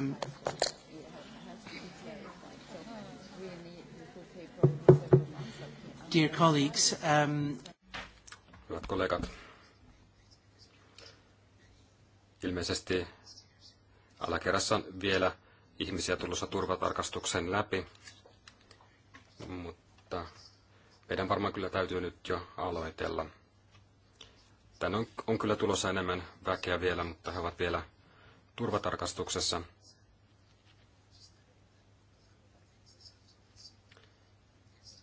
Um, dear colleagues, um, Hyvät kollegat, ilmeisesti alakerrassa on vielä ihmisiä tulossa turvatarkastuksen läpi, mutta meidän varmaan kyllä täytyy nyt jo aloitella. Tänne on, on kyllä tulossa enemmän väkeä vielä, mutta he ovat vielä turvatarkastuksessa.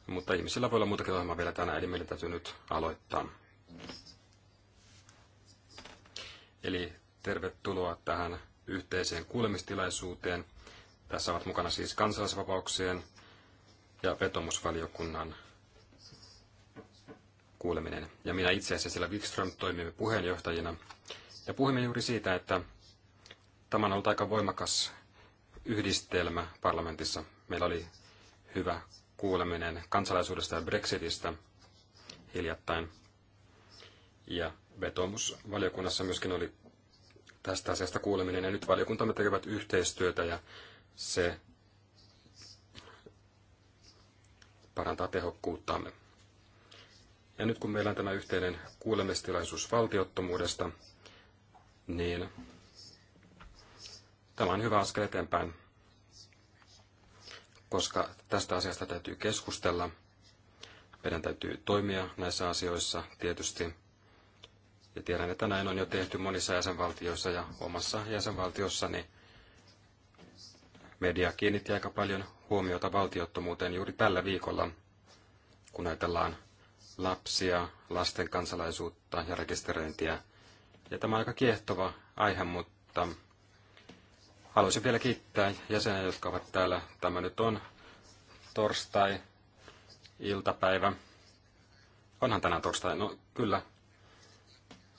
Mutta ihmisillä voi olla muutakin ohjelmaa vielä tänään, eli meidän täytyy nyt aloittaa. Eli tervetuloa tähän yhteiseen kuulemistilaisuuteen. Tässä ovat mukana siis kansalaisvapauksien ja vetomusvaliokunnan kuuleminen. Ja minä itse asiassa siellä Wikström toimimme puheenjohtajina. Ja puhumme juuri siitä, että tämä on ollut aika voimakas yhdistelmä parlamentissa. Meillä oli hyvä kuuleminen kansalaisuudesta ja Brexitistä hiljattain. Ja vetomus valiokunnassa myöskin oli tästä asiasta kuuleminen. Ja nyt valiokuntamme tekevät yhteistyötä ja se parantaa tehokkuuttamme. Ja nyt kun meillä on tämä yhteinen kuulemistilaisuus valtiottomuudesta, niin tämä on hyvä askel eteenpäin koska tästä asiasta täytyy keskustella. Meidän täytyy toimia näissä asioissa tietysti. Ja tiedän, että näin on jo tehty monissa jäsenvaltioissa ja omassa jäsenvaltiossani media kiinnitti aika paljon huomiota valtiottomuuteen juuri tällä viikolla, kun ajatellaan lapsia, lasten kansalaisuutta ja rekisteröintiä. Ja tämä on aika kiehtova aihe, mutta Haluaisin vielä kiittää jäseniä, jotka ovat täällä. Tämä nyt on torstai-iltapäivä. Onhan tänään torstai, no kyllä.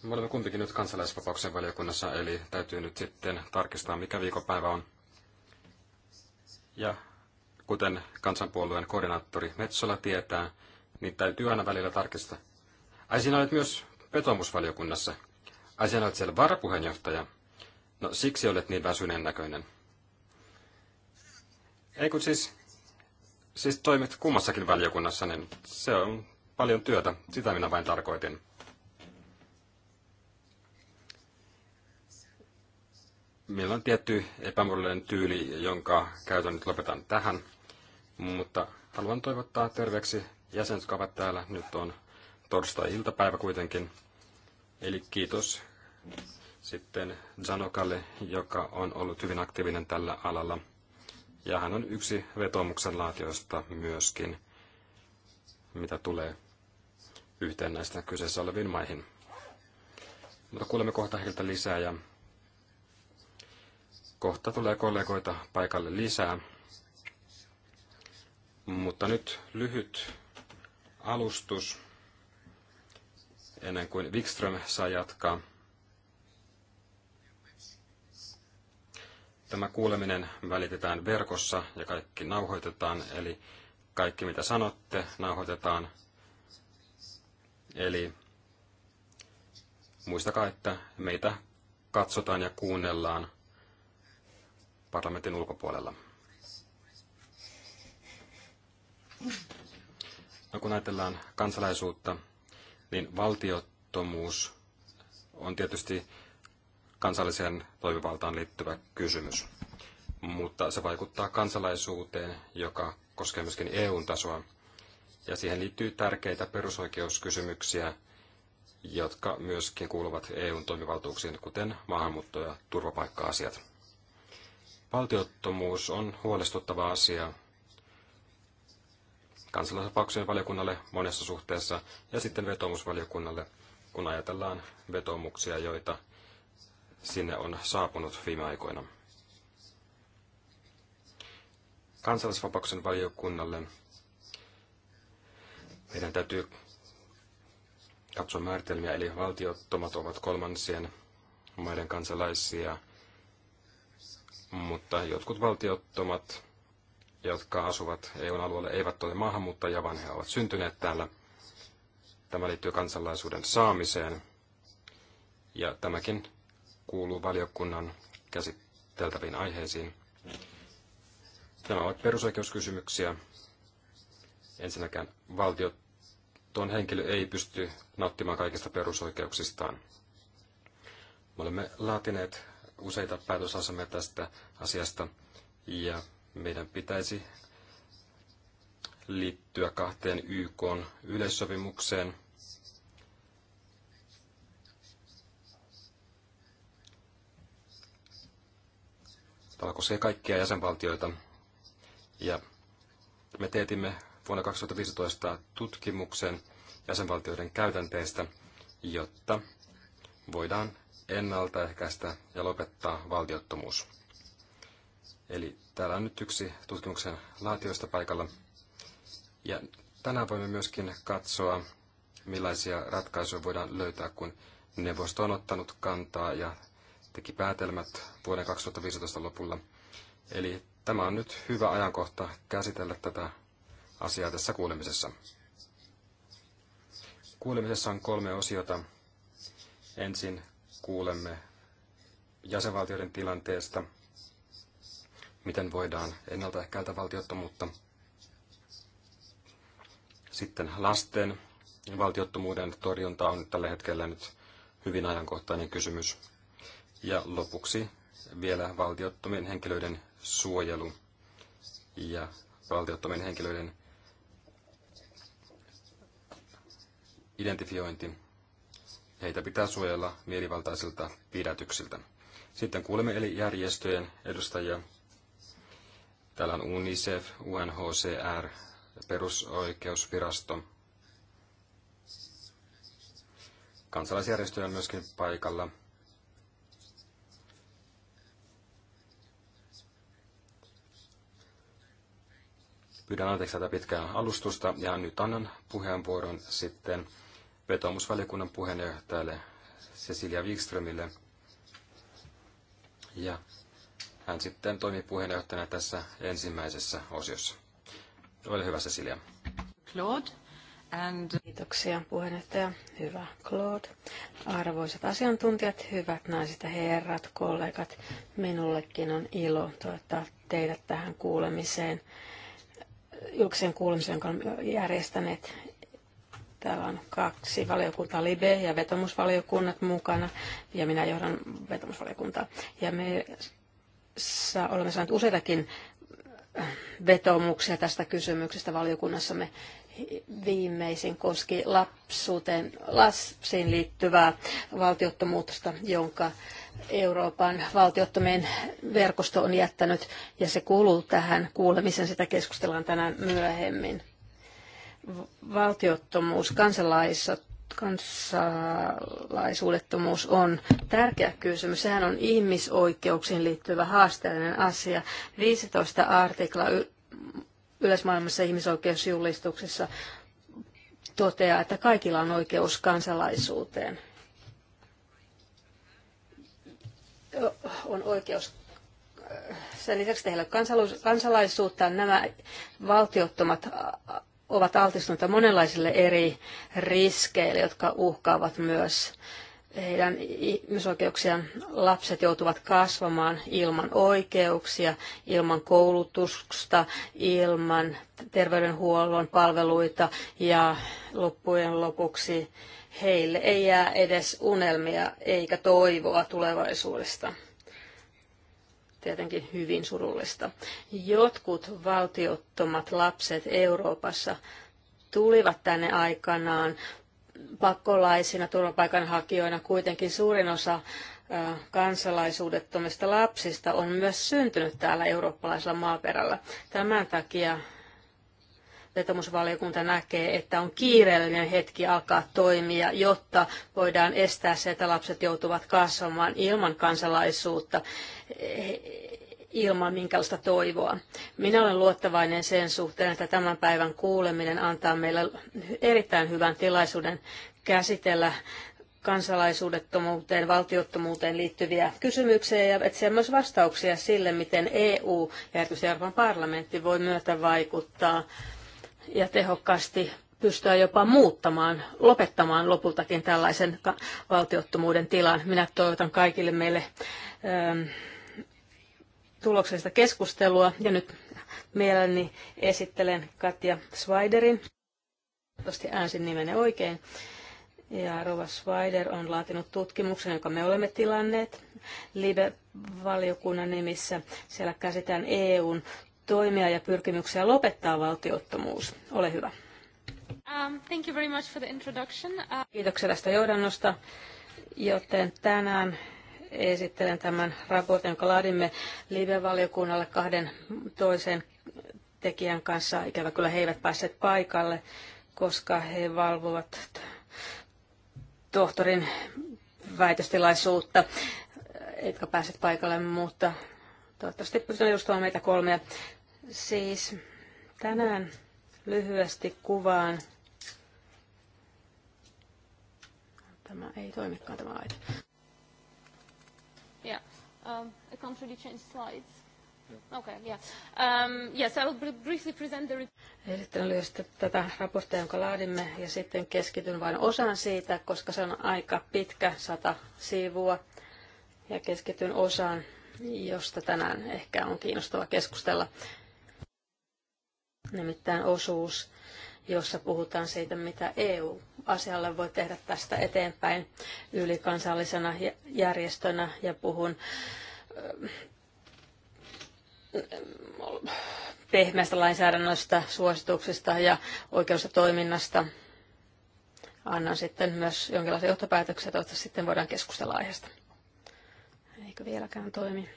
Me olemme kumpikin nyt kansalaisvapauksen valiokunnassa, eli täytyy nyt sitten tarkistaa, mikä viikopäivä on. Ja kuten kansanpuolueen koordinaattori Metsola tietää, niin täytyy aina välillä tarkistaa. Ai sinä olet myös petomusvaliokunnassa. Ai sinä olet siellä varapuheenjohtaja. No siksi olet niin väsyneen näköinen. Ei kun siis, siis toimit kummassakin valiokunnassa, niin se on paljon työtä. Sitä minä vain tarkoitin. Meillä on tietty epämuodollinen tyyli, jonka käytön nyt lopetan tähän. Mutta haluan toivottaa terveeksi jäsenet, jotka ovat täällä. Nyt on torstai-iltapäivä kuitenkin. Eli kiitos sitten Janokalle, joka on ollut hyvin aktiivinen tällä alalla. Ja hän on yksi vetomuksen laatioista myöskin, mitä tulee yhteen näistä kyseessä oleviin maihin. Mutta kuulemme kohta heiltä lisää ja kohta tulee kollegoita paikalle lisää. Mutta nyt lyhyt alustus ennen kuin Wikström saa jatkaa. Tämä kuuleminen välitetään verkossa ja kaikki nauhoitetaan, eli kaikki mitä sanotte nauhoitetaan. Eli muistakaa, että meitä katsotaan ja kuunnellaan parlamentin ulkopuolella. No, kun ajatellaan kansalaisuutta, niin valtiottomuus on tietysti kansalliseen toimivaltaan liittyvä kysymys. Mutta se vaikuttaa kansalaisuuteen, joka koskee myöskin EU-tasoa. Ja siihen liittyy tärkeitä perusoikeuskysymyksiä, jotka myöskin kuuluvat EUn toimivaltuuksiin, kuten maahanmuutto- ja turvapaikka-asiat. Valtiottomuus on huolestuttava asia kansalaisvapauksien valiokunnalle monessa suhteessa ja sitten vetomusvaliokunnalle, kun ajatellaan vetomuksia, joita sinne on saapunut viime aikoina. Kansallisvapauksen valiokunnalle meidän täytyy katsoa määritelmiä, eli valtiottomat ovat kolmansien maiden kansalaisia, mutta jotkut valtiottomat, jotka asuvat EUn alueella, eivät ole maahanmuuttajia, vaan he ovat syntyneet täällä. Tämä liittyy kansalaisuuden saamiseen, ja tämäkin kuuluu valiokunnan käsiteltäviin aiheisiin. Nämä ovat perusoikeuskysymyksiä. Ensinnäkään tuon henkilö ei pysty nauttimaan kaikista perusoikeuksistaan. Me olemme laatineet useita päätösasemia tästä asiasta ja meidän pitäisi liittyä kahteen YK yleissopimukseen – Tämä koskee kaikkia jäsenvaltioita. Ja me teetimme vuonna 2015 tutkimuksen jäsenvaltioiden käytänteistä, jotta voidaan ennaltaehkäistä ja lopettaa valtiottomuus. Eli täällä on nyt yksi tutkimuksen laatioista paikalla. Ja tänään voimme myöskin katsoa, millaisia ratkaisuja voidaan löytää, kun neuvosto on ottanut kantaa ja teki päätelmät vuoden 2015 lopulla. Eli tämä on nyt hyvä ajankohta käsitellä tätä asiaa tässä kuulemisessa. Kuulemisessa on kolme osiota. Ensin kuulemme jäsenvaltioiden tilanteesta, miten voidaan ennaltaehkäistä valtiottomuutta. Sitten lasten valtiottomuuden torjunta on tällä hetkellä nyt hyvin ajankohtainen kysymys. Ja lopuksi vielä valtiottomien henkilöiden suojelu ja valtiottomien henkilöiden identifiointi. Heitä pitää suojella mielivaltaisilta pidätyksiltä. Sitten kuulemme eli järjestöjen edustajia. Täällä on UNICEF, UNHCR, perusoikeusvirasto. Kansalaisjärjestöjä on myöskin paikalla. Pyydän anteeksi tätä pitkää alustusta ja nyt annan puheenvuoron sitten vetomusvaliokunnan puheenjohtajalle Cecilia Wikströmille. Ja hän sitten toimii puheenjohtajana tässä ensimmäisessä osiossa. Ole hyvä Cecilia. Claude. And... Kiitoksia puheenjohtaja. Hyvä Claude. Arvoisat asiantuntijat, hyvät naiset ja herrat, kollegat, minullekin on ilo toivottaa teidät tähän kuulemiseen julkisen kuulemisen, jonka olemme järjestäneet. Täällä on kaksi valiokuntaa, LIBE ja vetomusvaliokunnat mukana, ja minä johdan vetomusvaliokuntaa. Ja me olemme saaneet useitakin vetomuksia tästä kysymyksestä valiokunnassamme viimeisin koski lapsuuteen, lapsiin liittyvää valtiottomuutta, jonka Euroopan valtiottomien verkosto on jättänyt, ja se kuuluu tähän kuulemisen, sitä keskustellaan tänään myöhemmin. Valtiottomuus, kansalaisuudettomuus on tärkeä kysymys. Sehän on ihmisoikeuksiin liittyvä haasteellinen asia. 15 artikla yleismaailmassa ihmisoikeusjulistuksessa toteaa, että kaikilla on oikeus kansalaisuuteen on oikeus äh, sen lisäksi tehdä kansalaisuutta. Nämä valtiottomat äh, ovat altistuneita monenlaisille eri riskeille, jotka uhkaavat myös heidän ihmisoikeuksiaan. Lapset joutuvat kasvamaan ilman oikeuksia, ilman koulutusta, ilman terveydenhuollon palveluita ja loppujen lopuksi heille ei jää edes unelmia eikä toivoa tulevaisuudesta. Tietenkin hyvin surullista. Jotkut valtiottomat lapset Euroopassa tulivat tänne aikanaan pakkolaisina, turvapaikanhakijoina. Kuitenkin suurin osa kansalaisuudettomista lapsista on myös syntynyt täällä eurooppalaisella maaperällä. Tämän takia vetomusvaliokunta näkee, että on kiireellinen hetki alkaa toimia, jotta voidaan estää se, että lapset joutuvat kasvamaan ilman kansalaisuutta eh, ilman minkälaista toivoa. Minä olen luottavainen sen suhteen, että tämän päivän kuuleminen antaa meille erittäin hyvän tilaisuuden käsitellä kansalaisuudettomuuteen, valtiottomuuteen liittyviä kysymyksiä ja etsiä myös vastauksia sille, miten EU ja erityisesti Euroopan parlamentti voi myötä vaikuttaa ja tehokkaasti pystyä jopa muuttamaan, lopettamaan lopultakin tällaisen valtiottomuuden tilan. Minä toivotan kaikille meille ähm, tuloksellista keskustelua ja nyt mielelläni esittelen Katja Swiderin. Toivottavasti äänsin nimenne oikein. Ja Rova Swider on laatinut tutkimuksen, jonka me olemme tilanneet Libe-valiokunnan nimissä. Siellä käsitään EUn toimia ja pyrkimyksiä lopettaa valtiottomuus. Ole hyvä. Um, thank you very much for the introduction. Uh... Kiitoksia tästä johdannosta, joten tänään esittelen tämän raportin, jonka laadimme live-valiokunnalle kahden toisen tekijän kanssa. Ikävä kyllä he eivät päässeet paikalle, koska he valvovat tohtorin väitöstilaisuutta, etkä pääset paikalle, mutta toivottavasti pystyn edustamaan meitä kolmea. Siis tänään lyhyesti kuvaan. Tämä ei toimikaan tämä laite. Yeah. Um, I can't really change slides. Okay, yeah. Um, yes, I will briefly present the... Esittelen lyhyesti tätä raporttia, jonka laadimme, ja sitten keskityn vain osaan siitä, koska se on aika pitkä, sata sivua, ja keskityn osaan, josta tänään ehkä on kiinnostava keskustella nimittäin osuus, jossa puhutaan siitä, mitä EU-asialle voi tehdä tästä eteenpäin ylikansallisena järjestönä ja puhun ähm, pehmeästä lainsäädännöstä, suosituksista ja oikeudesta toiminnasta. Annan sitten myös jonkinlaisia johtopäätöksiä, toivottavasti sitten voidaan keskustella aiheesta. Eikö vieläkään toimi?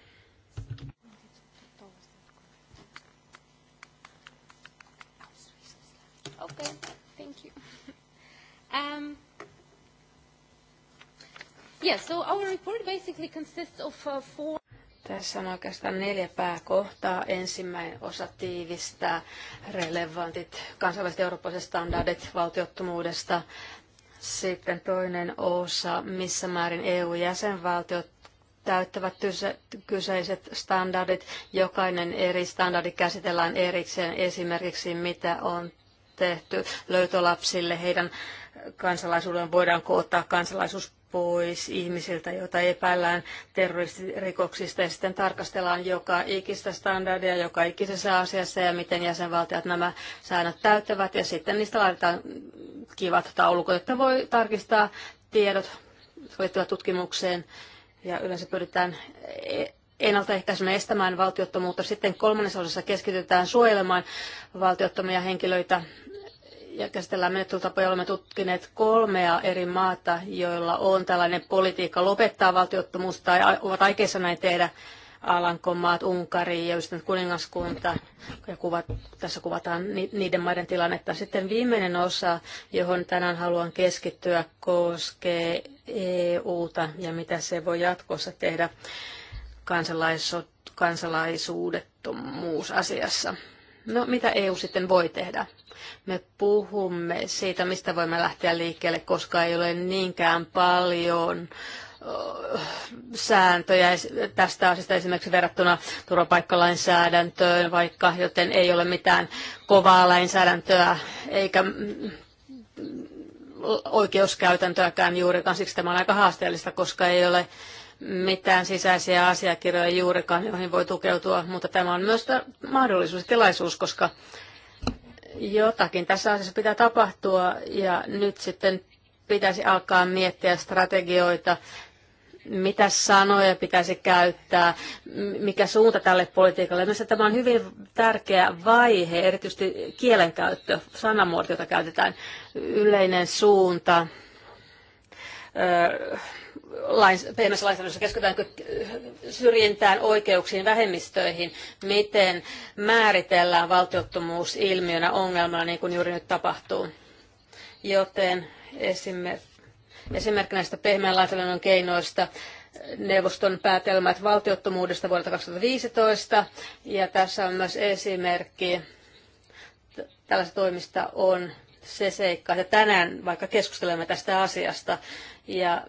Um, yeah, so our report basically consists of uh, four tässä on oikeastaan neljä pääkohtaa. Ensimmäinen osa tiivistää relevantit kansainväliset eurooppalaiset standardit valtiottomuudesta. Sitten toinen osa, missä määrin EU-jäsenvaltiot täyttävät kyseiset standardit. Jokainen eri standardi käsitellään erikseen esimerkiksi, mitä on tehty löytölapsille heidän kansalaisuuden, voidaanko ottaa kansalaisuus pois ihmisiltä, joita epäillään terroristirikoksista ja sitten tarkastellaan joka ikistä standardia joka ikisessä asiassa ja miten jäsenvaltiot nämä säännöt täyttävät ja sitten niistä laitetaan kivat taulukot, että voi tarkistaa tiedot liittyvät tutkimukseen ja yleensä pyritään e- ennaltaehkäisemään estämään valtiottomuutta. Sitten kolmannessa osassa keskitytään suojelemaan valtiottomia henkilöitä ja käsitellään menettelytapoja. Olemme tutkineet kolmea eri maata, joilla on tällainen politiikka lopettaa valtiottomuus tai ovat aikeissa näin tehdä. Alankomaat, Unkari ja ystävät kuningaskunta. Ja kuvat, tässä kuvataan niiden maiden tilannetta. Sitten viimeinen osa, johon tänään haluan keskittyä, koskee EUta ja mitä se voi jatkossa tehdä kansalaisuudettomuusasiassa. No mitä EU sitten voi tehdä? Me puhumme siitä, mistä voimme lähteä liikkeelle, koska ei ole niinkään paljon sääntöjä tästä asiasta esimerkiksi verrattuna turvapaikkalainsäädäntöön, vaikka joten ei ole mitään kovaa lainsäädäntöä eikä oikeuskäytäntöäkään juurikaan. Siksi tämä on aika haasteellista, koska ei ole mitään sisäisiä asiakirjoja juurikaan, joihin voi tukeutua, mutta tämä on myös mahdollisuus, tilaisuus, koska jotakin tässä asiassa pitää tapahtua ja nyt sitten pitäisi alkaa miettiä strategioita, mitä sanoja pitäisi käyttää, mikä suunta tälle politiikalle. Mielestäni tämä on hyvin tärkeä vaihe, erityisesti kielenkäyttö, sanamuoto, jota käytetään, yleinen suunta, öö, pehmeässä lainsäädännössä keskitytäänkö syrjintään, oikeuksiin, vähemmistöihin, miten määritellään valtiottomuus ilmiönä, ongelmana, niin kuin juuri nyt tapahtuu. Joten esimerkkinä näistä pehmeän lainsäädännön keinoista neuvoston päätelmät valtiottomuudesta vuodelta 2015, ja tässä on myös esimerkki tällaista toimista on se seikka, että tänään vaikka keskustelemme tästä asiasta ja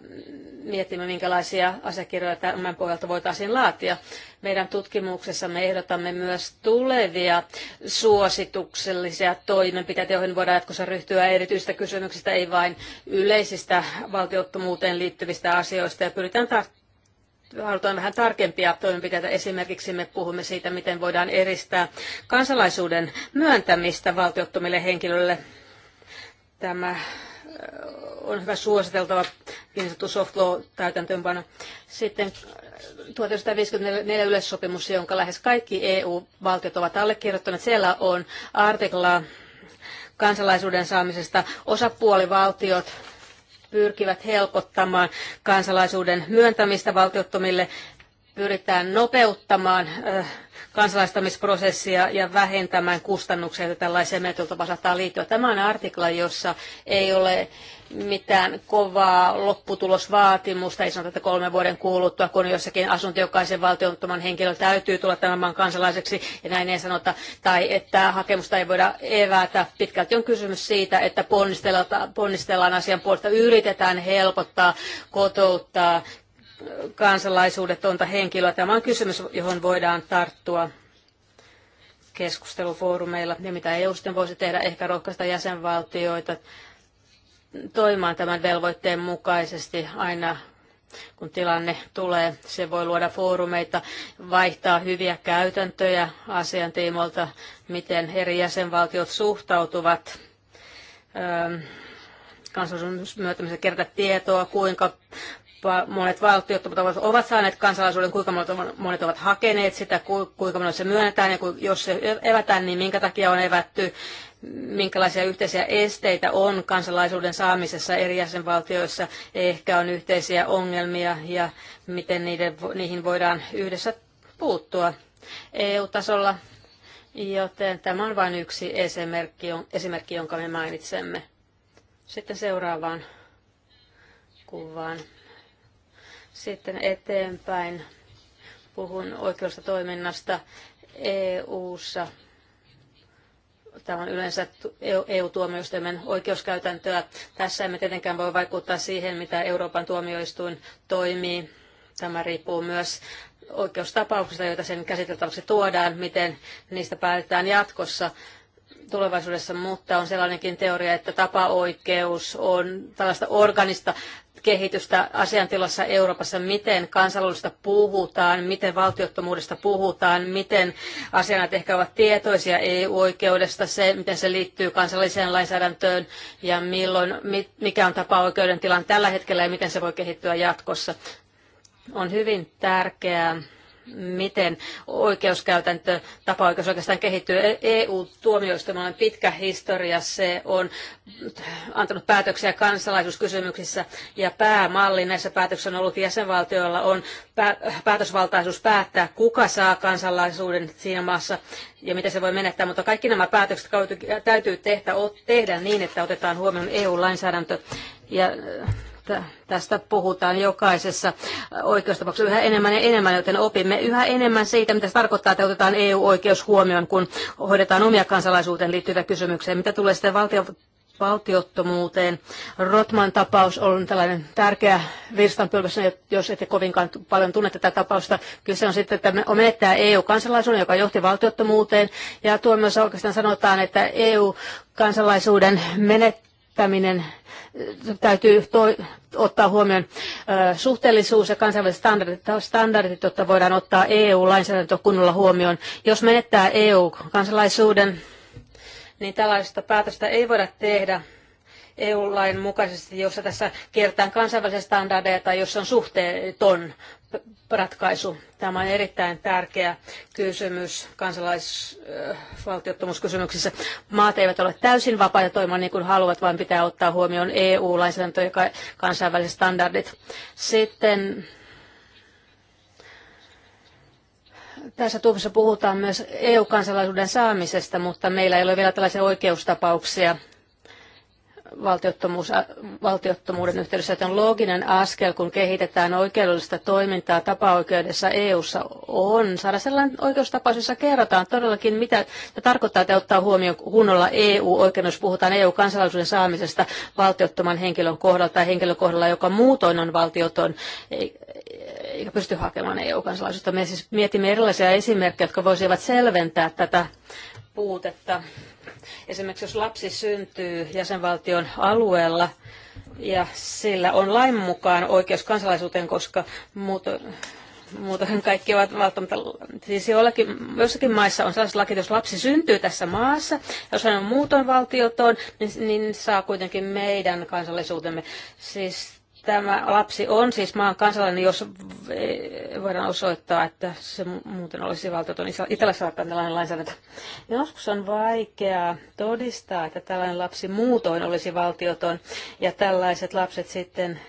mietimme, minkälaisia asiakirjoja tämän pohjalta voitaisiin laatia. Meidän tutkimuksessamme ehdotamme myös tulevia suosituksellisia toimenpiteitä, joihin voidaan jatkossa ryhtyä erityisistä kysymyksistä, ei vain yleisistä valtiottomuuteen liittyvistä asioista, ja pyritään tarttumaan halutaan vähän tarkempia toimenpiteitä. Esimerkiksi me puhumme siitä, miten voidaan eristää kansalaisuuden myöntämistä valtiottomille henkilöille Tämä äh, on hyvä suositeltava niin sanottu soft law täytäntöönpano. Sitten 1954 äh, yleissopimus, jonka lähes kaikki EU-valtiot ovat allekirjoittaneet. Siellä on artiklaa kansalaisuuden saamisesta. Osapuolivaltiot pyrkivät helpottamaan kansalaisuuden myöntämistä valtiottomille pyritään nopeuttamaan äh, kansalaistamisprosessia ja vähentämään kustannuksia, joita tällaiseen menettelytapaan saattaa liittyä. Tämä on artikla, jossa ei ole mitään kovaa lopputulosvaatimusta, ei sanota, että kolmen vuoden kuuluttua, kun jossakin asunto jokaisen valtiontoman henkilön täytyy tulla tämän maan kansalaiseksi, ja näin ei sanota, tai että hakemusta ei voida evätä. Pitkälti on kysymys siitä, että ponnistellaan, ponnistellaan asian puolesta, yritetään helpottaa, kotouttaa kansalaisuudetonta henkilöä. Tämä on kysymys, johon voidaan tarttua keskustelufoorumeilla ja mitä EU sitten voisi tehdä, ehkä rohkaista jäsenvaltioita toimimaan tämän velvoitteen mukaisesti aina kun tilanne tulee. Se voi luoda foorumeita, vaihtaa hyviä käytäntöjä asiantiimolta, miten eri jäsenvaltiot suhtautuvat ähm, kansallisuuden myötämisen kerätä tietoa, kuinka monet valtiot ovat saaneet kansalaisuuden, kuinka monet ovat hakeneet sitä, kuinka monet se myönnetään ja jos se evätään, niin minkä takia on evätty, minkälaisia yhteisiä esteitä on kansalaisuuden saamisessa eri jäsenvaltioissa, ehkä on yhteisiä ongelmia ja miten niiden, niihin voidaan yhdessä puuttua EU-tasolla. Joten tämä on vain yksi esimerkki, esimerkki, jonka me mainitsemme. Sitten seuraavaan kuvaan. Sitten eteenpäin puhun oikeusta toiminnasta EU-ssa. Tämä on yleensä EU-tuomioistuimen e oikeuskäytäntöä. Tässä emme tietenkään voi vaikuttaa siihen, mitä Euroopan tuomioistuin toimii. Tämä riippuu myös oikeustapauksista, joita sen käsiteltäväksi tuodaan, miten niistä päätetään jatkossa tulevaisuudessa, mutta on sellainenkin teoria, että tapaoikeus on tällaista organista kehitystä asiantilassa Euroopassa, miten kansallisuudesta puhutaan, miten valtiottomuudesta puhutaan, miten asianat ehkä ovat tietoisia EU-oikeudesta, se miten se liittyy kansalliseen lainsäädäntöön ja milloin, mikä on tapa oikeuden tilan tällä hetkellä ja miten se voi kehittyä jatkossa. On hyvin tärkeää miten oikeuskäytäntö, tapaoikeus oikeastaan kehittyy. EU-tuomioistuimella on pitkä historia, se on antanut päätöksiä kansalaisuuskysymyksissä ja päämalli näissä päätöksissä on ollut jäsenvaltioilla on päätösvaltaisuus päättää, kuka saa kansalaisuuden siinä maassa ja miten se voi menettää, mutta kaikki nämä päätökset täytyy tehdä, tehdä niin, että otetaan huomioon EU-lainsäädäntö ja tästä puhutaan jokaisessa oikeustapauksessa yhä enemmän ja enemmän, joten opimme yhä enemmän siitä, mitä se tarkoittaa, että otetaan EU-oikeus huomioon, kun hoidetaan omia kansalaisuuteen liittyviä kysymyksiä. Mitä tulee sitten valtio valtiottomuuteen. Rotman tapaus on tällainen tärkeä virstanpylväs, jos ette kovinkaan paljon tunne tätä tapausta. Kyse on sitten, että on menettää EU-kansalaisuuden, joka johti valtiottomuuteen. Ja tuomioissa oikeastaan sanotaan, että EU-kansalaisuuden menettää tämmöinen täytyy toi, ottaa huomioon ö, suhteellisuus ja kansainväliset standardit, standardit, jotta voidaan ottaa EU-lainsäädäntö kunnolla huomioon. Jos menettää EU-kansalaisuuden, niin tällaista päätöstä ei voida tehdä EU-lain mukaisesti, jossa tässä kiertään kansainvälisiä standardeja tai jossa on suhteeton ratkaisu. Tämä on erittäin tärkeä kysymys kansalaisvaltiottomuuskysymyksissä. Maat eivät ole täysin vapaita toimimaan niin kuin haluavat, vaan pitää ottaa huomioon EU-lainsäädäntö ja kansainväliset standardit. Sitten tässä tuomissa puhutaan myös EU-kansalaisuuden saamisesta, mutta meillä ei ole vielä tällaisia oikeustapauksia valtiottomuuden yhteydessä, että on looginen askel, kun kehitetään oikeudellista toimintaa tapaoikeudessa EU-ssa, on saada sellainen oikeustapaus, jossa kerrotaan todellakin, mitä se tarkoittaa, että ottaa huomioon kunnolla EU-oikeudessa, puhutaan EU-kansalaisuuden saamisesta valtiottoman henkilön kohdalla tai henkilön kohdalla, joka muutoin on valtioton, e- eikä pysty hakemaan EU-kansalaisuutta. Me siis mietimme erilaisia esimerkkejä, jotka voisivat selventää tätä puutetta. Esimerkiksi jos lapsi syntyy jäsenvaltion alueella ja sillä on lain mukaan oikeus kansalaisuuteen, koska muutoin muutoin kaikki ovat välttämättä, siis jollakin, jossakin maissa on sellaiset lakit, jos lapsi syntyy tässä maassa, jos hän on muuton valtioton, niin, niin saa kuitenkin meidän kansallisuutemme. Siis tämä lapsi on siis maan kansalainen, jos eh, voidaan osoittaa, että se muuten olisi valtioton. itäläisvaltain tällainen lainsäädäntö. Joskus on vaikeaa todistaa, että tällainen lapsi muutoin olisi valtioton, ja tällaiset lapset sitten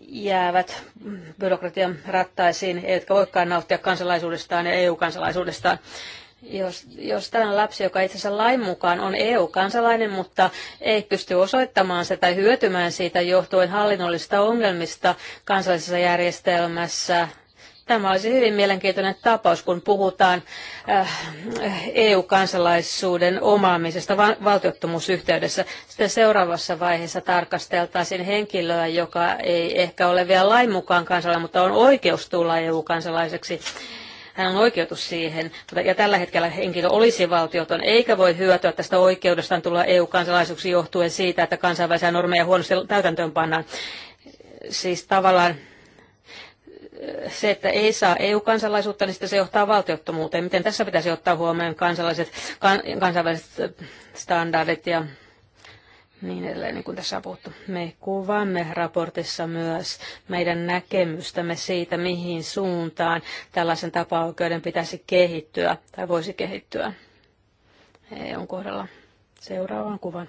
jäävät byrokratian rattaisiin, eivätkä voikaan nauttia kansalaisuudestaan ja EU-kansalaisuudestaan jos, jos tällainen lapsi, joka itse asiassa lain mukaan on EU-kansalainen, mutta ei pysty osoittamaan sitä tai hyötymään siitä johtuen hallinnollisista ongelmista kansallisessa järjestelmässä, Tämä olisi hyvin mielenkiintoinen tapaus, kun puhutaan äh, EU-kansalaisuuden omaamisesta valtiottomuusyhteydessä. Sitten seuraavassa vaiheessa tarkasteltaisiin henkilöä, joka ei ehkä ole vielä lain mukaan kansalainen, mutta on oikeus tulla EU-kansalaiseksi hän on oikeutus siihen, ja tällä hetkellä henkilö olisi valtioton, eikä voi hyötyä tästä oikeudestaan tulla EU-kansalaisuuksi johtuen siitä, että kansainvälisiä normeja huonosti täytäntöön pannaan. Siis tavallaan eh, se, että ei saa EU-kansalaisuutta, niin sitten se johtaa valtiottomuuteen. Miten tässä pitäisi ottaa huomioon kansalaiset, kan, kansainväliset standardit ja niin edelleen, niin kuin tässä on puhuttu. Me kuvaamme raportissa myös meidän näkemystämme siitä, mihin suuntaan tällaisen tapaoikeuden pitäisi kehittyä tai voisi kehittyä EUn kohdalla. Seuraavan kuvan.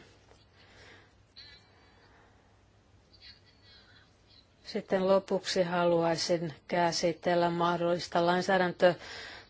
Sitten lopuksi haluaisin käsitellä mahdollista lainsäädäntöä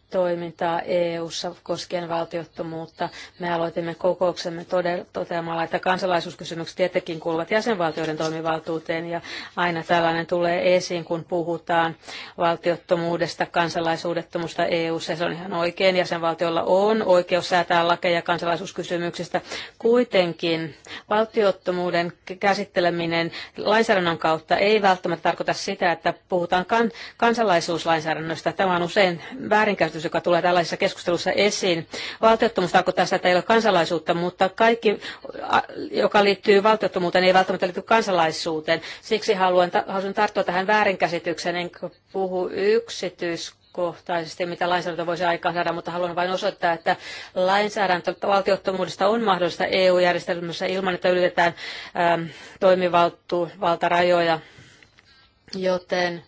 toimintaa EU-ssa koskien valtiottomuutta. Me aloitimme kokouksemme toteamalla, että kansalaisuuskysymykset tietenkin kuuluvat jäsenvaltioiden toimivaltuuteen ja aina tällainen tulee esiin, kun puhutaan valtiottomuudesta, kansalaisuudettomuudesta EU-ssa. Se on ihan oikein. Jäsenvaltiolla on oikeus säätää lakeja kansalaisuuskysymyksistä. Kuitenkin valtiottomuuden käsitteleminen lainsäädännön kautta ei välttämättä tarkoita sitä, että puhutaan kan- kansalaisuuslainsäädännöstä. Tämä on usein väärinkäytetty kysymys, joka tulee tällaisissa keskustelussa esiin. Valtiottomuus tarkoittaa sitä, että ei ole kansalaisuutta, mutta kaikki, joka liittyy valtiottomuuteen, ei välttämättä liity kansalaisuuteen. Siksi haluan, haluan tarttua tähän väärinkäsitykseen, enkä puhu yksityis kohtaisesti, mitä lainsäädäntö voisi aikaan saada, mutta haluan vain osoittaa, että lainsäädäntö valtiottomuudesta on mahdollista EU-järjestelmässä ilman, että ylitetään toimivaltarajoja, joten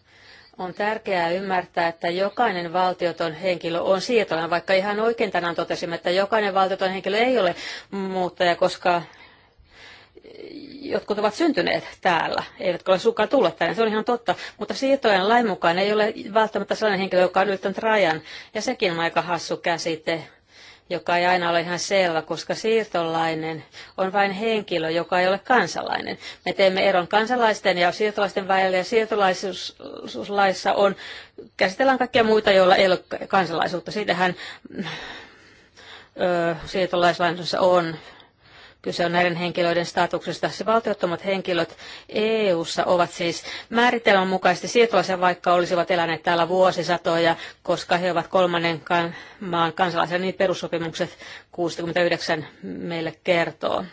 on tärkeää ymmärtää, että jokainen valtioton henkilö on siirtolainen, vaikka ihan oikein tänään totesimme, että jokainen valtioton henkilö ei ole muuttaja, koska jotkut ovat syntyneet täällä, eivätkä ole suinkaan tulleet tänne, se on ihan totta. Mutta siirtojen lain mukaan ei ole välttämättä sellainen henkilö, joka on ylittänyt rajan, ja sekin on aika hassu käsite joka ei aina ole ihan selvä, koska siirtolainen on vain henkilö, joka ei ole kansalainen. Me teemme eron kansalaisten ja siirtolaisten välillä, ja siirtolaisuuslaissa on, käsitellään kaikkia muita, joilla ei ole kansalaisuutta. Siitähän öö, on Kyse on näiden henkilöiden statuksesta. Se valtiottomat henkilöt EU-ssa ovat siis määritelmän mukaisesti siirtolaisia, vaikka olisivat eläneet täällä vuosisatoja, koska he ovat kolmannen maan kansalaisia. Niin perussopimukset 69 meille kertoo.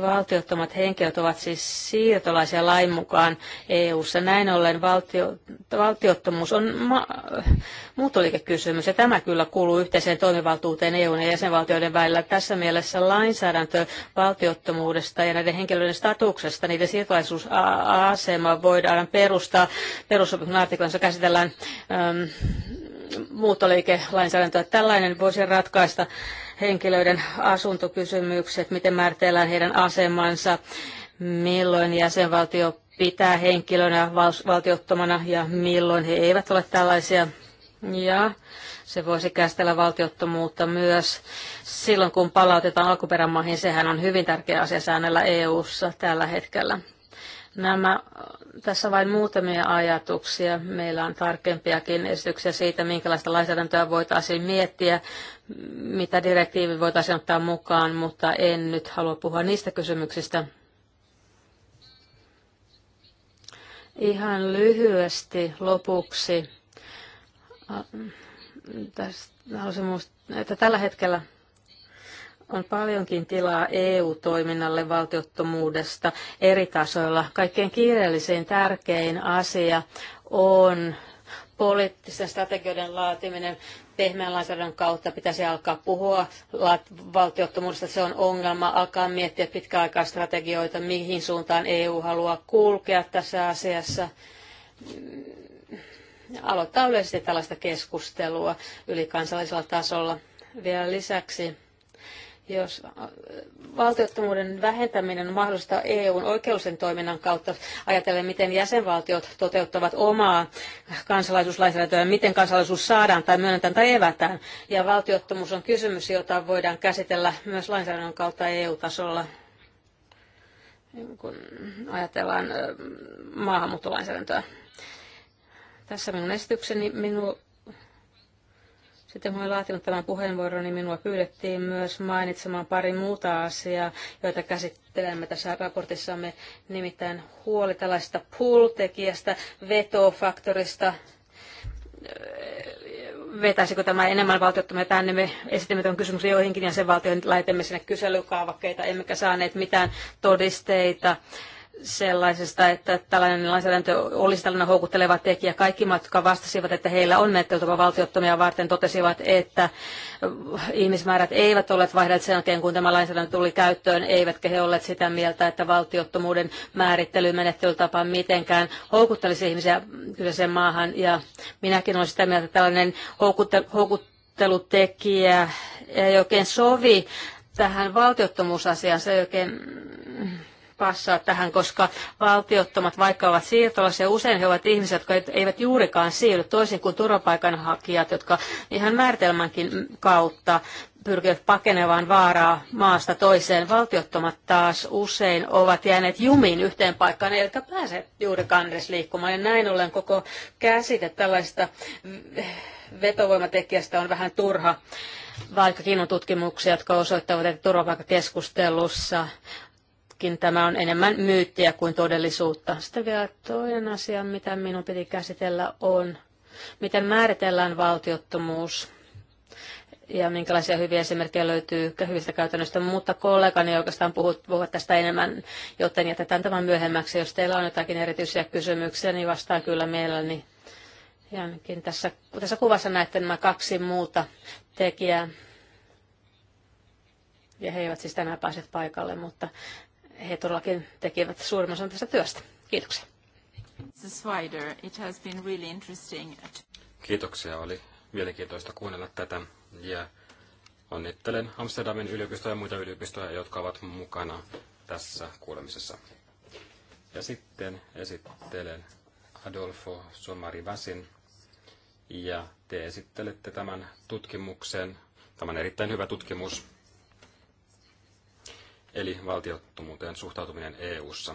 Valtiottomat henkilöt ovat siis siirtolaisia lain mukaan EU-ssa. Näin ollen valtio, valtiottomuus on ma- muuttoliikekysymys ja tämä kyllä kuuluu yhteiseen toimivaltuuteen EUn ja jäsenvaltioiden välillä. Tässä mielessä lainsäädäntö valtiottomuudesta ja näiden henkilöiden statuksesta, niiden siirtolaisuusasema voidaan perustaa. Perussopimuksen artiklassa käsitellään ähm, muuttoliikelainsäädäntöä. Tällainen voisi ratkaista henkilöiden asuntokysymykset, miten määritellään heidän asemansa, milloin jäsenvaltio pitää henkilönä valtiottomana ja milloin he eivät ole tällaisia. Ja se voisi käsitellä valtiottomuutta myös silloin, kun palautetaan alkuperämaihin. Sehän on hyvin tärkeä asia säännellä EU-ssa tällä hetkellä. Nämä, tässä vain muutamia ajatuksia. Meillä on tarkempiakin esityksiä siitä, minkälaista lainsäädäntöä voitaisiin miettiä mitä direktiivi voitaisiin ottaa mukaan, mutta en nyt halua puhua niistä kysymyksistä. Ihan lyhyesti lopuksi haluaisin muistaa, että tällä hetkellä on paljonkin tilaa EU-toiminnalle valtiottomuudesta eri tasoilla. Kaikkein kiireellisin tärkein asia on poliittisten strategioiden laatiminen pehmeän lainsäädännön kautta pitäisi alkaa puhua valtiottomuudesta, se on ongelma, alkaa miettiä pitkäaikaistrategioita, mihin suuntaan EU haluaa kulkea tässä asiassa. Aloittaa yleisesti tällaista keskustelua ylikansallisella tasolla. Vielä lisäksi jos äh, valtiottomuuden vähentäminen on mahdollista EUn oikeusen toiminnan kautta, ajatellen miten jäsenvaltiot toteuttavat omaa kansalaisuuslainsäädäntöä, miten kansalaisuus saadaan tai myönnetään tai evätään. Ja valtiottomuus on kysymys, jota voidaan käsitellä myös lainsäädännön kautta EU-tasolla kun ajatellaan äh, maahanmuuttolainsäädäntöä. Tässä minun esitykseni. Minu, sitten kun olin laatinut tämän puheenvuoron, niin minua pyydettiin myös mainitsemaan pari muuta asiaa, joita käsittelemme tässä raportissamme, nimittäin huoli tällaista pull-tekijästä, vetofaktorista, vetäisikö tämä enemmän valtiottomia tänne. Me esitimme tuon kysymyksen joihinkin jäsenvaltioihin, laitemme sinne kyselykaavakkeita, emmekä saaneet mitään todisteita sellaisesta, että tällainen lainsäädäntö olisi tällainen houkutteleva tekijä. Kaikki maat, jotka vastasivat, että heillä on menettelytapa valtiottomia varten, totesivat, että ihmismäärät eivät olleet vaihdelleet sen jälkeen, kun tämä lainsäädäntö tuli käyttöön, eivätkä he olleet sitä mieltä, että valtiottomuuden määrittely menettelytapa mitenkään houkuttelisi ihmisiä kyseiseen maahan. Ja minäkin olen sitä mieltä, että tällainen houkuttelutekijä ei oikein sovi tähän valtiottomuusasiaan. Se ei oikein passaa tähän, koska valtiottomat, vaikka ovat siirtolaisia, usein he ovat ihmisiä, jotka eivät juurikaan siirry, toisin kuin turvapaikanhakijat, jotka ihan määritelmänkin kautta pyrkivät pakenevaan vaaraa maasta toiseen. Valtiottomat taas usein ovat jääneet jumiin yhteen paikkaan, eivätkä pääse juurikaan edes liikkumaan. Ja näin ollen koko käsite tällaista vetovoimatekijästä on vähän turha, vaikkakin on tutkimuksia, jotka osoittavat, että turvapaikkakeskustelussa Tietystikin tämä on enemmän myyttiä kuin todellisuutta. Sitten vielä toinen asia, mitä minun piti käsitellä, on, miten määritellään valtiottomuus ja minkälaisia hyviä esimerkkejä löytyy hyvistä käytännöistä, mutta kollegani oikeastaan puhut, puhuvat tästä enemmän, joten jätetään tämän myöhemmäksi. Jos teillä on jotakin erityisiä kysymyksiä, niin vastaan kyllä mielelläni. Ja ainakin tässä, tässä kuvassa näette nämä kaksi muuta tekijää. Ja he eivät siis tänään pääse paikalle, mutta he todellakin tekevät suurimman osan tästä työstä. Kiitoksia. it has been really interesting. Kiitoksia, oli mielenkiintoista kuunnella tätä ja onnittelen Amsterdamin yliopistoja ja muita yliopistoja, jotka ovat mukana tässä kuulemisessa. Ja sitten esittelen Adolfo Somari Väsin ja te esittelette tämän tutkimuksen. Tämä on erittäin hyvä tutkimus eli valtiottomuuteen suhtautuminen EU:ssa.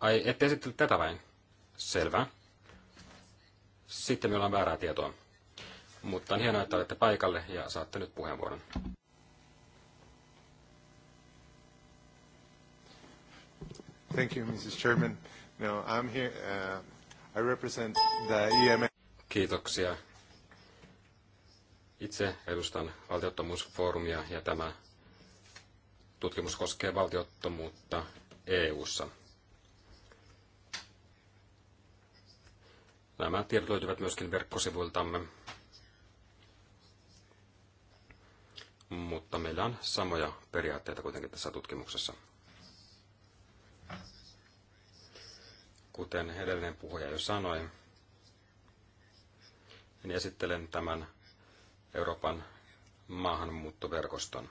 Ai, ette esittele tätä vain? Selvä. Sitten meillä on väärää tietoa. Mutta on hienoa, että olette paikalle ja saatte nyt puheenvuoron. Thank you, Mrs. Chairman. No, I'm here. Uh, I represent the EMA. Kiitoksia. Itse edustan valtiottomuusfoorumia ja tämä tutkimus koskee valtiottomuutta EU:ssa. Nämä tiedot löytyvät myöskin verkkosivuiltamme. Mutta meillä on samoja periaatteita kuitenkin tässä tutkimuksessa. Kuten edellinen puhuja jo sanoi, niin esittelen tämän Euroopan maahanmuuttoverkoston.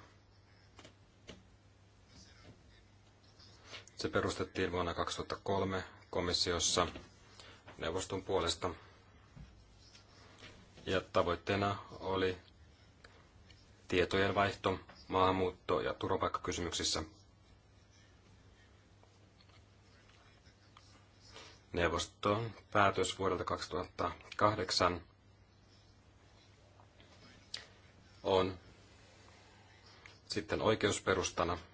Se perustettiin vuonna 2003 komissiossa neuvoston puolesta. Ja tavoitteena oli tietojen vaihto maahanmuutto- ja turvapaikkakysymyksissä. Neuvoston päätös vuodelta 2008 on sitten oikeusperustana –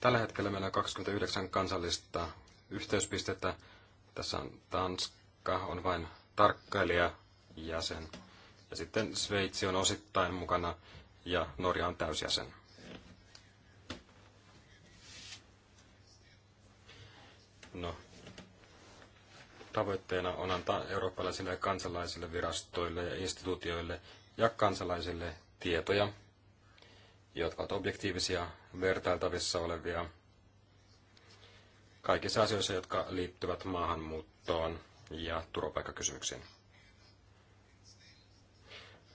Tällä hetkellä meillä on 29 kansallista yhteyspistettä. Tässä on Tanska, on vain tarkkailija jäsen. Ja sitten Sveitsi on osittain mukana ja Norja on täysjäsen. No, tavoitteena on antaa eurooppalaisille kansalaisille virastoille ja instituutioille ja kansalaisille tietoja, jotka ovat objektiivisia vertailtavissa olevia kaikissa asioissa, jotka liittyvät maahanmuuttoon ja turvapaikkakysymyksiin.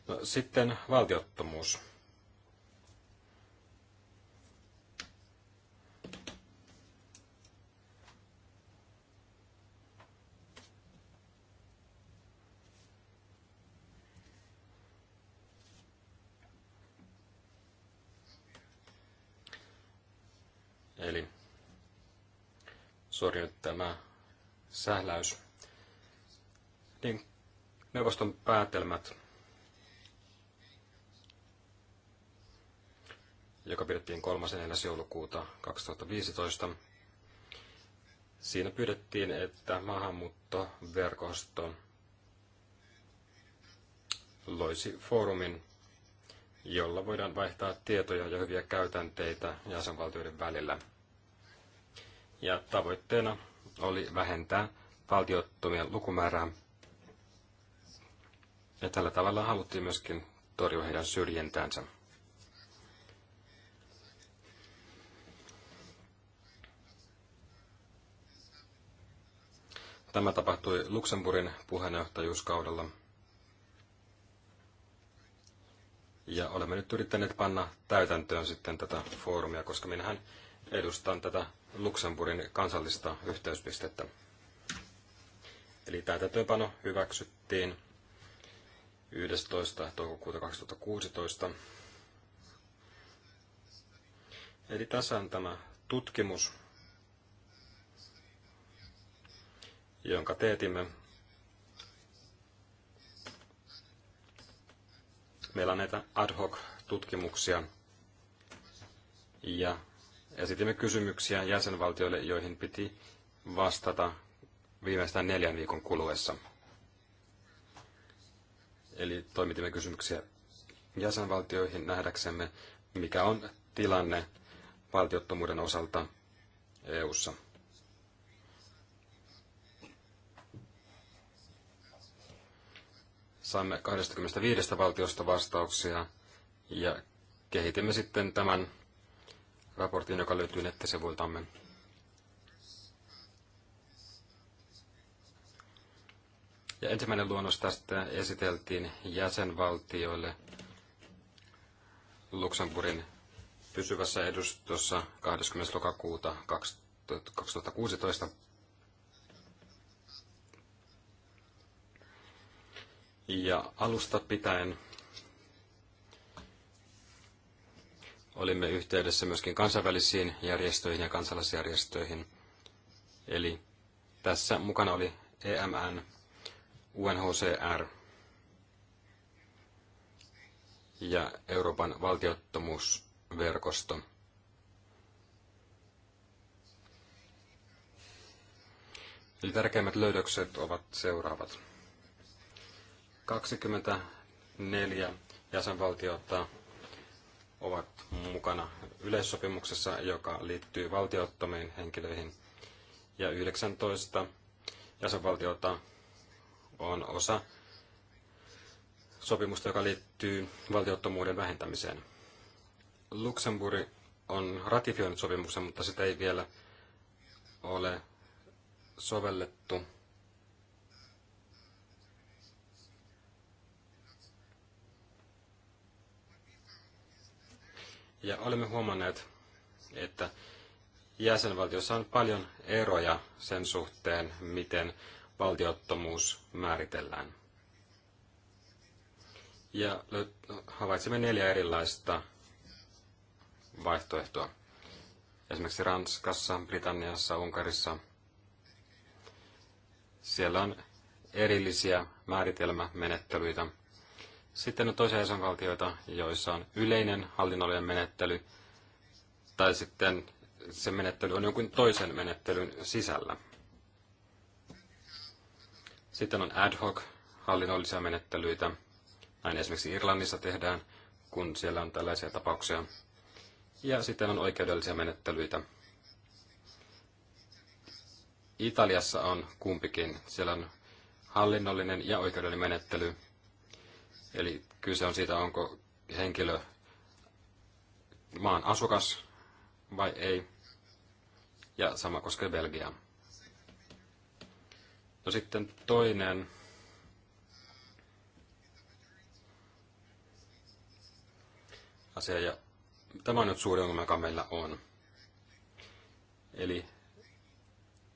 No, sitten valtiottomuus. sorjunut tämä sähläys. Niin, neuvoston päätelmät, joka pidettiin 3. joulukuuta 2015. Siinä pyydettiin, että maahanmuuttoverkosto loisi foorumin, jolla voidaan vaihtaa tietoja ja hyviä käytänteitä jäsenvaltioiden välillä – ja tavoitteena oli vähentää valtiottomien lukumäärää. Ja tällä tavalla haluttiin myöskin torjua heidän syrjintäänsä. Tämä tapahtui Luxemburgin puheenjohtajuuskaudella. Ja olemme nyt yrittäneet panna täytäntöön sitten tätä foorumia, koska minähän edustan tätä Luxemburgin kansallista yhteyspistettä. Eli täytäntöönpano hyväksyttiin 11. toukokuuta 2016. Eli tässä on tämä tutkimus, jonka teetimme. Meillä on näitä ad hoc tutkimuksia ja Esitimme kysymyksiä jäsenvaltioille, joihin piti vastata viimeistään neljän viikon kuluessa. Eli toimitimme kysymyksiä jäsenvaltioihin nähdäksemme, mikä on tilanne valtiottomuuden osalta EU:ssa. Saimme 25 valtiosta vastauksia ja kehitimme sitten tämän raportin, joka löytyy nettisivuiltamme. Ja ensimmäinen luonnos tästä esiteltiin jäsenvaltioille Luxemburgin pysyvässä edustossa 20. lokakuuta 2016. Ja alusta pitäen Olimme yhteydessä myöskin kansainvälisiin järjestöihin ja kansalaisjärjestöihin. Eli tässä mukana oli EMN, UNHCR ja Euroopan valtiottomuusverkosto. Eli tärkeimmät löydökset ovat seuraavat. 24 jäsenvaltiota ovat mukana yleissopimuksessa, joka liittyy valtiottomiin henkilöihin. Ja 19 jäsenvaltiota on osa sopimusta, joka liittyy valtiottomuuden vähentämiseen. Luxemburg on ratifioinut sopimuksen, mutta sitä ei vielä ole sovellettu Ja olemme huomanneet, että jäsenvaltiossa on paljon eroja sen suhteen, miten valtiottomuus määritellään. Ja havaitsimme neljä erilaista vaihtoehtoa. Esimerkiksi Ranskassa, Britanniassa, Unkarissa. Siellä on erillisiä määritelmämenettelyitä – sitten on toisia jäsenvaltioita, joissa on yleinen hallinnollinen menettely, tai sitten se menettely on jonkun toisen menettelyn sisällä. Sitten on ad hoc hallinnollisia menettelyitä. Näin esimerkiksi Irlannissa tehdään, kun siellä on tällaisia tapauksia. Ja sitten on oikeudellisia menettelyitä. Italiassa on kumpikin. Siellä on hallinnollinen ja oikeudellinen menettely. Eli kyse on siitä, onko henkilö maan asukas vai ei. Ja sama koskee Belgiaa. No sitten toinen asia, ja tämä on nyt suuri ongelma, joka meillä on. Eli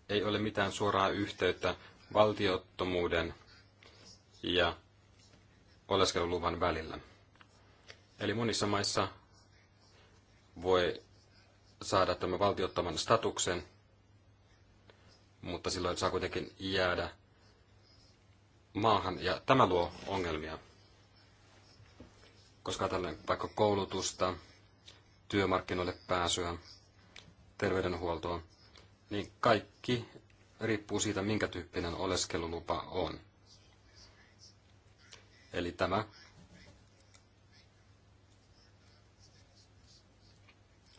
ei ole mitään suoraa yhteyttä valtiottomuuden ja oleskeluluvan välillä. Eli monissa maissa voi saada tämän valtiottoman statuksen, mutta silloin saa kuitenkin jäädä maahan, ja tämä luo ongelmia. Koska tälle vaikka koulutusta, työmarkkinoille pääsyä, terveydenhuoltoa, niin kaikki riippuu siitä, minkä tyyppinen oleskelulupa on. Eli tämä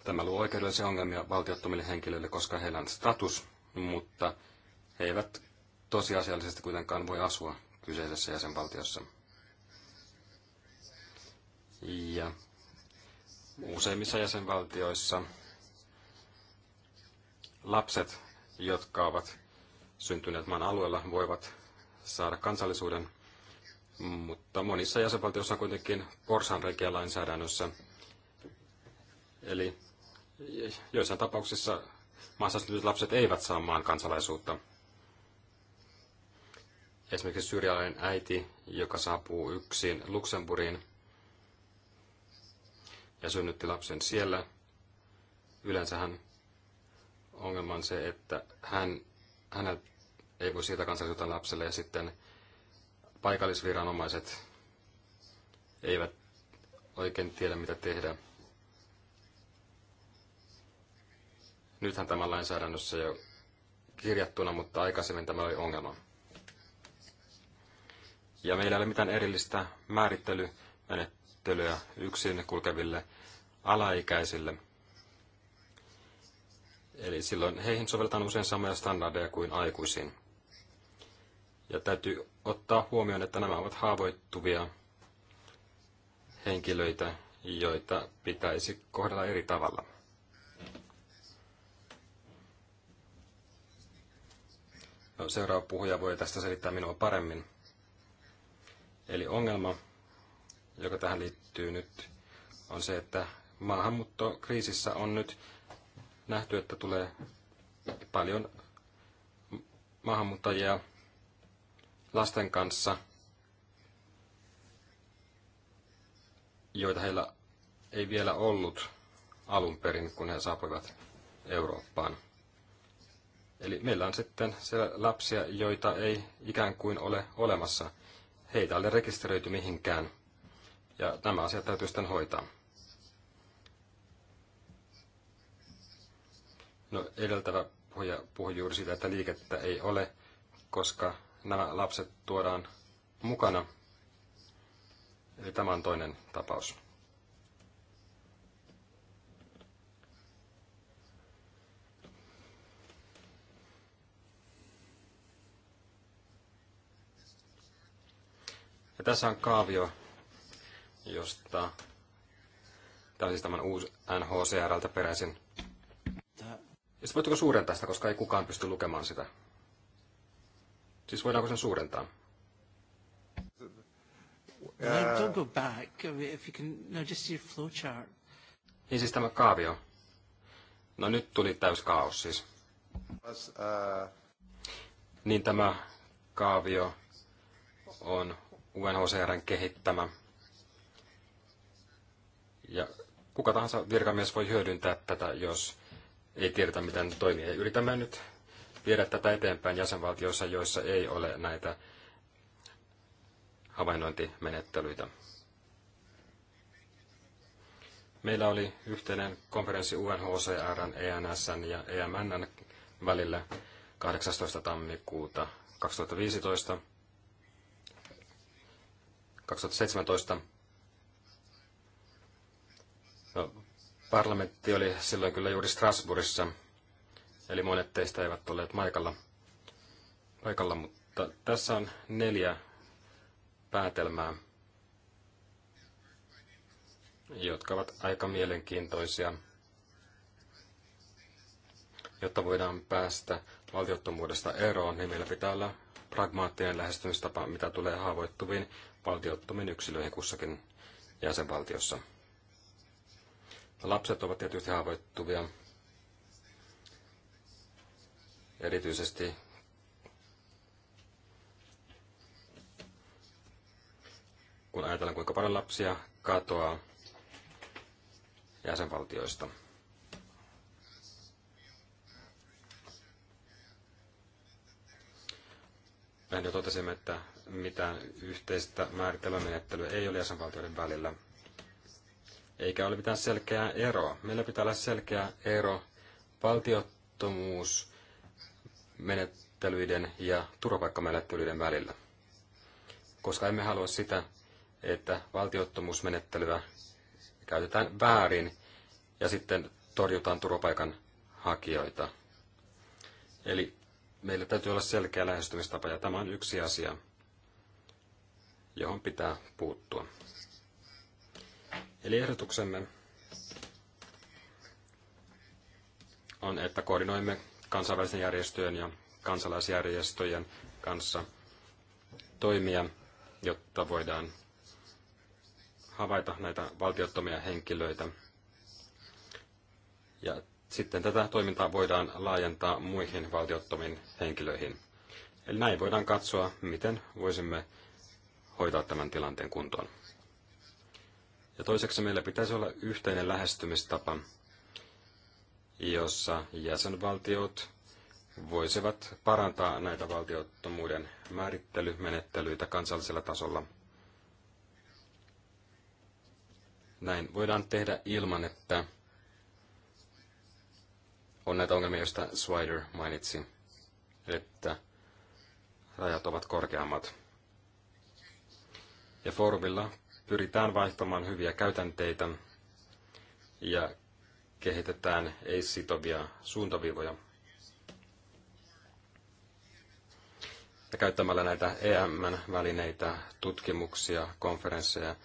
Tämä luo oikeudellisia ongelmia valtiottomille henkilöille, koska heillä on status, mutta he eivät tosiasiallisesti kuitenkaan voi asua kyseisessä jäsenvaltiossa. Ja useimmissa jäsenvaltioissa lapset, jotka ovat syntyneet maan alueella, voivat saada kansallisuuden, mutta monissa jäsenvaltioissa on kuitenkin porsanreikiä lainsäädännössä. Eli joissain tapauksissa maassa syntyvät lapset eivät saa maan kansalaisuutta. Esimerkiksi syyrialainen äiti, joka saapuu yksin Luxemburgiin ja synnytti lapsen siellä. Yleensähän ongelma on se, että hän, hänet ei voi siitä kansallisuutta lapselle ja sitten paikallisviranomaiset eivät oikein tiedä, mitä tehdä. Nythän tämä lainsäädännössä jo kirjattuna, mutta aikaisemmin tämä oli ongelma. Ja meillä ei ole mitään erillistä määrittelymenettelyä yksin kulkeville alaikäisille. Eli silloin heihin sovelletaan usein samoja standardeja kuin aikuisiin. Ja täytyy ottaa huomioon, että nämä ovat haavoittuvia henkilöitä, joita pitäisi kohdella eri tavalla. No, seuraava puhuja voi tästä selittää minua paremmin. Eli ongelma, joka tähän liittyy nyt, on se, että maahanmuuttokriisissä on nyt nähty, että tulee paljon maahanmuuttajia lasten kanssa, joita heillä ei vielä ollut alun perin, kun he saapuivat Eurooppaan. Eli meillä on sitten siellä lapsia, joita ei ikään kuin ole olemassa. Heitä ei ole rekisteröity mihinkään. Ja nämä asiat täytyy sitten hoitaa. No edeltävä puhuja puhui juuri siitä, että liikettä ei ole, koska nämä lapset tuodaan mukana. Eli tämä on toinen tapaus. Ja tässä on kaavio, josta tämä on siis tämän uusi NHCRltä peräisin. Ja voitteko suurentaa sitä, koska ei kukaan pysty lukemaan sitä. Siis voidaanko sen suurentaa? Uh, don't go back. Uh, if you can, no, just your flowchart. Niin siis tämä kaavio. No nyt tuli täys kaos siis. uh... Niin tämä kaavio on UNHCRn kehittämä. Ja kuka tahansa virkamies voi hyödyntää tätä, jos ei tiedetä miten toimii. Yritämme nyt viedä tätä eteenpäin jäsenvaltioissa, joissa ei ole näitä havainnointimenettelyitä. Meillä oli yhteinen konferenssi UNHCRn, ENSn ja EMNn välillä 18. tammikuuta 2015. 2017 no, parlamentti oli silloin kyllä juuri Strasbourgissa eli monet teistä eivät olleet paikalla, paikalla mutta tässä on neljä päätelmää, jotka ovat aika mielenkiintoisia, jotta voidaan päästä valtiottomuudesta eroon, niin meillä pitää olla pragmaattinen lähestymistapa, mitä tulee haavoittuviin valtiottomiin yksilöihin kussakin jäsenvaltiossa. Lapset ovat tietysti haavoittuvia, erityisesti kun ajatellaan, kuinka paljon lapsia katoaa jäsenvaltioista. Mehän jo totesimme, että mitään yhteistä määritelmämenettelyä ei ole jäsenvaltioiden välillä, eikä ole mitään selkeää eroa. Meillä pitää olla selkeä ero valtiottomuus menettelyiden ja turvapaikkamenettelyiden välillä. Koska emme halua sitä, että valtiottomuusmenettelyä käytetään väärin ja sitten torjutaan turvapaikan hakijoita. Eli meillä täytyy olla selkeä lähestymistapa ja tämä on yksi asia, johon pitää puuttua. Eli ehdotuksemme on, että koordinoimme kansainvälisten järjestöjen ja kansalaisjärjestöjen kanssa toimia, jotta voidaan havaita näitä valtiottomia henkilöitä. Ja sitten tätä toimintaa voidaan laajentaa muihin valtiottomiin henkilöihin. Eli näin voidaan katsoa, miten voisimme hoitaa tämän tilanteen kuntoon. Ja toiseksi meillä pitäisi olla yhteinen lähestymistapa jossa jäsenvaltiot voisivat parantaa näitä valtiottomuuden määrittelymenettelyitä kansallisella tasolla. Näin voidaan tehdä ilman, että on näitä ongelmia, joista Swider mainitsi, että rajat ovat korkeammat. Ja foorumilla pyritään vaihtamaan hyviä käytänteitä ja kehitetään ei-sitovia suuntaviivoja. Ja käyttämällä näitä EM-välineitä, tutkimuksia, konferensseja,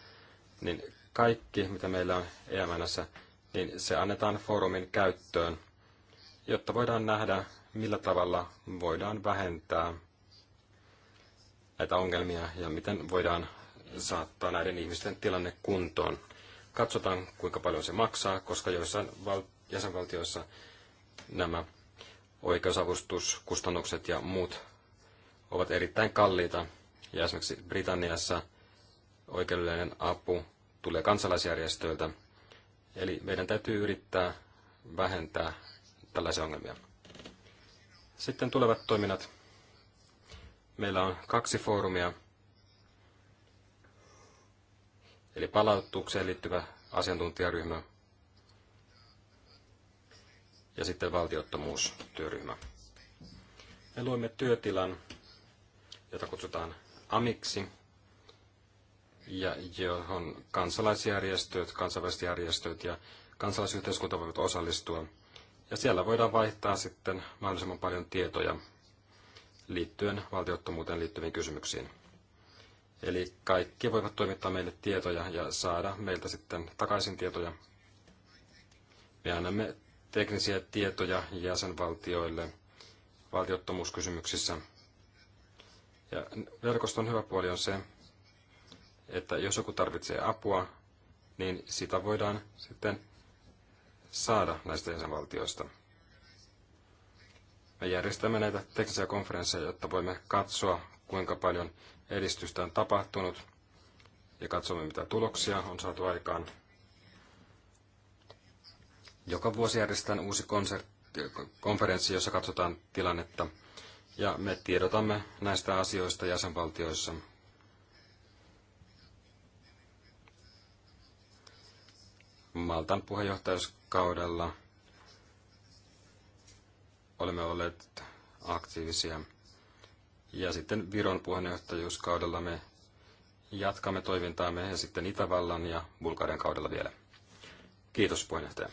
niin kaikki, mitä meillä on EMNssä, niin se annetaan foorumin käyttöön, jotta voidaan nähdä, millä tavalla voidaan vähentää näitä ongelmia ja miten voidaan saattaa näiden ihmisten tilanne kuntoon. Katsotaan, kuinka paljon se maksaa, koska joissain val- jäsenvaltioissa nämä oikeusavustuskustannukset ja muut ovat erittäin kalliita. Ja esimerkiksi Britanniassa oikeudellinen apu tulee kansalaisjärjestöiltä. Eli meidän täytyy yrittää vähentää tällaisia ongelmia. Sitten tulevat toiminnat. Meillä on kaksi foorumia, eli palautukseen liittyvä asiantuntijaryhmä ja sitten valtiottomuustyöryhmä. Me luomme työtilan, jota kutsutaan AMIKSI, ja johon kansalaisjärjestöt, kansainväliset järjestöt ja kansalaisyhteiskunta voivat osallistua. Ja siellä voidaan vaihtaa sitten mahdollisimman paljon tietoja liittyen valtiottomuuteen liittyviin kysymyksiin. Eli kaikki voivat toimittaa meille tietoja ja saada meiltä sitten takaisin tietoja. Me annamme teknisiä tietoja jäsenvaltioille valtiottomuuskysymyksissä. Ja verkoston hyvä puoli on se, että jos joku tarvitsee apua, niin sitä voidaan sitten saada näistä jäsenvaltioista. Me järjestämme näitä teknisiä konferensseja, jotta voimme katsoa, kuinka paljon edistystä on tapahtunut ja katsomme, mitä tuloksia on saatu aikaan. Joka vuosi järjestetään uusi konsertti, konferenssi, jossa katsotaan tilannetta ja me tiedotamme näistä asioista jäsenvaltioissa. Maltan puheenjohtajuuskaudella olemme olleet aktiivisia ja sitten Viron puheenjohtajuuskaudella me jatkamme toimintaamme ja sitten Itävallan ja Bulgarian kaudella vielä. Kiitos puheenjohtaja.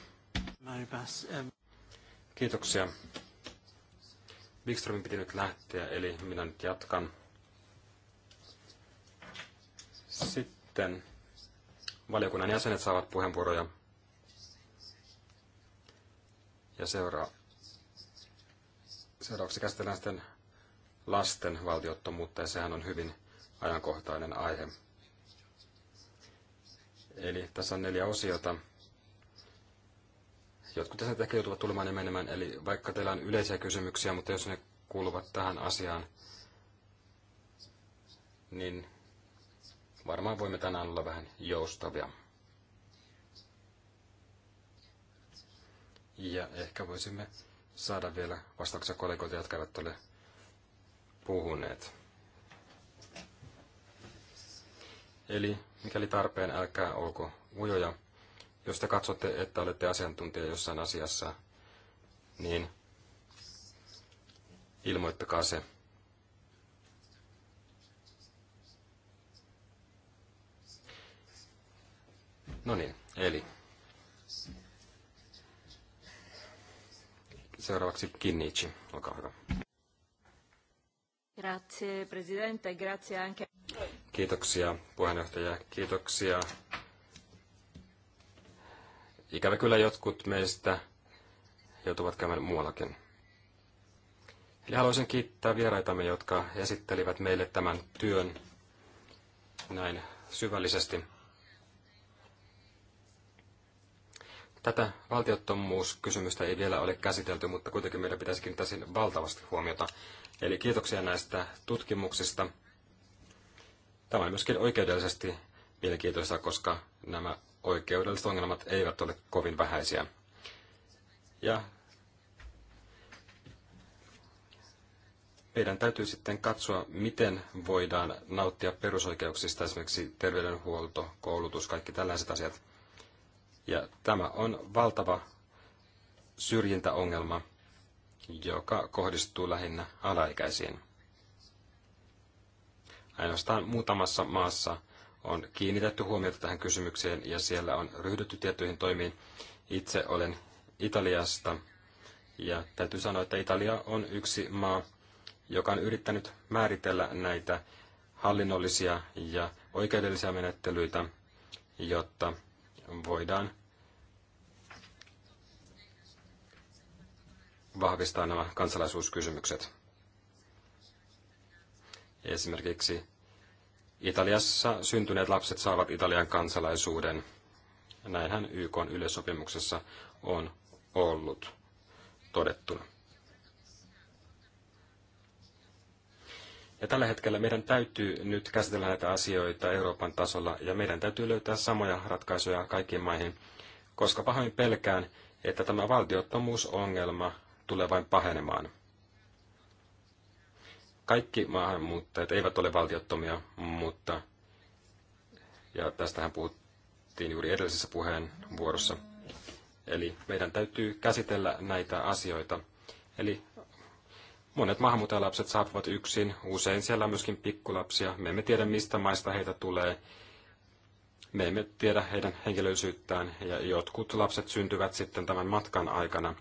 Kiitoksia. Wikströmin piti nyt lähteä, eli minä nyt jatkan. Sitten valiokunnan jäsenet saavat puheenvuoroja. Ja seuraa. seuraavaksi käsitellään sitten lasten valtiottomuutta, ja sehän on hyvin ajankohtainen aihe. Eli tässä on neljä osiota. Jotkut tässä ehkä joutuvat tulemaan ja menemään, eli vaikka teillä on yleisiä kysymyksiä, mutta jos ne kuuluvat tähän asiaan, niin varmaan voimme tänään olla vähän joustavia. Ja ehkä voisimme saada vielä vastauksia kollegoilta, jotka eivät ole puhuneet. Eli mikäli tarpeen, älkää olko ujoja. Jos te katsotte, että olette asiantuntija jossain asiassa, niin ilmoittakaa se. No niin, eli seuraavaksi Kinnichi, olkaa hyvä. Grazie, presidente. Kiitoksia puheenjohtaja. Kiitoksia. Ikävä kyllä jotkut meistä joutuvat käymään muuallakin. Eli haluaisin kiittää vieraitamme, jotka esittelivät meille tämän työn näin syvällisesti. Tätä valtiottomuuskysymystä ei vielä ole käsitelty, mutta kuitenkin meidän pitäisi kiinnittää siihen valtavasti huomiota. Eli kiitoksia näistä tutkimuksista. Tämä on myöskin oikeudellisesti mielenkiintoista, koska nämä oikeudelliset ongelmat eivät ole kovin vähäisiä. Ja meidän täytyy sitten katsoa, miten voidaan nauttia perusoikeuksista, esimerkiksi terveydenhuolto, koulutus, kaikki tällaiset asiat. Ja tämä on valtava syrjintäongelma, joka kohdistuu lähinnä alaikäisiin. Ainoastaan muutamassa maassa on kiinnitetty huomiota tähän kysymykseen ja siellä on ryhdytty tiettyihin toimiin. Itse olen Italiasta ja täytyy sanoa, että Italia on yksi maa, joka on yrittänyt määritellä näitä hallinnollisia ja oikeudellisia menettelyitä, jotta voidaan vahvistaa nämä kansalaisuuskysymykset. Esimerkiksi Italiassa syntyneet lapset saavat Italian kansalaisuuden. Näinhän YK yleissopimuksessa on ollut todettuna. Ja tällä hetkellä meidän täytyy nyt käsitellä näitä asioita Euroopan tasolla ja meidän täytyy löytää samoja ratkaisuja kaikkiin maihin, koska pahoin pelkään, että tämä valtiottomuusongelma tulee vain pahenemaan. Kaikki maahanmuuttajat eivät ole valtiottomia, mutta, ja tästähän puhuttiin juuri edellisessä puheenvuorossa, eli meidän täytyy käsitellä näitä asioita. Eli monet maahanmuuttajalapset saapuvat yksin, usein siellä on myöskin pikkulapsia, me emme tiedä mistä maista heitä tulee, me emme tiedä heidän henkilöllisyyttään ja jotkut lapset syntyvät sitten tämän matkan aikana –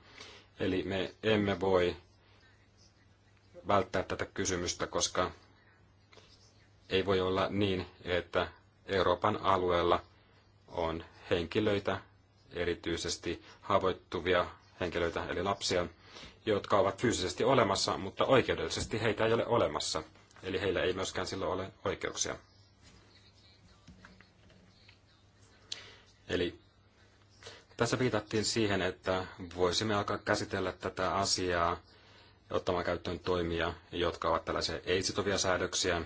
Eli me emme voi välttää tätä kysymystä, koska ei voi olla niin, että Euroopan alueella on henkilöitä, erityisesti haavoittuvia henkilöitä, eli lapsia, jotka ovat fyysisesti olemassa, mutta oikeudellisesti heitä ei ole olemassa. Eli heillä ei myöskään silloin ole oikeuksia. Eli tässä viitattiin siihen, että voisimme alkaa käsitellä tätä asiaa ottamaan käyttöön toimia, jotka ovat tällaisia ei-sitovia säädöksiä.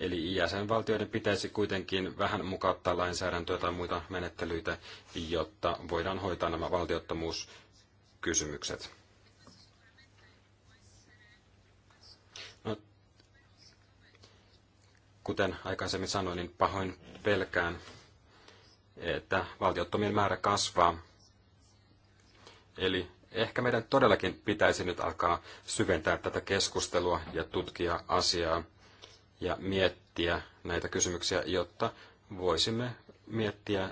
Eli jäsenvaltioiden pitäisi kuitenkin vähän mukauttaa lainsäädäntöä tai muita menettelyitä, jotta voidaan hoitaa nämä valtiottomuuskysymykset. No, kuten aikaisemmin sanoin, niin pahoin pelkään, että valtiottomien määrä kasvaa. Eli ehkä meidän todellakin pitäisi nyt alkaa syventää tätä keskustelua ja tutkia asiaa ja miettiä näitä kysymyksiä, jotta voisimme miettiä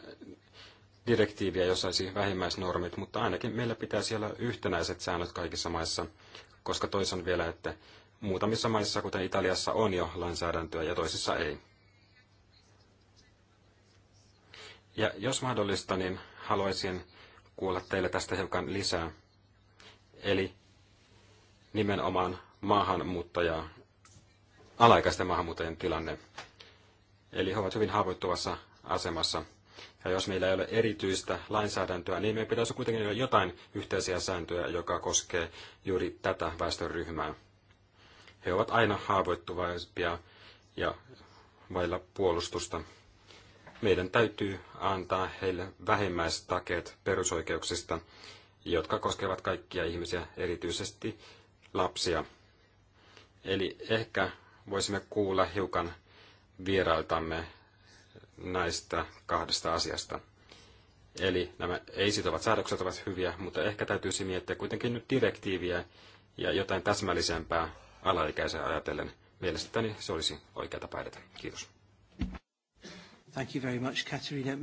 direktiiviä, jossa olisi vähimmäisnormit, mutta ainakin meillä pitää siellä yhtenäiset säännöt kaikissa maissa, koska toisan vielä, että muutamissa maissa, kuten Italiassa, on jo lainsäädäntöä ja toisissa ei. Ja jos mahdollista, niin haluaisin kuulla teille tästä hiukan lisää. Eli nimenomaan maahanmuuttaja, alaikäisten maahanmuuttajien tilanne. Eli he ovat hyvin haavoittuvassa asemassa. Ja jos meillä ei ole erityistä lainsäädäntöä, niin meidän pitäisi kuitenkin olla jotain yhteisiä sääntöjä, joka koskee juuri tätä väestöryhmää. He ovat aina haavoittuvaisia ja vailla puolustusta meidän täytyy antaa heille vähimmäistakeet perusoikeuksista, jotka koskevat kaikkia ihmisiä, erityisesti lapsia. Eli ehkä voisimme kuulla hiukan vierailtamme näistä kahdesta asiasta. Eli nämä ei-sitovat säädökset ovat hyviä, mutta ehkä täytyisi miettiä kuitenkin nyt direktiiviä ja jotain täsmällisempää alaikäisen ajatellen. Mielestäni se olisi oikea tapa edetä. Kiitos. Thank you very much,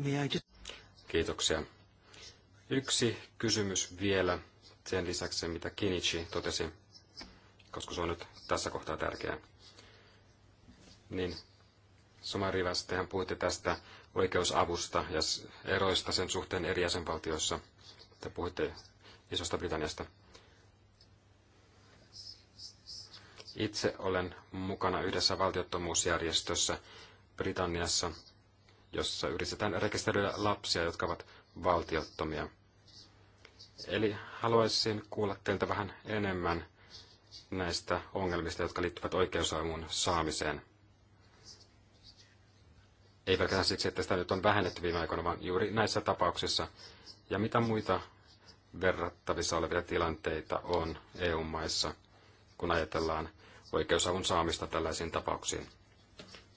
May I just... Kiitoksia. Yksi kysymys vielä sen lisäksi, mitä Kinichi totesi, koska se on nyt tässä kohtaa tärkeää. Niin, Somarivas, tehän puhutte tästä oikeusavusta ja eroista sen suhteen eri jäsenvaltioissa. Te puhutte Isosta Britanniasta. Itse olen mukana yhdessä valtiottomuusjärjestössä Britanniassa, jossa yritetään rekisteröidä lapsia, jotka ovat valtiottomia. Eli haluaisin kuulla teiltä vähän enemmän näistä ongelmista, jotka liittyvät oikeusavun saamiseen. Ei pelkästään siksi, että sitä nyt on vähennetty viime aikoina, vaan juuri näissä tapauksissa. Ja mitä muita verrattavissa olevia tilanteita on EU-maissa, kun ajatellaan oikeusavun saamista tällaisiin tapauksiin?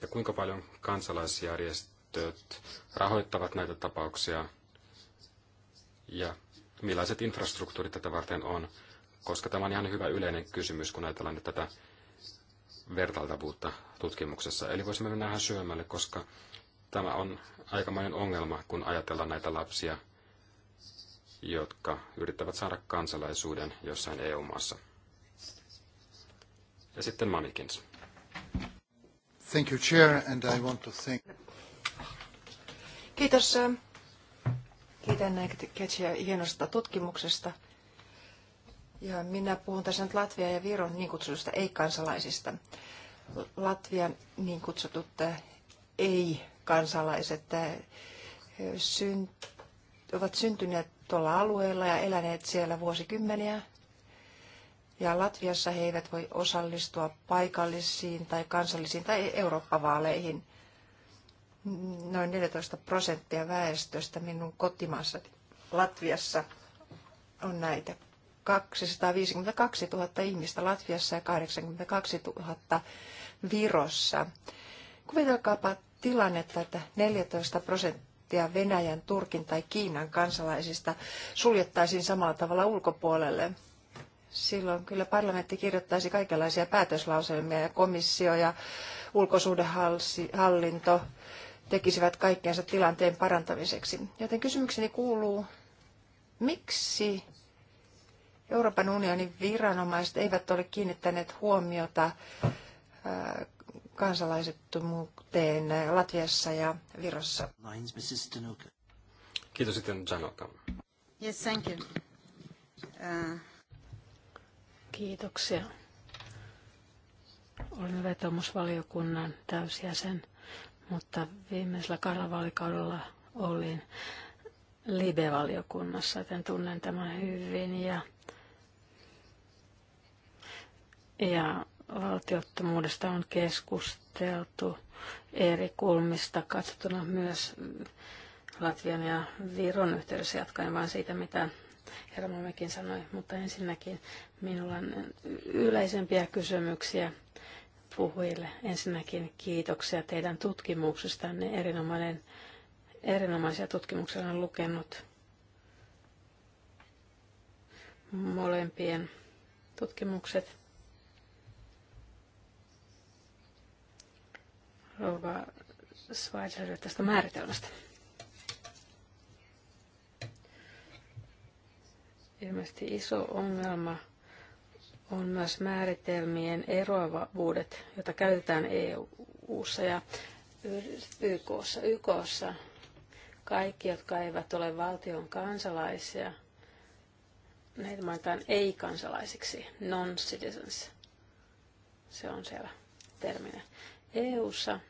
Ja kuinka paljon kansalaisjärjestöjä järjestöt rahoittavat näitä tapauksia ja millaiset infrastruktuurit tätä varten on, koska tämä on ihan hyvä yleinen kysymys, kun ajatellaan nyt tätä vertailtavuutta tutkimuksessa. Eli voisimme mennä vähän syömälle, koska tämä on aikamoinen ongelma, kun ajatellaan näitä lapsia, jotka yrittävät saada kansalaisuuden jossain EU-maassa. Ja sitten Manikins. Thank you, Chair, and I want to thank... Kiitos. Kiitän Ketsiä hienosta tutkimuksesta. Ja minä puhun tässä nyt Latvia ja Viron niin kutsutusta ei-kansalaisista. Latvian niin kutsutut eh, ei-kansalaiset eh, ovat syntyneet tuolla alueella ja eläneet siellä vuosikymmeniä. Ja Latviassa he eivät voi osallistua paikallisiin tai kansallisiin tai Eurooppa-vaaleihin noin 14 prosenttia väestöstä minun kotimaassa Latviassa on näitä. 252 000 ihmistä Latviassa ja 82 000 Virossa. Kuvitelkaapa tilannetta, että 14 prosenttia Venäjän, Turkin tai Kiinan kansalaisista suljettaisiin samalla tavalla ulkopuolelle. Silloin kyllä parlamentti kirjoittaisi kaikenlaisia päätöslauselmia ja komissio ja ulkosuhdehallinto tekisivät kaikkeensa tilanteen parantamiseksi. Joten kysymykseni kuuluu, miksi Euroopan unionin viranomaiset eivät ole kiinnittäneet huomiota äh, kansalaisettomuuteen Latviassa ja Virossa? Kiitos sitten Janoka. Yes, thank you. Uh... Kiitoksia. Olen vetomusvaliokunnan täysjäsen mutta viimeisellä karnavaalikaudella olin Libe-valiokunnassa, joten tunnen tämän hyvin ja, ja valtiottomuudesta on keskusteltu eri kulmista katsottuna myös Latvian ja Viron yhteydessä jatkaen vain siitä, mitä Hermomekin sanoi, mutta ensinnäkin minulla on yleisempiä kysymyksiä puhujille. Ensinnäkin kiitoksia teidän tutkimuksestanne. Erinomainen, erinomaisia tutkimuksia olen lukenut molempien tutkimukset. Rouva Schweizer tästä määritelmästä. Ilmeisesti iso ongelma – on myös määritelmien eroavuudet, joita käytetään EU-ssa ja YKssa. YKssa kaikki, jotka eivät ole valtion kansalaisia, heitä mainitaan ei-kansalaisiksi, non-citizens. Se on siellä terminä. EU:ssa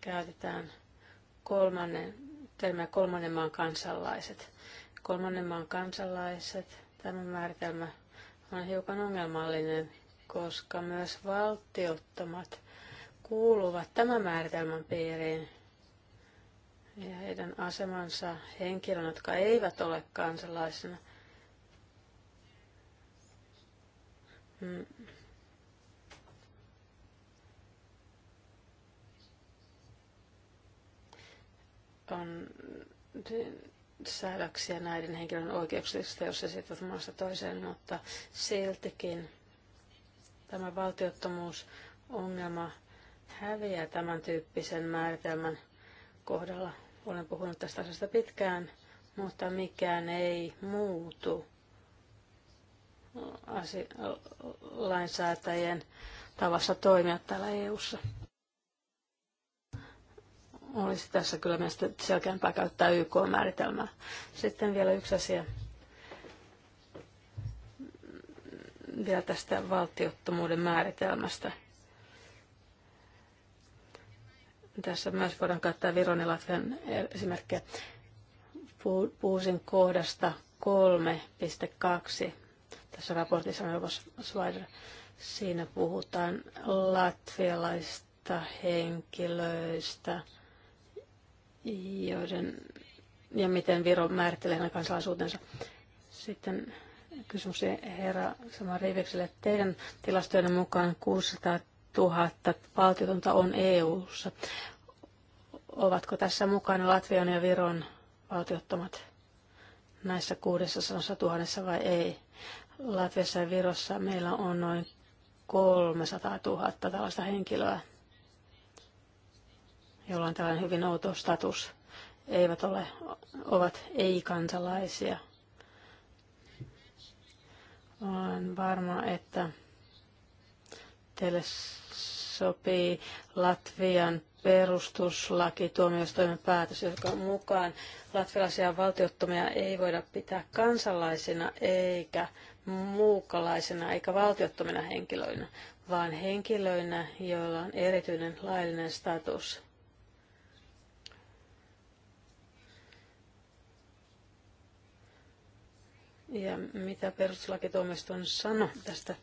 käytetään kolmannen, termiä kolmannen maan kansalaiset. Kolmannen maan kansalaiset, tämä määritelmä on hiukan ongelmallinen, koska myös valtiottomat kuuluvat tämän määritelmän piiriin ja heidän asemansa henkilön, jotka eivät ole kansalaisena. hmm. On säädöksiä näiden henkilön oikeuksista, jos esittävät maasta toiseen, mutta siltikin tämä valtiottomuusongelma häviää tämän tyyppisen määritelmän kohdalla. Olen puhunut tästä asiasta pitkään, mutta mikään ei muutu lainsäätäjien tavassa toimia täällä EU:ssa olisi tässä kyllä mielestä selkeämpää käyttää YK-määritelmää. Sitten vielä yksi asia vielä tästä valtiottomuuden määritelmästä. Tässä myös voidaan käyttää Viron ja Latvian esimerkkejä. Puusin kohdasta 3.2. Tässä raportissa on slider. Siinä puhutaan latvialaista henkilöistä – joiden, ja miten Viro määrittelee hänen kansalaisuutensa. Sitten kysymys herra Sama Riivekselle. Teidän tilastojen mukaan 600 000 valtiotonta on EU-ssa. Ovatko tässä mukana Latvian ja Viron valtiottomat näissä 600 000 vai ei? Latviassa ja Virossa meillä on noin 300 000 tällaista henkilöä joilla on tällainen hyvin outo status, eivät ole, ovat ei-kansalaisia. Olen varma, että teille sopii Latvian perustuslaki tuomioistuimen päätös, jonka mukaan latvialaisia valtiottomia ei voida pitää kansalaisina eikä muukalaisina eikä valtiottomina henkilöinä, vaan henkilöinä, joilla on erityinen laillinen status. Ja mitä perustuslakituomioistuin sanoi tästä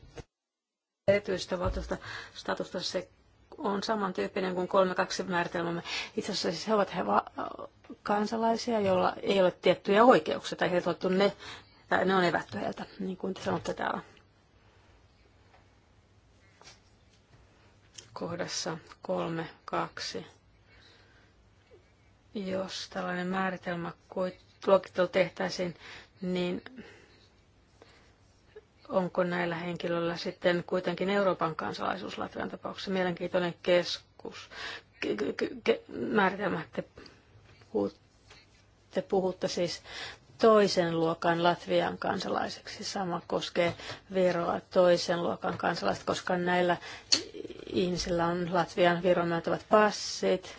erityisestä valtuusta statusta, se on samantyyppinen kuin kolme kaksi määritelmämme. Itse asiassa siis he ovat he kansalaisia, joilla ei ole tiettyjä oikeuksia, tai he on ne, tai ne on evätty heiltä, niin kuin te sanotte täällä kohdassa 3.2. Jos tällainen määritelmä kuin tehtäisiin, niin onko näillä henkilöillä sitten kuitenkin Euroopan kansalaisuus Latvian tapauksessa. Mielenkiintoinen keskus. Määritelmä, te, te puhutte siis toisen luokan Latvian kansalaiseksi. Sama koskee Viroa toisen luokan kansalaiset, koska näillä ihmisillä on Latvian Viron myöntävät passit.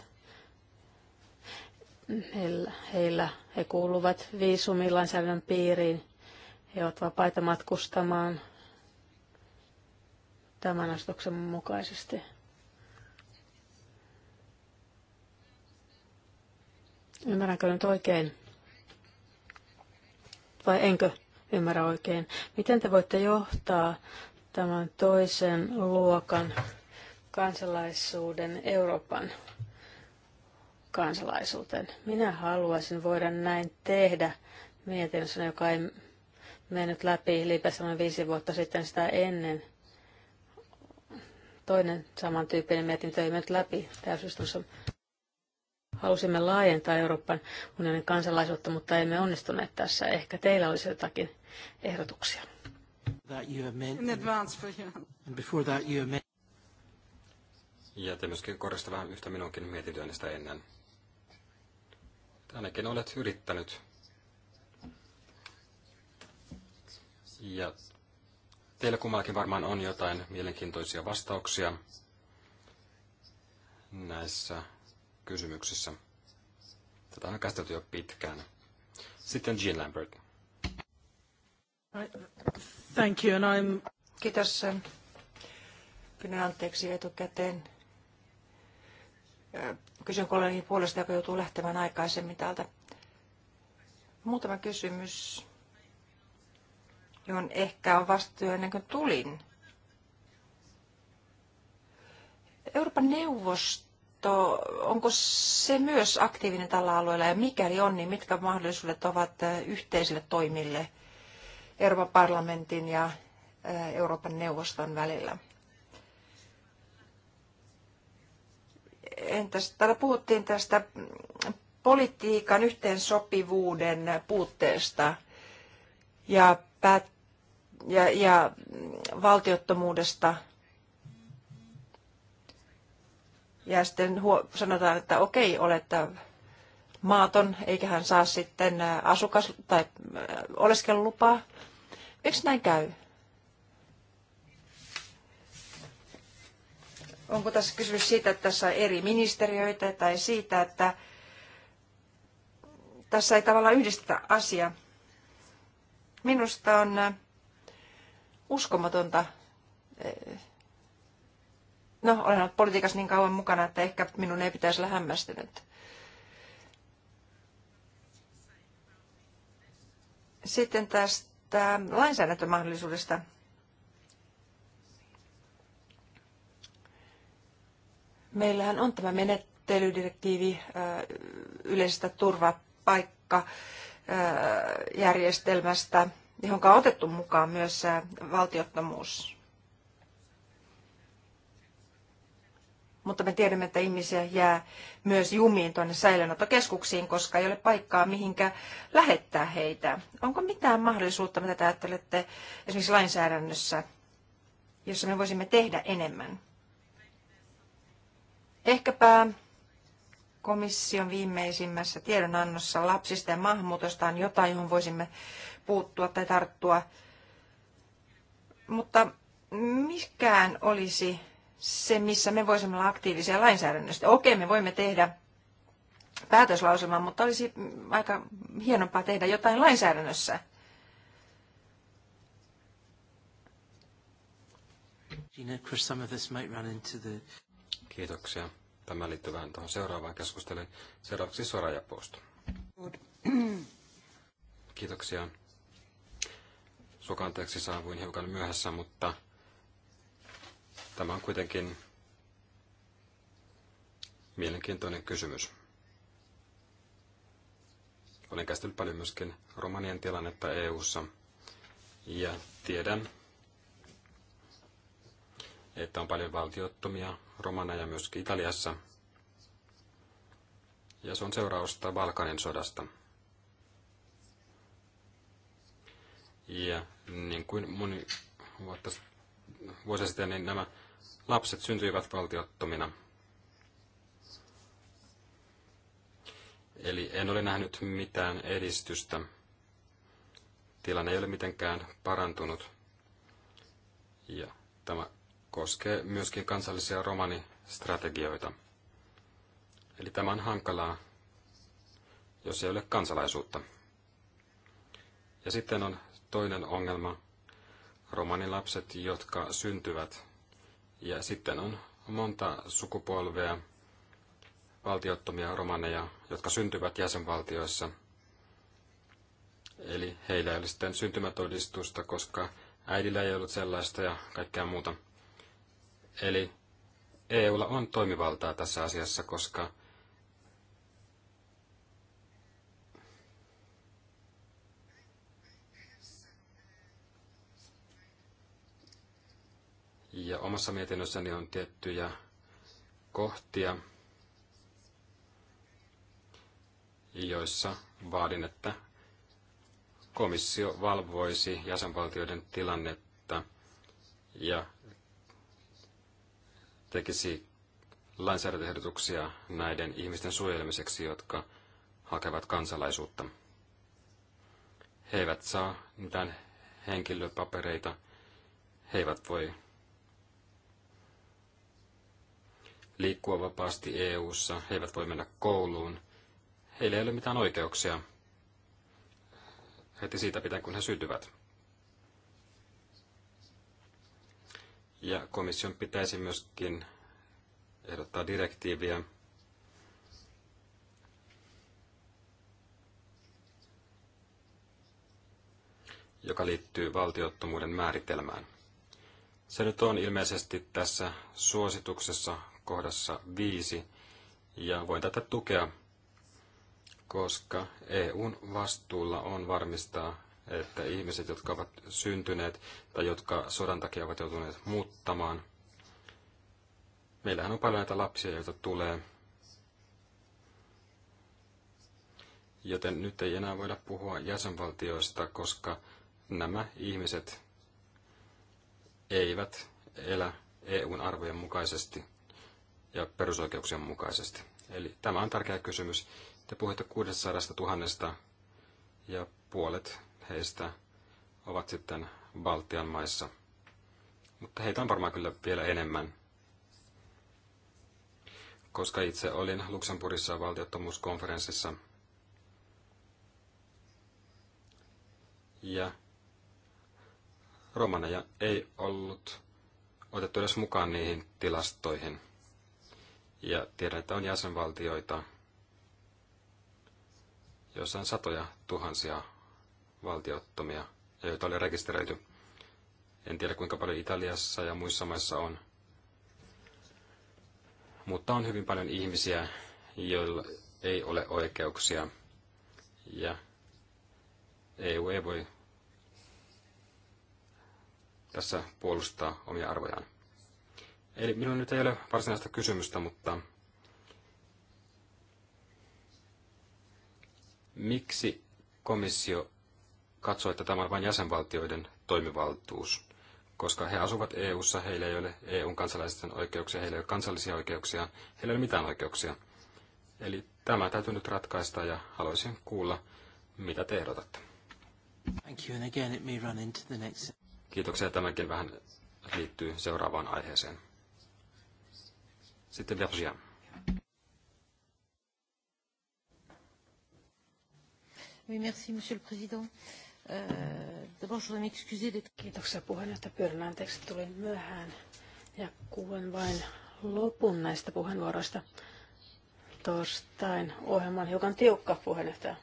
Heillä, heillä he kuuluvat viisumilainsäädännön piiriin he ovat vapaita matkustamaan tämän asetuksen mukaisesti. Ymmärränkö nyt oikein? Vai enkö ymmärrä oikein? Miten te voitte johtaa tämän toisen luokan kansalaisuuden Euroopan kansalaisuuteen? Minä haluaisin voida näin tehdä mietinnössä, joka ei mennyt läpi noin viisi vuotta sitten sitä ennen. Toinen samantyyppinen mietintö ei mennyt läpi täysistunnossa. Halusimme laajentaa Euroopan unionin kansalaisuutta, mutta emme onnistuneet tässä. Ehkä teillä olisi jotakin ehdotuksia. Ja te myöskin korjasta vähän yhtä minunkin mietintöäni ennen. Ainakin olet yrittänyt Ja teillä kummallakin varmaan on jotain mielenkiintoisia vastauksia näissä kysymyksissä. Tätä on käsitelty jo pitkään. Sitten Jean Lambert. Thank you, and I'm... Kiitos. Pyydän anteeksi etukäteen. Äh, kysyn kollegin puolesta, joka joutuu lähtemään aikaisemmin täältä. Muutama kysymys johon ehkä on vastu ennen kuin tulin. Euroopan neuvosto, onko se myös aktiivinen tällä alueella ja mikäli on, niin mitkä mahdollisuudet ovat yhteisille toimille Euroopan parlamentin ja Euroopan neuvoston välillä? Entäs, täällä puhuttiin tästä politiikan yhteensopivuuden puutteesta ja päät- ja, ja valtiottomuudesta. Ja sitten sanotaan, että okei, olet maaton, eikä hän saa sitten asukas- tai oleskelulupaa. Miksi näin käy? Onko tässä kysymys siitä, että tässä on eri ministeriöitä tai siitä, että tässä ei tavallaan yhdistetä asia. Minusta on uskomatonta. Eh, no, olen ollut politiikassa niin kauan mukana, että ehkä minun ei pitäisi olla hämmästynyt. Sitten tästä lainsäädäntömahdollisuudesta. Meillähän on tämä menettelydirektiivi eh, yleisestä turvapaikkajärjestelmästä. järjestelmästä johon on otettu mukaan myös valtiottomuus. Mutta me tiedämme, että ihmisiä jää myös jumiin tuonne säilönottokeskuksiin, koska ei ole paikkaa mihinkä lähettää heitä. Onko mitään mahdollisuutta, mitä te ajattelette esimerkiksi lainsäädännössä, jossa me voisimme tehdä enemmän? Ehkäpä komission viimeisimmässä tiedonannossa lapsista ja maahanmuutosta on jotain, johon voisimme puuttua tai tarttua. Mutta mikään olisi se, missä me voisimme olla aktiivisia lainsäädännöstä. Okei, me voimme tehdä päätöslauselman, mutta olisi aika hienompaa tehdä jotain lainsäädännössä. Kiitoksia. Tämä liittyy vähän tuohon seuraavaan keskusteluun. Seuraavaksi Soraja Posto. Kiitoksia sokanteeksi saavuin hiukan myöhässä, mutta tämä on kuitenkin mielenkiintoinen kysymys. Olen käsitellyt paljon myöskin romanien tilannetta EU:ssa ja tiedän, että on paljon valtiottomia romaneja myöskin Italiassa. Ja se on seurausta Balkanin sodasta. Ja niin kuin moni vuotta, vuosi sitten, niin nämä lapset syntyivät valtiottomina. Eli en ole nähnyt mitään edistystä. Tilanne ei ole mitenkään parantunut. Ja tämä koskee myöskin kansallisia romanistrategioita. Eli tämä on hankalaa, jos ei ole kansalaisuutta. Ja sitten on toinen ongelma, romanilapset, jotka syntyvät. Ja sitten on monta sukupolvea valtiottomia romaneja, jotka syntyvät jäsenvaltioissa. Eli heillä ei ole sitten syntymätodistusta, koska äidillä ei ollut sellaista ja kaikkea muuta. Eli EUlla on toimivaltaa tässä asiassa, koska Ja omassa mietinnössäni on tiettyjä kohtia, joissa vaadin, että komissio valvoisi jäsenvaltioiden tilannetta ja tekisi lainsäädäntöehdotuksia näiden ihmisten suojelemiseksi, jotka hakevat kansalaisuutta. He eivät saa mitään henkilöpapereita, he eivät voi liikkua vapaasti EU:ssa, he eivät voi mennä kouluun, heillä ei ole mitään oikeuksia heti siitä pitäen, kun he syntyvät. Ja komission pitäisi myöskin ehdottaa direktiiviä, joka liittyy valtiottomuuden määritelmään. Se nyt on ilmeisesti tässä suosituksessa kohdassa 5 ja voin tätä tukea, koska EUn vastuulla on varmistaa, että ihmiset, jotka ovat syntyneet tai jotka sodan takia ovat joutuneet muuttamaan, meillähän on paljon näitä lapsia, joita tulee, joten nyt ei enää voida puhua jäsenvaltioista, koska nämä ihmiset eivät elä EUn arvojen mukaisesti ja perusoikeuksien mukaisesti. Eli tämä on tärkeä kysymys. Te puhutte 600 000 ja puolet heistä ovat sitten Baltian maissa. Mutta heitä on varmaan kyllä vielä enemmän. Koska itse olin Luxemburgissa valtiottomuuskonferenssissa ja romaneja ei ollut otettu edes mukaan niihin tilastoihin. Ja tiedän, että on jäsenvaltioita, joissa on satoja tuhansia valtiottomia, joita oli rekisteröity. En tiedä, kuinka paljon Italiassa ja muissa maissa on. Mutta on hyvin paljon ihmisiä, joilla ei ole oikeuksia. Ja EU ei voi tässä puolustaa omia arvojaan. Eli minulla nyt ei ole varsinaista kysymystä, mutta miksi komissio katsoo, että tämä on vain jäsenvaltioiden toimivaltuus? Koska he asuvat EU-ssa, heillä ei ole EUn kansalaisten oikeuksia, heillä ei ole kansallisia oikeuksia, heillä ei ole mitään oikeuksia. Eli tämä täytyy nyt ratkaista ja haluaisin kuulla, mitä te ehdotatte. Thank you, and again it may run into the next... Kiitoksia. Tämäkin vähän liittyy seuraavaan aiheeseen. Sitten Vergia. Oui, merci, monsieur le président. Euh, Kiitoksia puheenjohtaja Pyörän. Anteeksi, tulin myöhään ja kuulen vain lopun näistä puheenvuoroista. Torstain ohjelma on hiukan tiukka puheenjohtaja.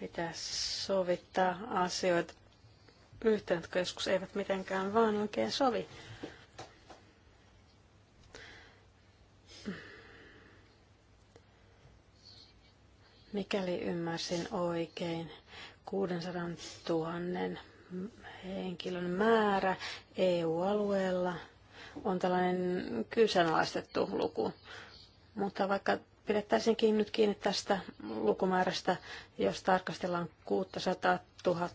Pitää sovittaa asioita yhteen, jotka joskus eivät mitenkään vaan oikein sovi. Mikäli ymmärsin oikein, 600 000 henkilön määrä EU-alueella on tällainen kyseenalaistettu luku. Mutta vaikka pidettäisiinkin nyt kiinni tästä lukumäärästä, jos tarkastellaan 600 000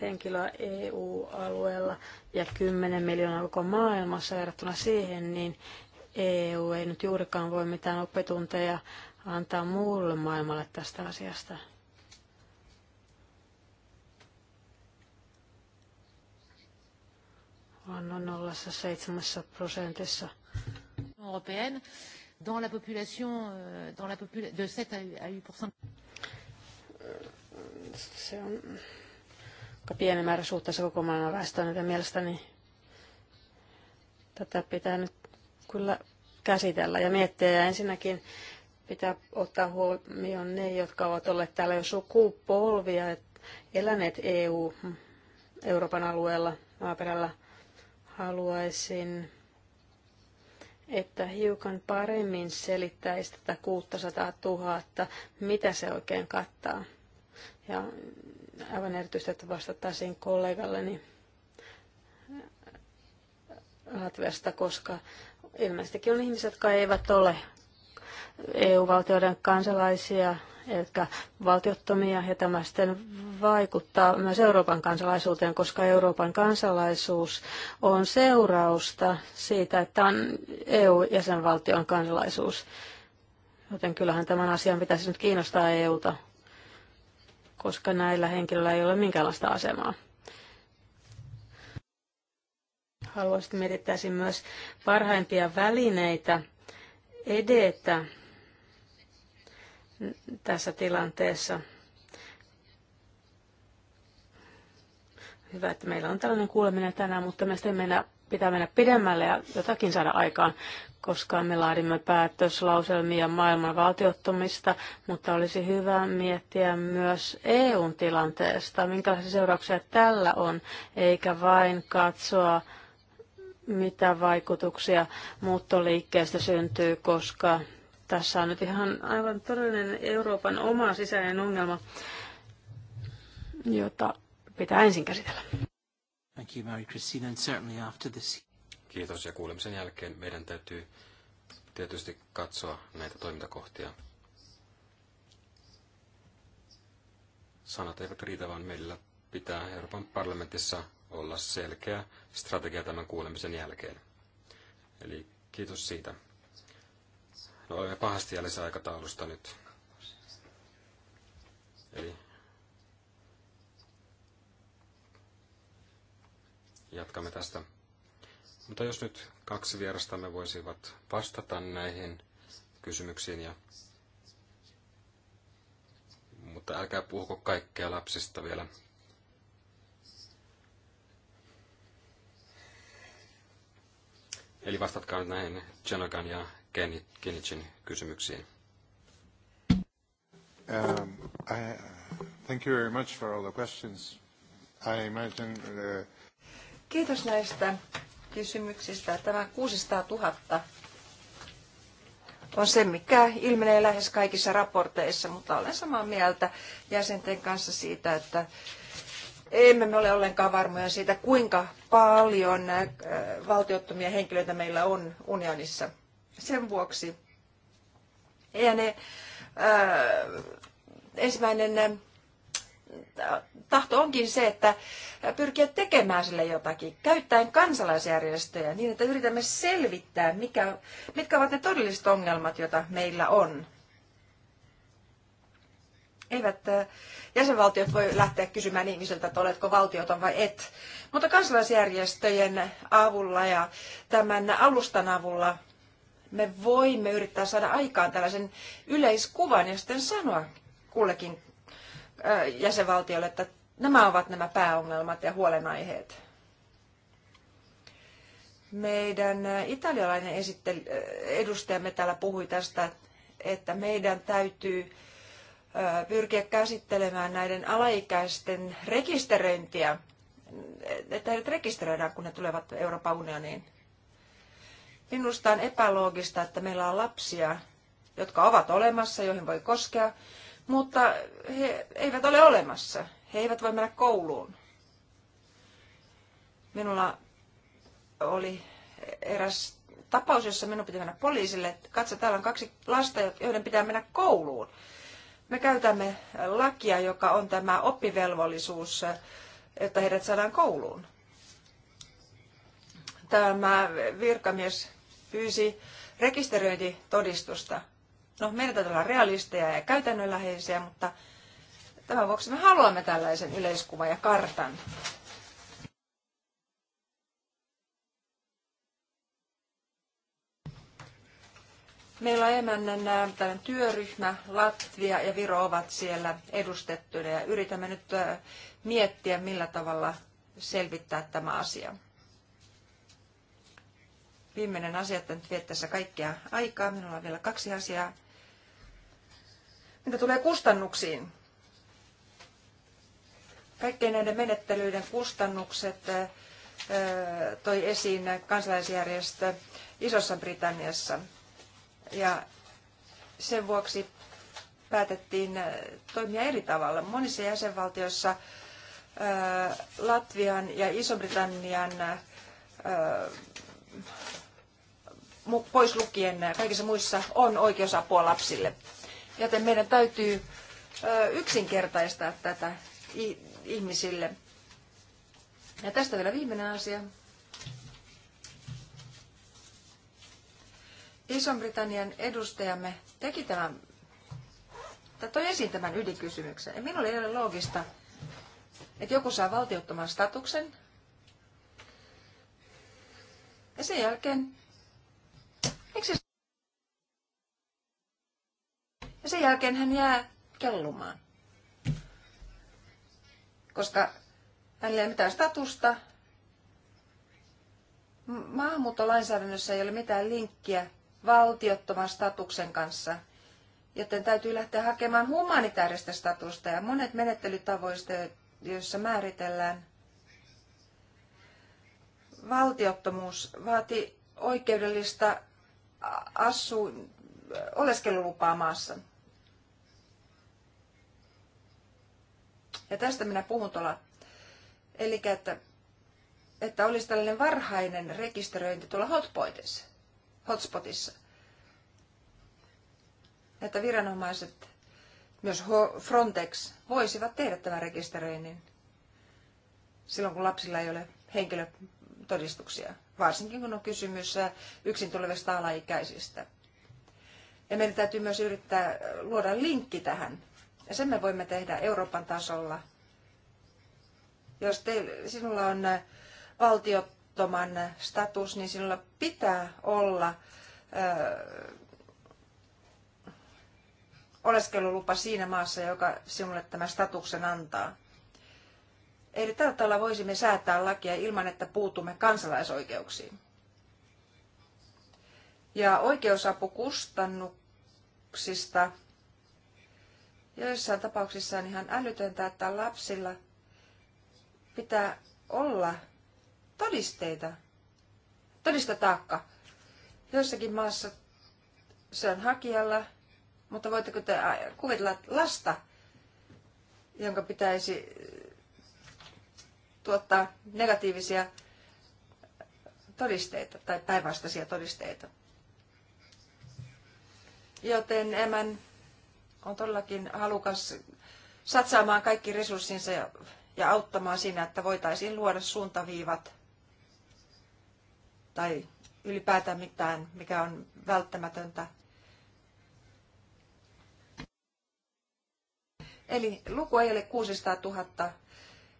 henkilöä EU-alueella ja 10 miljoonaa koko maailmassa verrattuna siihen, niin EU ei nyt juurikaan voi mitään oppitunteja antaa muulle maailmalle tästä asiasta. Vaan on ollassa seitsemässä prosentissa. Européenne, dans la population, euh, dans la popula- de 7 à 8 Se on aika pieni määrä suhteessa koko maailman väestöön, joten mielestäni tätä pitää nyt kyllä käsitellä ja miettiä. Ja ensinnäkin Pitää ottaa huomioon ne, jotka ovat olleet täällä jo sukupolvia, eläneet EU, Euroopan alueella, maaperällä. Haluaisin, että hiukan paremmin selittäisi tätä 600 000, mitä se oikein kattaa. Ja aivan erityisesti, että vastattaisiin kollegalleni Latviasta, koska ilmeisestikin on ihmisiä, jotka eivät ole EU-valtioiden kansalaisia, jotka valtiottomia, ja tämä sitten vaikuttaa myös Euroopan kansalaisuuteen, koska Euroopan kansalaisuus on seurausta siitä, että on EU-jäsenvaltion kansalaisuus. Joten kyllähän tämän asian pitäisi nyt kiinnostaa EUta, koska näillä henkilöillä ei ole minkäänlaista asemaa haluaisin mietittäisiin myös parhaimpia välineitä edetä tässä tilanteessa. Hyvä, että meillä on tällainen kuuleminen tänään, mutta sitten mennä, pitää mennä pidemmälle ja jotakin saada aikaan, koska me laadimme päätöslauselmia maailman valtiottomista, mutta olisi hyvä miettiä myös EUn tilanteesta, minkälaisia seurauksia tällä on, eikä vain katsoa, mitä vaikutuksia muuttoliikkeestä syntyy, koska tässä on nyt ihan aivan todellinen Euroopan oma sisäinen ongelma, jota pitää ensin käsitellä. Thank you, Mary Christine, and certainly after this... Kiitos ja kuulemisen jälkeen meidän täytyy tietysti katsoa näitä toimintakohtia. Sanat eivät riitä, vaan meillä pitää Euroopan parlamentissa olla selkeä strategia tämän kuulemisen jälkeen. Eli kiitos siitä. Me olemme pahasti jäljessä aikataulusta nyt. Eli jatkamme tästä. Mutta jos nyt kaksi vierastamme voisivat vastata näihin kysymyksiin, ja... mutta älkää puhuko kaikkea lapsista vielä. Eli vastatkaa näihin Jenogan ja Kenichin kysymyksiin. Um, I, uh, thank you very much for all the questions. I imagine, uh... Kiitos näistä kysymyksistä. Tämä 600 000 on se, mikä ilmenee lähes kaikissa raporteissa, mutta olen samaa mieltä jäsenten kanssa siitä, että emme me ole ollenkaan varmoja siitä, kuinka paljon äh, valtiottomia henkilöitä meillä on unionissa sen vuoksi. Ja ne, ää, äh, ensimmäinen äh, tahto onkin se, että pyrkiä tekemään sille jotakin, käyttäen kansalaisjärjestöjä niin, että yritämme selvittää, mikä, mitkä ovat ne todelliset ongelmat, joita meillä on. Eivät äh, jäsenvaltiot voi lähteä kysymään ihmisiltä, että oletko valtioton vai et. Mutta kansalaisjärjestöjen avulla ja tämän alustan avulla me voimme yrittää saada aikaan tällaisen yleiskuvan ja sitten sanoa kullekin jäsenvaltiolle, että nämä ovat nämä pääongelmat ja huolenaiheet. Meidän italialainen edustajamme täällä puhui tästä, että meidän täytyy pyrkiä käsittelemään näiden alaikäisten rekisteröintiä, että heidät rekisteröidään, kun ne tulevat Euroopan unioniin. Minusta on epäloogista, että meillä on lapsia, jotka ovat olemassa, joihin voi koskea, mutta he eivät ole olemassa. He eivät voi mennä kouluun. Minulla oli eräs tapaus, jossa minun piti mennä poliisille, katso, täällä on kaksi lasta, joiden pitää mennä kouluun. Me käytämme lakia, joka on tämä oppivelvollisuus, että heidät saadaan kouluun. Tämä virkamies pyysi rekisteröintitodistusta. No, meidän täytyy olla realisteja ja käytännönläheisiä, mutta tämän vuoksi me haluamme tällaisen yleiskuvan ja kartan. Meillä on emännen äh, tällainen työryhmä, Latvia ja Viro ovat siellä edustettuina ja yritämme nyt äh, miettiä, millä tavalla selvittää tämä asia viimeinen asia, että nyt viet tässä kaikkea aikaa. Minulla on vielä kaksi asiaa. Mitä tulee kustannuksiin? Kaikkien näiden menettelyiden kustannukset toi esiin kansalaisjärjestö Isossa Britanniassa. Ja sen vuoksi päätettiin toimia eri tavalla. Monissa jäsenvaltioissa Latvian ja Iso-Britannian pois lukien kaikissa muissa on oikeusapua lapsille. Joten meidän täytyy yksinkertaistaa tätä ihmisille. Ja tästä vielä viimeinen asia. iso britannian edustajamme teki tämän, tai toi esiin tämän ydinkysymyksen. Ja minulle ei ole loogista, että joku saa valtiottoman statuksen, ja sen jälkeen Ja sen jälkeen hän jää kellumaan. Koska hänellä ei ole mitään statusta. Maahanmuuttolainsäädännössä ei ole mitään linkkiä valtiottoman statuksen kanssa, joten täytyy lähteä hakemaan humanitaarista statusta ja monet menettelytavoista, joissa määritellään valtiottomuus, vaati oikeudellista asu, oleskelulupaa maassa. Ja tästä minä puhun tuolla. Eli että, että olisi tällainen varhainen rekisteröinti tuolla hotpointissa, hotspotissa. Että viranomaiset, myös Frontex, voisivat tehdä tämän rekisteröinnin silloin, kun lapsilla ei ole henkilötodistuksia, varsinkin kun on kysymys äh, yksin tulevista alaikäisistä. Ja meidän täytyy myös yrittää luoda linkki tähän ja sen me voimme tehdä Euroopan tasolla. Jos te, sinulla on äh, valtiottoman status, niin sinulla pitää olla ö, äh, oleskelulupa siinä maassa, joka sinulle tämän statuksen antaa. Eli tällä tavalla voisimme säätää lakia ilman, että puutumme kansalaisoikeuksiin. Ja oikeusapukustannuksista joissain tapauksissa on ihan älytöntä, että lapsilla pitää olla todisteita, taakka. Jossakin maassa se on hakijalla, mutta voitteko te äh, kuvitella lasta, jonka pitäisi äh, tuottaa negatiivisia todisteita tai päinvastaisia todisteita. Joten emän on todellakin halukas satsaamaan kaikki resurssinsa ja, ja auttamaan siinä, että voitaisiin luoda suuntaviivat tai ylipäätään mitään, mikä on välttämätöntä. Eli luku ei ole 600 000.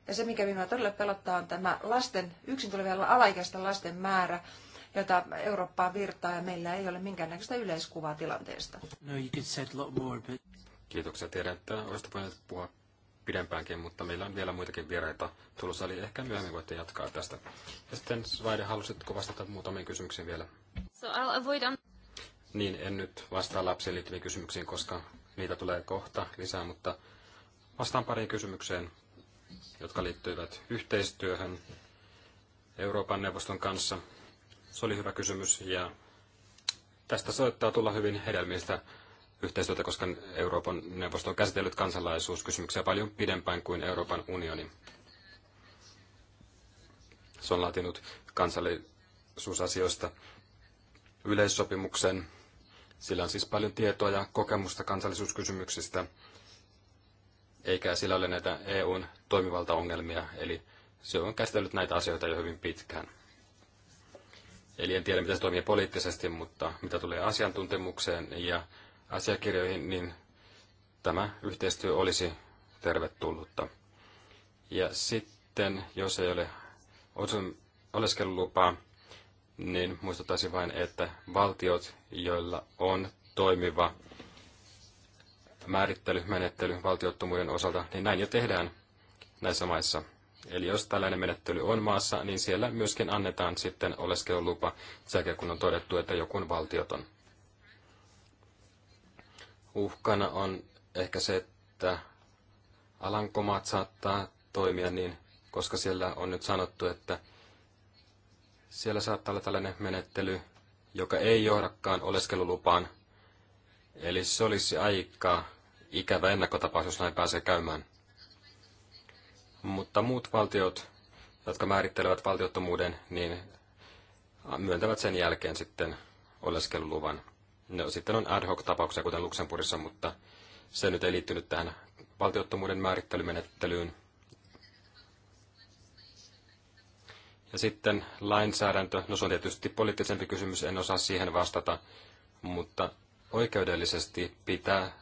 Ja se, mikä minua todella pelottaa, on tämä lasten, yksin tulevilla alaikäisten lasten määrä, jota Eurooppaan virtaa ja meillä ei ole minkäännäköistä yleiskuvaa tilanteesta. No, you could say a lot more, but... Kiitoksia. Tiedän, että olisitte voineet puhua pidempäänkin, mutta meillä on vielä muitakin vieraita tulossa, eli ehkä myöhemmin voitte jatkaa tästä. Ja sitten Svaide, halusitko vastata muutamiin kysymyksiin vielä? So I'll avoid on... Niin, en nyt vastaa lapsiin liittyviin kysymyksiin, koska niitä tulee kohta lisää, mutta vastaan pariin kysymykseen, jotka liittyivät yhteistyöhön Euroopan neuvoston kanssa. Se oli hyvä kysymys ja tästä soittaa tulla hyvin hedelmistä yhteistyötä, koska Euroopan neuvosto on käsitellyt kansalaisuuskysymyksiä paljon pidempään kuin Euroopan unioni. Se on laatinut kansallisuusasioista yleissopimuksen. Sillä on siis paljon tietoa ja kokemusta kansallisuuskysymyksistä, eikä sillä ole näitä EUn toimivaltaongelmia, eli se on käsitellyt näitä asioita jo hyvin pitkään. Eli en tiedä, miten se toimii poliittisesti, mutta mitä tulee asiantuntemukseen ja asiakirjoihin, niin tämä yhteistyö olisi tervetullutta. Ja sitten, jos ei ole oleskelulupaa, niin muistuttaisin vain, että valtiot, joilla on toimiva määrittelymenettely valtiottomuuden osalta, niin näin jo tehdään näissä maissa. Eli jos tällainen menettely on maassa, niin siellä myöskin annetaan sitten oleskelulupa, sekä kun on todettu, että joku on valtioton uhkana on ehkä se, että Alankomaat saattaa toimia niin, koska siellä on nyt sanottu, että siellä saattaa olla tällainen menettely, joka ei johdakaan oleskelulupaan. Eli se olisi aika ikävä ennakkotapaus, jos näin pääsee käymään. Mutta muut valtiot, jotka määrittelevät valtiottomuuden, niin myöntävät sen jälkeen sitten oleskeluluvan. No sitten on ad hoc-tapauksia, kuten Luxemburgissa, mutta se nyt ei liittynyt tähän valtiottomuuden määrittelymenettelyyn. Ja sitten lainsäädäntö, no se on tietysti poliittisempi kysymys, en osaa siihen vastata, mutta oikeudellisesti pitää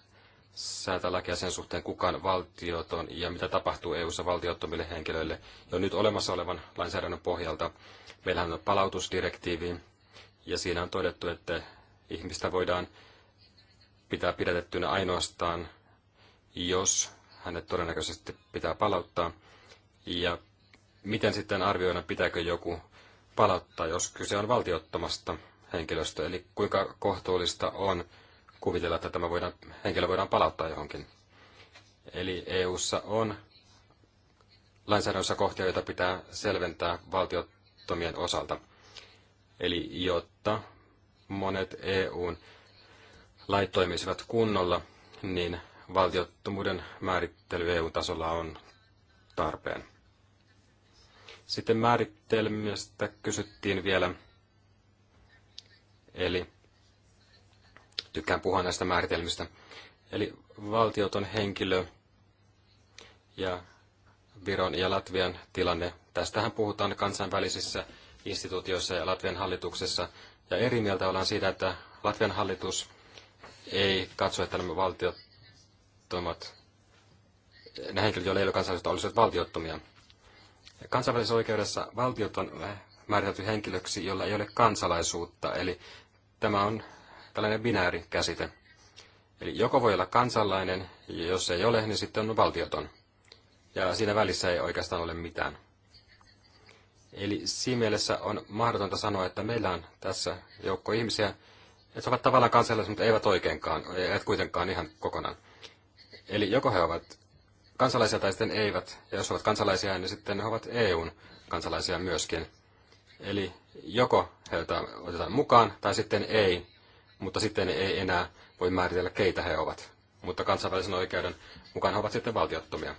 säätää lakia sen suhteen, kukaan valtioton ja mitä tapahtuu EU-ssa valtiottomille henkilöille jo no, nyt olemassa olevan lainsäädännön pohjalta. Meillähän on palautusdirektiivi, ja siinä on todettu, että ihmistä voidaan pitää pidätettynä ainoastaan, jos hänet todennäköisesti pitää palauttaa. Ja miten sitten arvioida, pitääkö joku palauttaa, jos kyse on valtiottomasta henkilöstä? Eli kuinka kohtuullista on kuvitella, että tämä voidaan, henkilö voidaan palauttaa johonkin? Eli EU:ssa on lainsäädännössä kohtia, joita pitää selventää valtiottomien osalta. Eli jotta monet EUn lait toimisivat kunnolla, niin valtiottomuuden määrittely EU-tasolla on tarpeen. Sitten määritelmistä kysyttiin vielä. Eli tykkään puhua näistä määritelmistä. Eli valtioton henkilö ja Viron ja Latvian tilanne. Tästähän puhutaan kansainvälisissä instituutioissa ja Latvian hallituksessa ja eri mieltä ollaan siitä, että Latvian hallitus ei katso, että nämä valtiottomat, ne henkilöt, joilla ei ole kansallisuutta, olisivat valtiottomia. Kansainvälisessä oikeudessa valtiot on määritelty henkilöksi, jolla ei ole kansalaisuutta, eli tämä on tällainen binääri käsite. Eli joko voi olla kansalainen, ja jos ei ole, niin sitten on valtioton. Ja siinä välissä ei oikeastaan ole mitään. Eli siinä mielessä on mahdotonta sanoa, että meillä on tässä joukko ihmisiä, että ovat tavallaan kansalaisia, mutta eivät oikeinkaan, eivät kuitenkaan ihan kokonaan. Eli joko he ovat kansalaisia tai sitten eivät, ja jos ovat kansalaisia, niin sitten he ovat EUn kansalaisia myöskin. Eli joko heitä otetaan mukaan tai sitten ei, mutta sitten ei enää voi määritellä, keitä he ovat. Mutta kansainvälisen oikeuden mukaan he ovat sitten valtiottomia.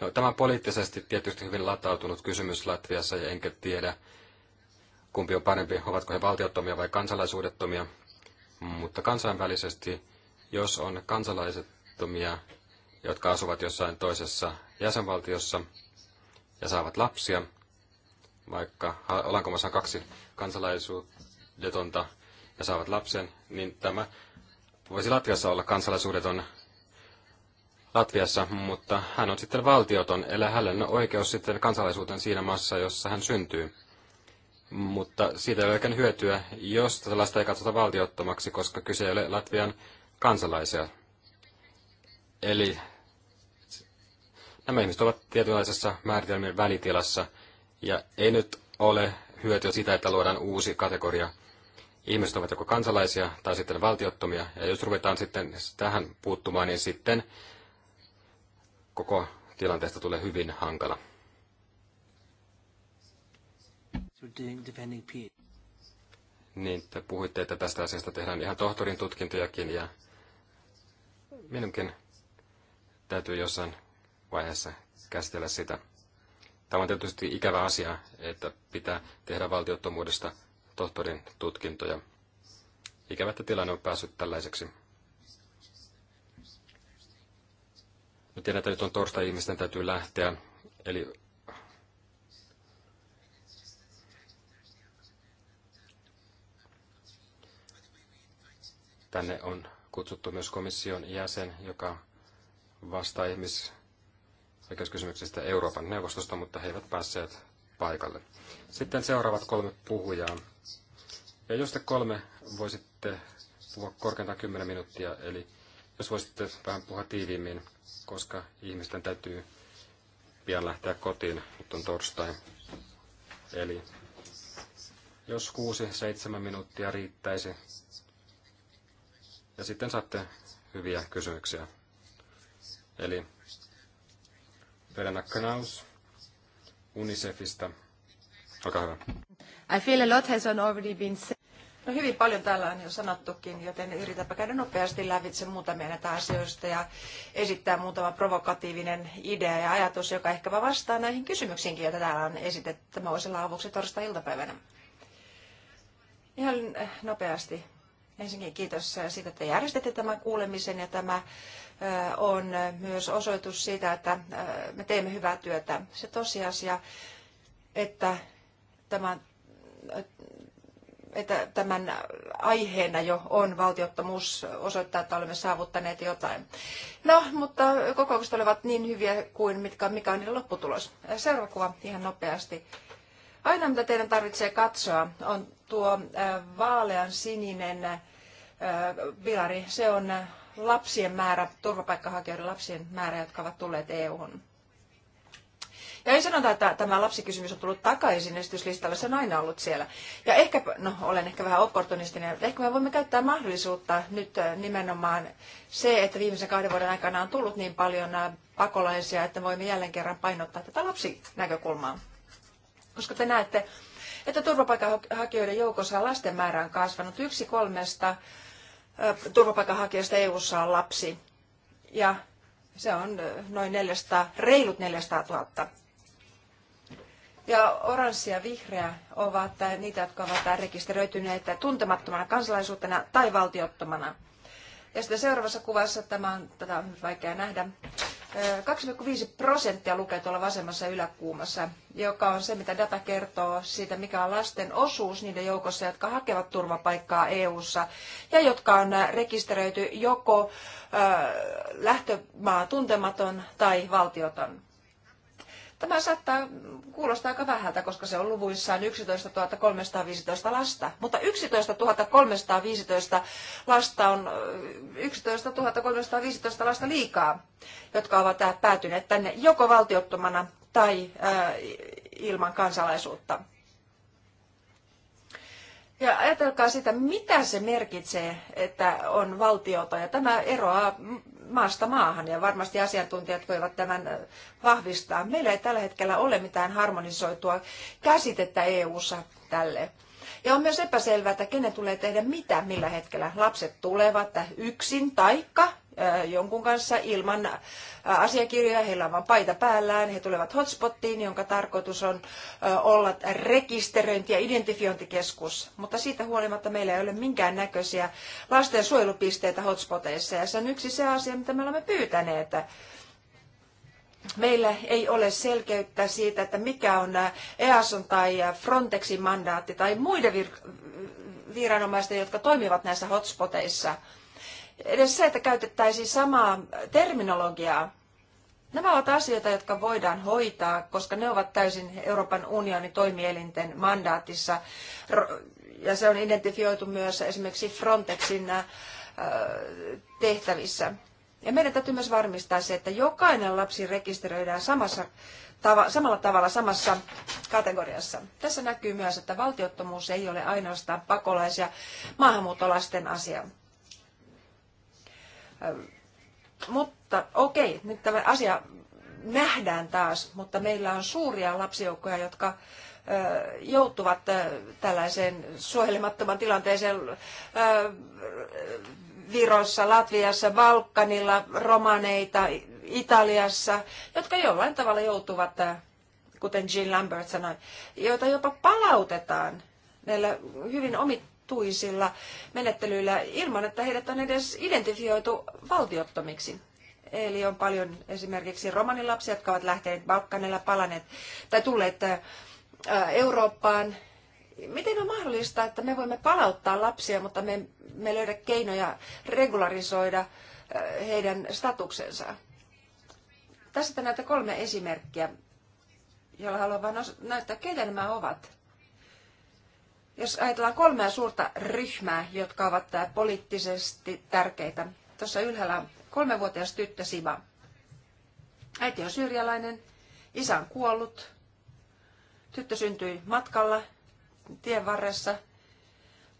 No, tämä on poliittisesti tietysti hyvin latautunut kysymys Latviassa, ja enkä tiedä, kumpi on parempi, ovatko he valtiottomia vai kansalaisuudettomia. Mutta kansainvälisesti, jos on kansalaisettomia, jotka asuvat jossain toisessa jäsenvaltiossa ja saavat lapsia, vaikka ollaanko maassa kaksi kansalaisuudetonta ja saavat lapsen, niin tämä voisi Latviassa olla kansalaisuudeton Latviassa, mutta hän on sitten valtioton, eli hänellä on oikeus sitten kansalaisuuteen siinä maassa, jossa hän syntyy. Mutta siitä ei ole hyötyä, jos tällaista ei katsota valtiottomaksi, koska kyse ei ole Latvian kansalaisia. Eli nämä ihmiset ovat tietynlaisessa määritelmien välitilassa, ja ei nyt ole hyötyä sitä, että luodaan uusi kategoria. Ihmiset ovat joko kansalaisia tai sitten valtiottomia, ja jos ruvetaan sitten tähän puuttumaan, niin sitten koko tilanteesta tulee hyvin hankala. Niin, te puhuitte, että tästä asiasta tehdään ihan tohtorin tutkintojakin ja minunkin täytyy jossain vaiheessa käsitellä sitä. Tämä on tietysti ikävä asia, että pitää tehdä valtiottomuudesta tohtorin tutkintoja. Ikävä, että tilanne on päässyt tällaiseksi. Me tiedän, että nyt on torstai, ihmisten täytyy lähteä. Eli tänne on kutsuttu myös komission jäsen, joka vastaa ihmisoikeuskysymyksestä Euroopan neuvostosta, mutta he eivät päässeet paikalle. Sitten seuraavat kolme puhujaa. Ja jos te kolme voisitte puhua korkeintaan 10 minuuttia, eli jos voisitte vähän puhua tiiviimmin, koska ihmisten täytyy pian lähteä kotiin, nyt on torstai. Eli jos kuusi, seitsemän minuuttia riittäisi, ja sitten saatte hyviä kysymyksiä. Eli Verena Knaus Unicefista. Olkaa hyvä. I feel a lot has already been said. No hyvin paljon täällä on jo sanottukin, joten yritäpä käydä nopeasti lävitse muutamia näitä asioista ja esittää muutama provokatiivinen idea ja ajatus, joka ehkä vastaa näihin kysymyksiinkin, joita täällä on esitetty. Tämä voisi olla avuksi torstai-iltapäivänä. Ihan nopeasti. Ensinnäkin kiitos siitä, että järjestitte tämän kuulemisen ja tämä on myös osoitus siitä, että me teemme hyvää työtä. Se tosiasia, että tämä että tämän aiheena jo on valtiottomuus osoittaa, että olemme saavuttaneet jotain. No, mutta kokoukset olivat niin hyviä kuin mitkä, mikä on niiden lopputulos. Seuraava kuva ihan nopeasti. Aina mitä teidän tarvitsee katsoa on tuo äh, vaalean sininen äh, pilari. Se on äh, lapsien määrä, turvapaikkahakijoiden lapsien määrä, jotka ovat tulleet EU-hun. Ja ei sanota, että tämä lapsikysymys on tullut takaisin esityslistalle, se on aina ollut siellä. Ja ehkä, no olen ehkä vähän opportunistinen, mutta ehkä me voimme käyttää mahdollisuutta nyt nimenomaan se, että viimeisen kahden vuoden aikana on tullut niin paljon pakolaisia, että voimme jälleen kerran painottaa tätä lapsinäkökulmaa. Koska te näette, että turvapaikanhakijoiden joukossa lasten määrä on kasvanut. Yksi kolmesta turvapaikanhakijasta EU:ssa on lapsi. Ja se on noin 400, reilut 400 000. Ja oranssi ja vihreä ovat niitä, jotka ovat rekisteröityneet tuntemattomana kansalaisuutena tai valtiottomana. Ja sitten seuraavassa kuvassa, tämä on, tätä on vaikea nähdä, 2,5 prosenttia lukee tuolla vasemmassa yläkuumassa, joka on se, mitä data kertoo siitä, mikä on lasten osuus niiden joukossa, jotka hakevat turvapaikkaa EU-ssa ja jotka on rekisteröity joko lähtömaa tuntematon tai valtioton. Tämä saattaa kuulostaa aika vähältä, koska se on luvuissaan 11 315 lasta. Mutta 11 315 lasta on 11 315 lasta liikaa, jotka ovat päätyneet tänne joko valtiottomana tai ilman kansalaisuutta. Ja ajatelkaa sitä, mitä se merkitsee, että on valtiota. Ja tämä eroaa maasta maahan ja varmasti asiantuntijat voivat tämän vahvistaa. Meillä ei tällä hetkellä ole mitään harmonisoitua käsitettä EU-ssa tälle. Ja on myös epäselvää, että kenen tulee tehdä mitä millä hetkellä. Lapset tulevat yksin taikka jonkun kanssa ilman asiakirjoja, heillä on vain paita päällään, he tulevat hotspottiin, jonka tarkoitus on olla rekisteröinti- ja identifiointikeskus. Mutta siitä huolimatta meillä ei ole minkään näköisiä lastensuojelupisteitä hotspoteissa, ja se on yksi se asia, mitä me olemme pyytäneet Meillä ei ole selkeyttä siitä, että mikä on EASON tai Frontexin mandaatti tai muiden vir- viranomaisten, jotka toimivat näissä hotspoteissa. Edes se, että käytettäisiin samaa terminologiaa. Nämä ovat asioita, jotka voidaan hoitaa, koska ne ovat täysin Euroopan unionin toimielinten mandaatissa. Ja se on identifioitu myös esimerkiksi Frontexin tehtävissä. Ja meidän täytyy myös varmistaa se, että jokainen lapsi rekisteröidään samassa, tava, samalla tavalla samassa kategoriassa. Tässä näkyy myös, että valtiottomuus ei ole ainoastaan pakolais- ja maahanmuuttolasten asia. Mutta okei, nyt tämä asia nähdään taas, mutta meillä on suuria lapsijoukkoja, jotka joutuvat tällaiseen suojelemattoman tilanteeseen Virossa, Latviassa, Balkanilla, romaneita, Italiassa, jotka jollain tavalla joutuvat, äh, kuten Jean Lambert sanoi, joita jopa palautetaan näillä hyvin omituisilla menettelyillä ilman, että heidät on edes identifioitu valtiottomiksi. Eli on paljon esimerkiksi romanilapsia, jotka ovat lähteneet Balkanilla, palaneet tai tulleet äh, Eurooppaan miten on mahdollista, että me voimme palauttaa lapsia, mutta me, me löydä keinoja regularisoida äh, heidän statuksensa? Tässä näitä kolme esimerkkiä, joilla haluan vain näyttää, keitä nämä ovat. Jos ajatellaan kolmea suurta ryhmää, jotka ovat äh, poliittisesti tärkeitä. Tuossa ylhäällä on kolmevuotias tyttö Siva. Äiti on syyrialainen, isä on kuollut, tyttö syntyi matkalla tien varressa.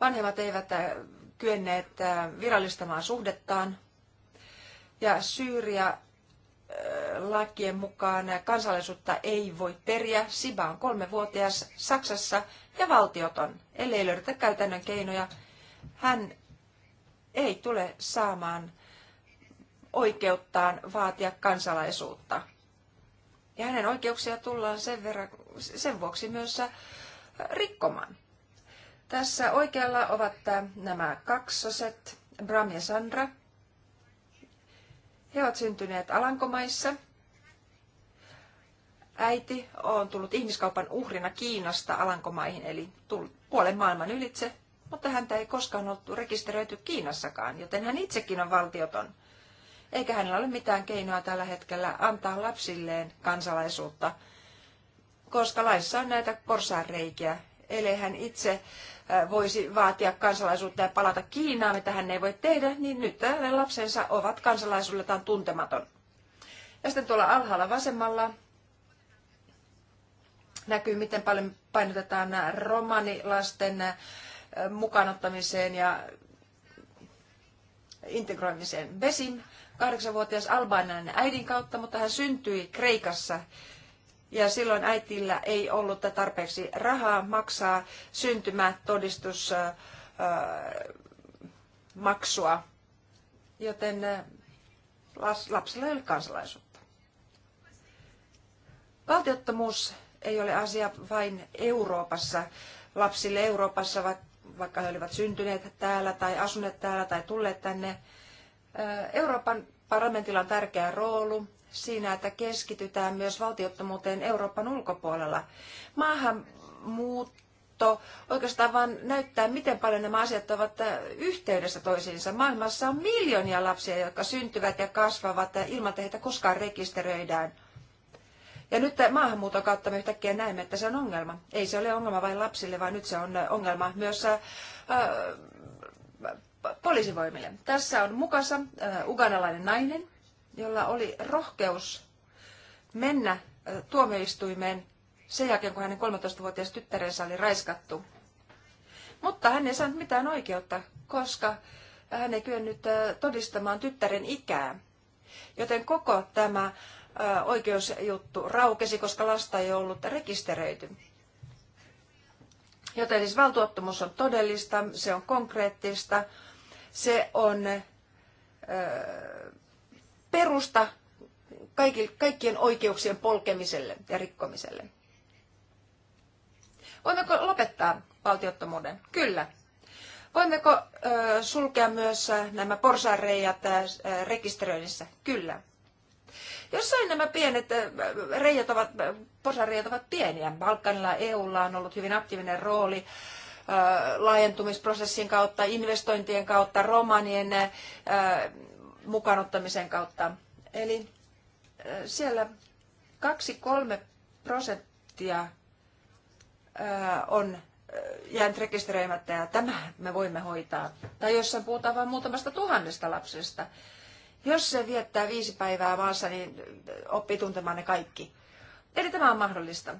Vanhemmat eivät äh, kyenneet äh, virallistamaan suhdettaan. Ja Syyria äh, lakien mukaan kansallisuutta ei voi periä. Siba on kolmevuotias Saksassa ja valtioton, ellei löydetä käytännön keinoja. Hän ei tule saamaan oikeuttaan vaatia kansalaisuutta. Ja hänen oikeuksia tullaan sen, verran, sen vuoksi myös rikkomaan. Tässä oikealla ovat nämä kaksoset, Bram ja Sandra. He ovat syntyneet Alankomaissa. Äiti on tullut ihmiskaupan uhrina Kiinasta Alankomaihin, eli tullut puolen maailman ylitse, mutta häntä ei koskaan ollut rekisteröity Kiinassakaan, joten hän itsekin on valtioton. Eikä hänellä ole mitään keinoa tällä hetkellä antaa lapsilleen kansalaisuutta, koska laissa on näitä porsaanreikiä. Eli hän itse äh, voisi vaatia kansalaisuutta ja palata Kiinaan, mitä hän ei voi tehdä, niin nyt hänen äh, lapsensa ovat kansalaisuudeltaan tuntematon. Ja sitten tuolla alhaalla vasemmalla näkyy, miten paljon painotetaan äh, romanilasten mukaanottamiseen ja integroimiseen. Besim, kahdeksanvuotias albaanainen äidin kautta, mutta hän syntyi Kreikassa ja silloin äitillä ei ollut tarpeeksi rahaa maksaa syntymätodistusmaksua, joten lapsella ei ollut kansalaisuutta. Valtiottomuus ei ole asia vain Euroopassa, lapsille Euroopassa, vaikka he olivat syntyneet täällä tai asuneet täällä tai tulleet tänne. Euroopan parlamentilla on tärkeä rooli siinä, että keskitytään myös valtiottomuuteen Euroopan ulkopuolella. Maahanmuutto oikeastaan vain näyttää, miten paljon nämä asiat ovat äh, yhteydessä toisiinsa. Maailmassa on miljoonia lapsia, jotka syntyvät ja kasvavat äh, ilman, että heitä koskaan rekisteröidään. Ja nyt äh, maahanmuuton kautta me yhtäkkiä näemme, että se on ongelma. Ei se ole ongelma vain lapsille, vaan nyt se on ongelma myös ää, poliisivoimille. Tässä on mukassa ää, uganalainen nainen, jolla oli rohkeus mennä tuomioistuimeen sen jälkeen, kun hänen 13-vuotias tyttärensä oli raiskattu. Mutta hän ei saanut mitään oikeutta, koska hän ei kyennyt todistamaan tyttären ikää. Joten koko tämä oikeusjuttu raukesi, koska lasta ei ollut rekisteröity. Joten siis valtuottomuus on todellista, se on konkreettista, se on perusta kaikkien oikeuksien polkemiselle ja rikkomiselle. Voimmeko lopettaa valtiottomuuden? Kyllä. Voimmeko sulkea myös nämä porsareijat rekisteröinnissä? Kyllä. Jossain nämä pienet reijat ovat, porsareijat ovat pieniä. Balkanilla EUlla on ollut hyvin aktiivinen rooli laajentumisprosessin kautta, investointien kautta, romanien mukaanottamisen kautta. Eli siellä 2-3 prosenttia on jäänyt rekisteröimättä ja tämä me voimme hoitaa. Tai jossain puhutaan vain muutamasta tuhannesta lapsesta. Jos se viettää viisi päivää maassa, niin oppii tuntemaan ne kaikki. Eli tämä on mahdollista.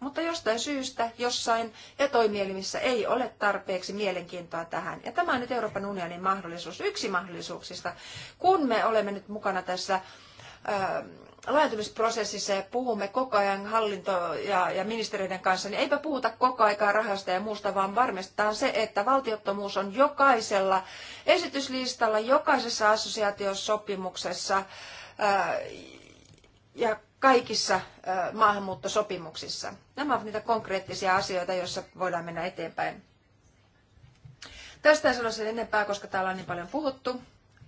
Mutta jostain syystä jossain ja toimielimissä ei ole tarpeeksi mielenkiintoa tähän. Ja tämä on nyt Euroopan unionin mahdollisuus, yksi mahdollisuuksista. Kun me olemme nyt mukana tässä ää, ähm, laajentumisprosessissa ja puhumme koko ajan hallinto- ja, ja ministeriöiden kanssa, niin eipä puhuta koko aikaa rahasta ja muusta, vaan varmistetaan se, että valtiottomuus on jokaisella esityslistalla, jokaisessa assosiaatiosopimuksessa ää, äh, ja kaikissa maahanmuuttosopimuksissa. Nämä ovat niitä konkreettisia asioita, joissa voidaan mennä eteenpäin. Tästä en sano sen enempää, koska täällä on niin paljon puhuttu.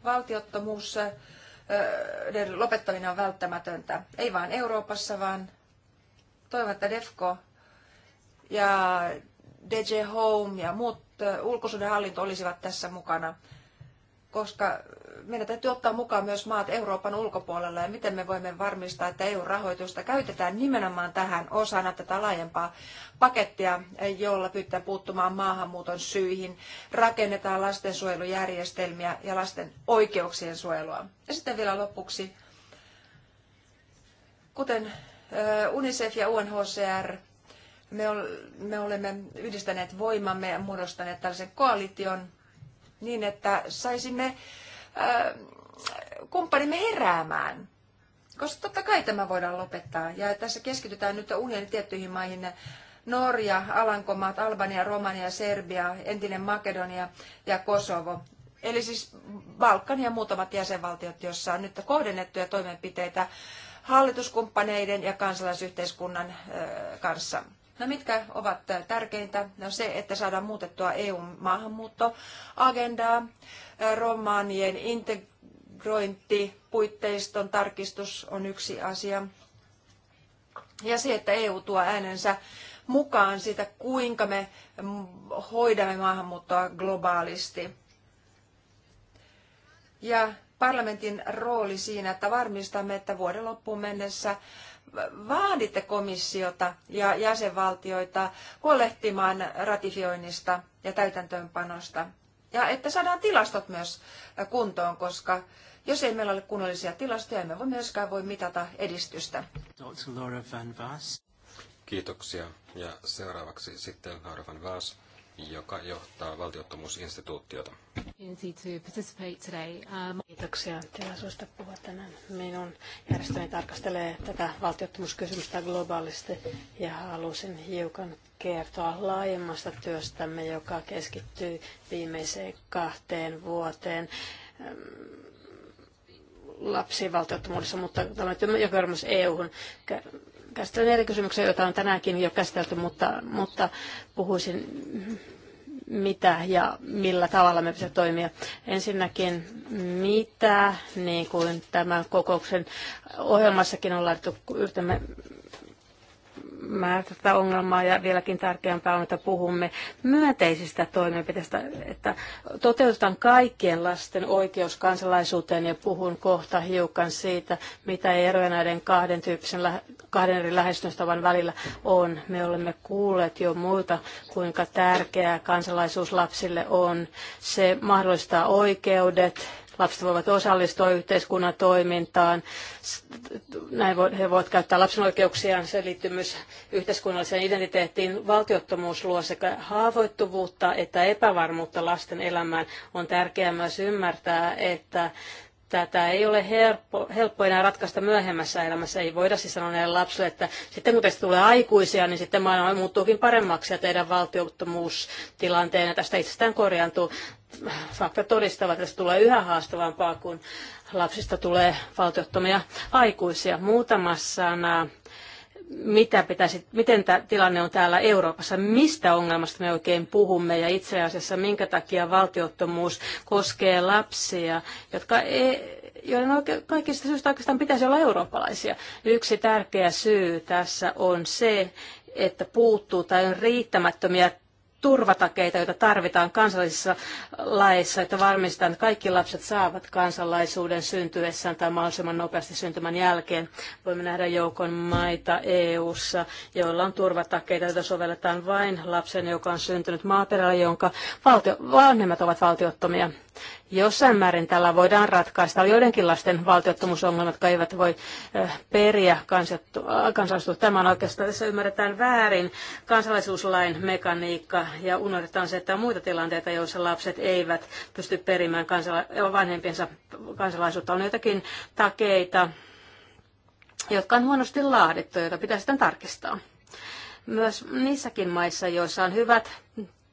Valtiottomuus lopettaminen on välttämätöntä. Ei vain Euroopassa, vaan toivon, että DEFCO ja DJ Home ja muut ulkosuudenhallinto olisivat tässä mukana koska meidän täytyy ottaa mukaan myös maat Euroopan ulkopuolella ja miten me voimme varmistaa, että EU-rahoitusta käytetään nimenomaan tähän osana tätä laajempaa pakettia, jolla pyritään puuttumaan maahanmuuton syihin, rakennetaan lastensuojelujärjestelmiä ja lasten oikeuksien suojelua. Ja sitten vielä lopuksi, kuten UNICEF ja UNHCR, me olemme yhdistäneet voimamme ja muodostaneet tällaisen koalition, niin, että saisimme äh, kumppanimme heräämään. Koska totta kai tämä voidaan lopettaa. Ja tässä keskitytään nyt unien tiettyihin maihin. Norja, Alankomaat, Albania, Romania, Serbia, entinen Makedonia ja Kosovo. Eli siis Balkan ja muutamat jäsenvaltiot, joissa on nyt kohdennettuja toimenpiteitä hallituskumppaneiden ja kansalaisyhteiskunnan äh, kanssa. No mitkä ovat tärkeintä? No se, että saadaan muutettua EUn maahanmuuttoagendaa, romaanien integrointi, puitteiston tarkistus on yksi asia. Ja se, että EU tuo äänensä mukaan sitä, kuinka me hoidamme maahanmuuttoa globaalisti. Ja parlamentin rooli siinä, että varmistamme, että vuoden loppuun mennessä vaaditte komissiota ja jäsenvaltioita huolehtimaan ratifioinnista ja täytäntöönpanosta. Ja että saadaan tilastot myös kuntoon, koska jos ei meillä ole kunnollisia tilastoja, emme voi myöskään voi mitata edistystä. Dr. Laura Van Vaas. Kiitoksia. Ja seuraavaksi sitten Laura Van Vaas joka johtaa valtiottomuusinstituutiota. Um, Kiitoksia tilaisuudesta puhua tänään. Minun järjestöni tarkastelee tätä valtiottomuuskysymystä globaalisti ja halusin hiukan kertoa laajemmasta työstämme, joka keskittyy viimeiseen kahteen vuoteen um, lapsivaltiottomuudessa, mutta tämä on myös EU-hun Käsitellä eri kysymyksiä, joita on tänäänkin jo käsitelty, mutta, mutta puhuisin mitä ja millä tavalla me pitäisi toimia. Ensinnäkin mitä, niin kuin tämän kokouksen ohjelmassakin on laadittu, yritämme Mä tätä ongelmaa ja vieläkin tärkeämpää on, että puhumme myönteisistä toimenpiteistä, että toteutetaan kaikkien lasten oikeus kansalaisuuteen ja puhun kohta hiukan siitä, mitä eroja näiden kahden tyyppisen kahden eri lähestymistavan välillä on. Me olemme kuulleet jo muuta kuinka tärkeää kansalaisuus lapsille on. Se mahdollistaa oikeudet, Lapset voivat osallistua yhteiskunnan toimintaan. Näin he voivat käyttää lapsen oikeuksiaan. Se liittyy myös yhteiskunnalliseen identiteettiin. Valtiottomuus luo sekä haavoittuvuutta että epävarmuutta lasten elämään. On tärkeää myös ymmärtää, että tätä ei ole helppo, helppo enää ratkaista myöhemmässä elämässä. Ei voida siis sanoa näille lapsille, että sitten kun teistä tulee aikuisia, niin sitten maailma muuttuukin paremmaksi ja teidän valtiottomuustilanteena tästä itsestään korjaantuu. Fakta todistavat, että se tulee yhä haastavampaa, kun lapsista tulee valtiottomia aikuisia. Muutama sana mitä pitäisi, miten tämä tilanne on täällä Euroopassa, mistä ongelmasta me oikein puhumme ja itse asiassa minkä takia valtiottomuus koskee lapsia, jotka ei, joiden kaikista syystä oikeastaan pitäisi olla eurooppalaisia. Yksi tärkeä syy tässä on se, että puuttuu tai on riittämättömiä turvatakeita, joita tarvitaan kansallisissa laeissa, että varmistetaan, että kaikki lapset saavat kansalaisuuden syntyessään tai mahdollisimman nopeasti syntymän jälkeen. Voimme nähdä joukon maita EU-ssa, joilla on turvatakeita, joita sovelletaan vain lapsen, joka on syntynyt maaperällä, jonka valtio- vanhemmat ovat valtiottomia. Jossain määrin tällä voidaan ratkaista joidenkin lasten valtiottomuusongelmat, jotka eivät voi eh, periä äh, kansalaisuutta. Tämä on oikeastaan, tässä ymmärretään väärin kansalaisuuslain mekaniikka ja unohdetaan se, että on muita tilanteita, joissa lapset eivät pysty perimään kansala- vanhempiensa kansalaisuutta. On jotakin takeita, jotka on huonosti laadittu, joita pitää sitten tarkistaa myös niissäkin maissa, joissa on hyvät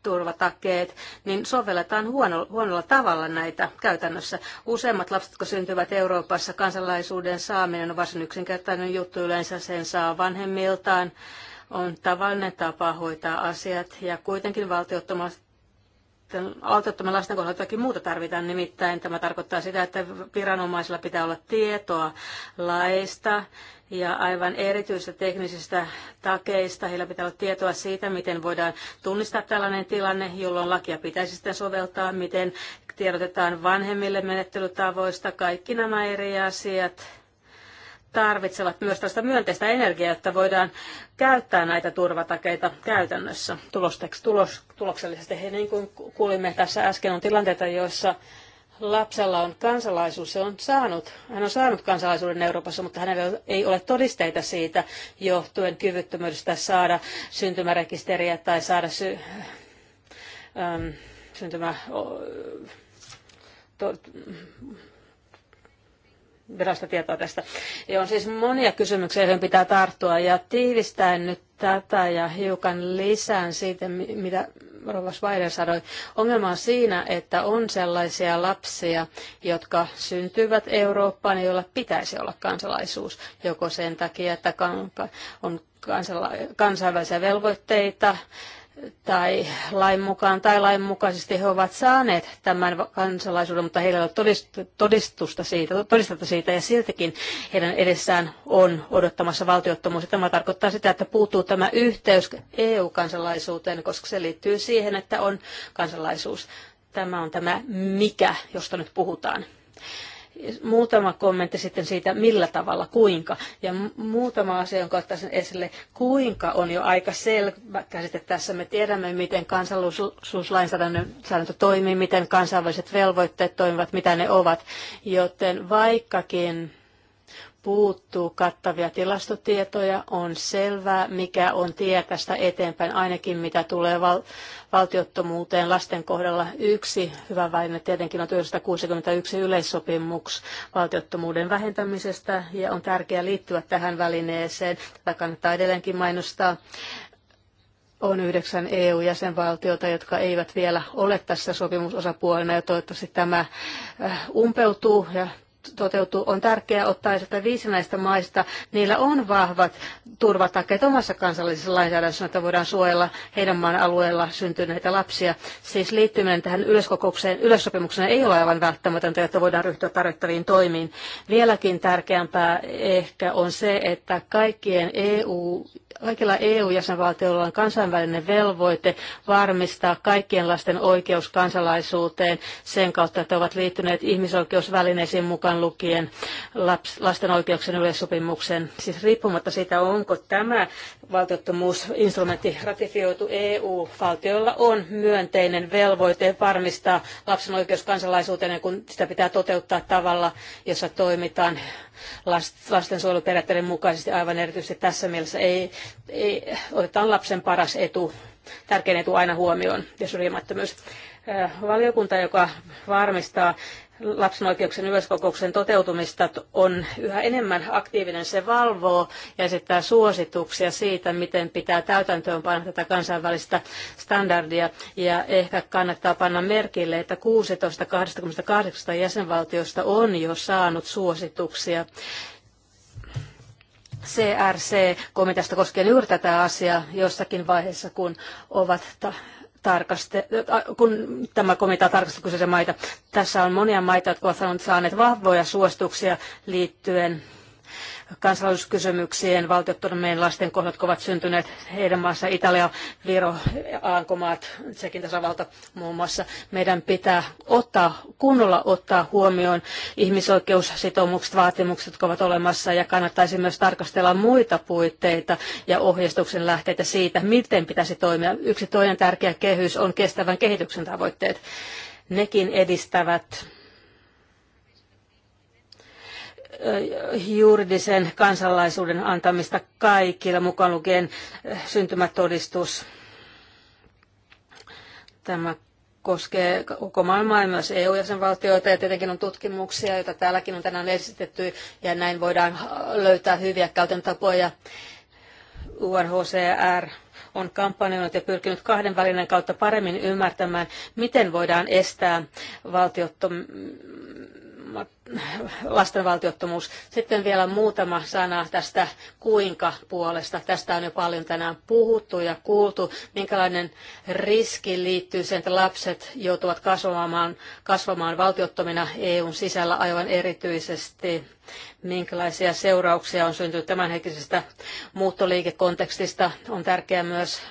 turvatakeet, niin sovelletaan huonolla tavalla näitä käytännössä. Useimmat lapset, jotka syntyvät Euroopassa, kansalaisuuden saaminen on varsin yksinkertainen juttu. Yleensä sen saa vanhemmiltaan. On tavallinen tapa hoitaa asiat ja kuitenkin valtiottomat sitten lasten kohdalla jotakin muuta tarvitaan. Nimittäin tämä tarkoittaa sitä, että viranomaisilla pitää olla tietoa laista ja aivan erityisistä teknisistä takeista. Heillä pitää olla tietoa siitä, miten voidaan tunnistaa tällainen tilanne, jolloin lakia pitäisi sitten soveltaa, miten tiedotetaan vanhemmille menettelytavoista, kaikki nämä eri asiat tarvitsevat myös tästä myönteistä energiaa, että voidaan käyttää näitä turvatakeita käytännössä tulos, tuloksellisesti. He, niin kuin kuulimme tässä äsken, on tilanteita, joissa lapsella on kansalaisuus, se on saanut, hän on saanut kansalaisuuden Euroopassa, mutta hänellä ei ole todisteita siitä johtuen kyvyttömyydestä saada syntymärekisteriä tai saada sy, ähm, syntymä, to, virallista tietoa tästä. Ja on siis monia kysymyksiä, joihin pitää tarttua ja tiivistäen nyt tätä ja hiukan lisään siitä, mitä Rova Schweider sanoi. Ongelma on siinä, että on sellaisia lapsia, jotka syntyvät Eurooppaan, joilla pitäisi olla kansalaisuus. Joko sen takia, että on kansainvälisiä velvoitteita, tai lain mukaan tai lain mukaisesti he ovat saaneet tämän kansalaisuuden, mutta heillä ei ole todistusta siitä, todistetta siitä ja siltikin heidän edessään on odottamassa valtiottomuus. Tämä tarkoittaa sitä, että puuttuu tämä yhteys EU-kansalaisuuteen, koska se liittyy siihen, että on kansalaisuus. Tämä on tämä mikä, josta nyt puhutaan. Muutama kommentti sitten siitä, millä tavalla, kuinka. Ja muutama asia, jonka ottaisin esille. Kuinka on jo aika selvä käsite tässä. Me tiedämme, miten kansallisuuslainsäädäntö toimii, miten kansainväliset velvoitteet toimivat, mitä ne ovat. Joten vaikkakin puuttuu kattavia tilastotietoja, on selvää, mikä on tie tästä eteenpäin, ainakin mitä tulee val- valtiottomuuteen lasten kohdalla. Yksi hyvä väline tietenkin on 1961 yleissopimus valtiottomuuden vähentämisestä, ja on tärkeää liittyä tähän välineeseen. Tätä kannattaa edelleenkin mainostaa on yhdeksän EU-jäsenvaltiota, jotka eivät vielä ole tässä sopimusosapuolena ja toivottavasti tämä äh, umpeutuu ja toteutuu, on tärkeää ottaa sieltä viisi näistä maista. Niillä on vahvat turvatakeet omassa kansallisessa lainsäädännössä, että voidaan suojella heidän maan alueella syntyneitä lapsia. Siis liittyminen tähän yleiskokoukseen, yleissopimukseen ei ole aivan välttämätöntä, jotta voidaan ryhtyä tarvittaviin toimiin. Vieläkin tärkeämpää ehkä on se, että kaikkien EU- kaikilla EU-jäsenvaltioilla on kansainvälinen velvoite varmistaa kaikkien lasten oikeus kansalaisuuteen sen kautta, että ovat liittyneet ihmisoikeusvälineisiin mukaan lukien laps, lasten oikeuksien yleissopimuksen. Siis riippumatta siitä, onko tämä valtiottomuusinstrumentti ratifioitu EU-valtioilla, on myönteinen velvoite varmistaa lapsen oikeus kansalaisuuteen, kun sitä pitää toteuttaa tavalla, jossa toimitaan lastensuojeluperiaatteiden mukaisesti aivan erityisesti tässä mielessä ei, ei otetaan lapsen paras etu, tärkein etu aina huomioon ja syrjimättömyys. Valiokunta, joka varmistaa lapsen oikeuksien yleiskokouksen toteutumista on yhä enemmän aktiivinen. Se valvoo ja esittää suosituksia siitä, miten pitää täytäntöön panna tätä kansainvälistä standardia. Ja ehkä kannattaa panna merkille, että 16-28 jäsenvaltiosta on jo saanut suosituksia CRC-komiteasta koskien juuri tätä asiaa jossakin vaiheessa, kun ovat tarkaste, äh, kun tämä komitea tarkastaa kyseisiä maita. Tässä on monia maita, jotka ovat saaneet vahvoja suosituksia liittyen kansalaisuuskysymyksien valtiottomien lasten kohdat ovat syntyneet heidän maassa Italia, Viro, Aankomaat, Tsekin tasavalta muun muassa. Meidän pitää ottaa, kunnolla ottaa huomioon ihmisoikeussitoumukset, vaatimukset, jotka ovat olemassa ja kannattaisi myös tarkastella muita puitteita ja ohjeistuksen lähteitä siitä, miten pitäisi toimia. Yksi toinen tärkeä kehys on kestävän kehityksen tavoitteet. Nekin edistävät juridisen kansalaisuuden antamista kaikille, mukaan lukien syntymätodistus. Tämä koskee koko maailmaa ja myös EU-jäsenvaltioita ja tietenkin on tutkimuksia, joita täälläkin on tänään esitetty ja näin voidaan löytää hyviä käytäntötapoja. UNHCR on kampanjoinut ja pyrkinyt kahden välinen kautta paremmin ymmärtämään, miten voidaan estää valtiottom- lastenvaltiottomuus. Sitten vielä muutama sana tästä kuinka puolesta. Tästä on jo paljon tänään puhuttu ja kuultu, minkälainen riski liittyy sen, että lapset joutuvat kasvamaan, kasvamaan valtiottomina EUn sisällä aivan erityisesti. Minkälaisia seurauksia on syntynyt tämänhetkisestä muuttoliikekontekstista. On tärkeää myös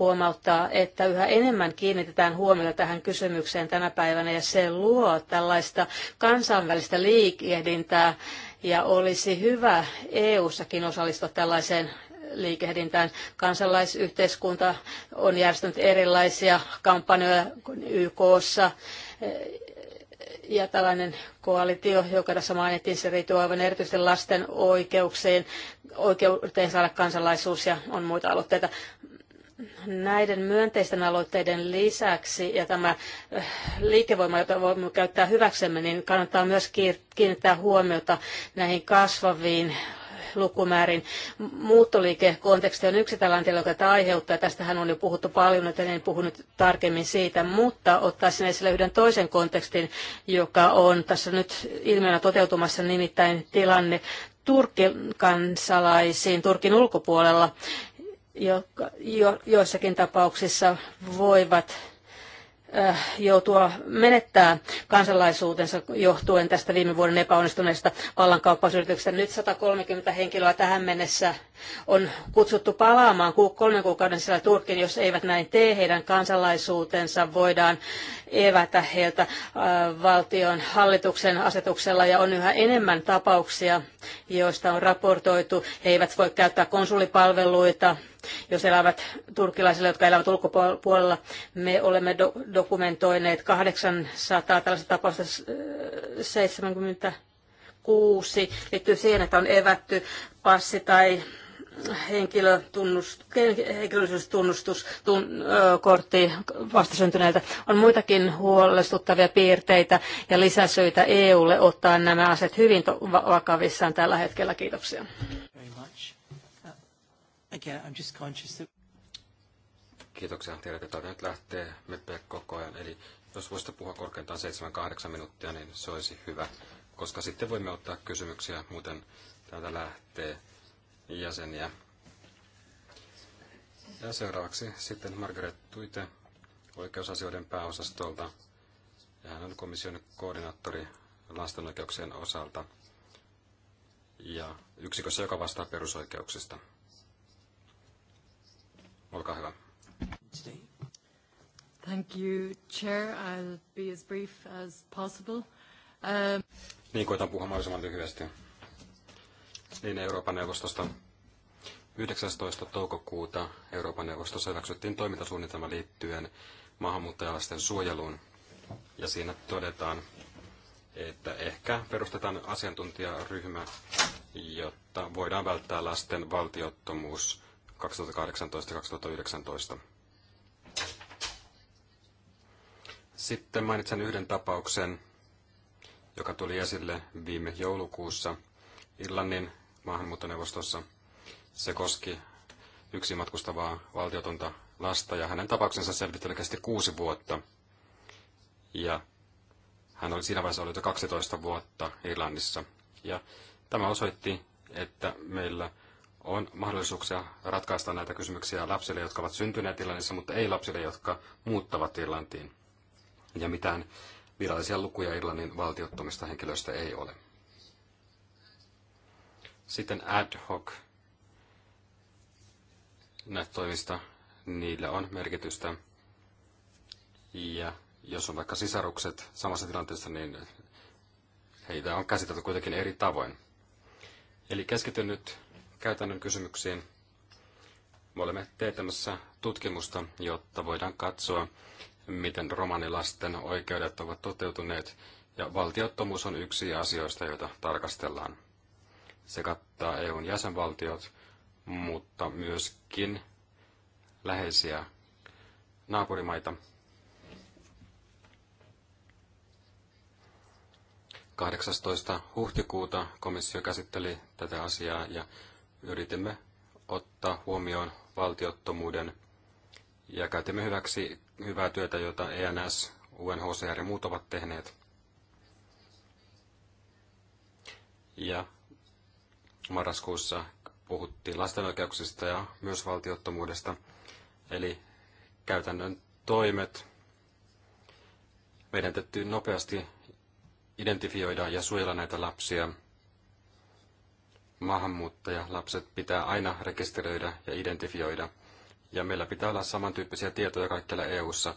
huomauttaa, että yhä enemmän kiinnitetään huomiota tähän kysymykseen tänä päivänä ja se luo tällaista kansainvälistä liikehdintää ja olisi hyvä EU-sakin osallistua tällaiseen liikehdintään. Kansalaisyhteiskunta on järjestänyt erilaisia kampanjoja YKssa ja tällainen koalitio, joka tässä mainittiin, se riittyy aivan erityisesti lasten oikeuksiin, oikeuteen saada kansalaisuus ja on muita aloitteita näiden myönteisten aloitteiden lisäksi ja tämä eh, liikevoima, jota voimme käyttää hyväksemme, niin kannattaa myös kiinnittää huomiota näihin kasvaviin lukumäärin. Muuttoliikekonteksti on yksi tällainen tilanne, joka tätä aiheuttaa. Tästähän on jo puhuttu paljon, joten en puhu nyt tarkemmin siitä, mutta ottaisin esille yhden toisen kontekstin, joka on tässä nyt ilmiönä toteutumassa, nimittäin tilanne Turkin kansalaisiin Turkin ulkopuolella jotka jo, joissakin tapauksissa voivat joutua menettää kansalaisuutensa johtuen tästä viime vuoden epäonnistuneesta vallankauppausyrityksestä. Nyt 130 henkilöä tähän mennessä on kutsuttu palaamaan kolmen kuukauden sisällä Turkkiin. Jos eivät näin tee, heidän kansalaisuutensa voidaan evätä heiltä äh, valtion hallituksen asetuksella ja on yhä enemmän tapauksia, joista on raportoitu. He eivät voi käyttää konsulipalveluita, jos elävät turkilaisille, jotka elävät ulkopuolella. Me olemme do- dokumentoineet 800 tällaista tapausta 70 kuusi liittyy siihen, että on evätty passi tai henkilöllisyystunnustuskortti vastasyntyneiltä. On muitakin huolestuttavia piirteitä ja lisäsyitä EUlle ottaa nämä asiat hyvin vakavissaan tällä hetkellä. Kiitoksia. Uh, Kiitoksia. Tiedät, että nyt lähtee meppe koko ajan. Eli jos voisitte puhua korkeintaan 7-8 minuuttia, niin se olisi hyvä, koska sitten voimme ottaa kysymyksiä. Muuten täältä lähtee jäseniä. Ja seuraavaksi sitten Margaret Tuite oikeusasioiden pääosastolta. Ja hän on komission koordinaattori lasten oikeuksien osalta ja yksikössä, joka vastaa perusoikeuksista. Olkaa hyvä. Thank you, Chair. I'll be as brief as possible. Um... Niin, koitan puhua mahdollisimman lyhyesti niin Euroopan neuvostosta. 19. toukokuuta Euroopan neuvostossa hyväksyttiin toimintasuunnitelma liittyen maahanmuuttajalaisten suojeluun. Ja siinä todetaan, että ehkä perustetaan asiantuntijaryhmä, jotta voidaan välttää lasten valtiottomuus 2018-2019. Sitten mainitsen yhden tapauksen, joka tuli esille viime joulukuussa Irlannin maahanmuuttoneuvostossa. Se koski yksi matkustavaa valtiotonta lasta ja hänen tapauksensa selvittely kesti kuusi vuotta. Ja hän oli siinä vaiheessa ollut jo 12 vuotta Irlannissa. Ja tämä osoitti, että meillä on mahdollisuuksia ratkaista näitä kysymyksiä lapsille, jotka ovat syntyneet Irlannissa, mutta ei lapsille, jotka muuttavat Irlantiin. Ja mitään virallisia lukuja Irlannin valtiottomista henkilöistä ei ole. Sitten ad hoc näistä toimista, niillä on merkitystä. Ja jos on vaikka sisarukset samassa tilanteessa, niin heitä on käsitelty kuitenkin eri tavoin. Eli keskityn nyt käytännön kysymyksiin. Me olemme teetämässä tutkimusta, jotta voidaan katsoa, miten romanilasten oikeudet ovat toteutuneet, ja valtiottomuus on yksi asioista, joita tarkastellaan. Se kattaa EUn jäsenvaltiot, mutta myöskin läheisiä naapurimaita. 18. huhtikuuta komissio käsitteli tätä asiaa ja yritimme ottaa huomioon valtiottomuuden ja käytimme hyväksi hyvää työtä, jota ENS, UNHCR ja muut ovat tehneet. Ja marraskuussa puhuttiin lasten oikeuksista ja myös valtiottomuudesta. Eli käytännön toimet meidän täytyy nopeasti identifioida ja suojella näitä lapsia. Maahanmuuttaja lapset pitää aina rekisteröidä ja identifioida. Ja meillä pitää olla samantyyppisiä tietoja kaikkialla EU:ssa,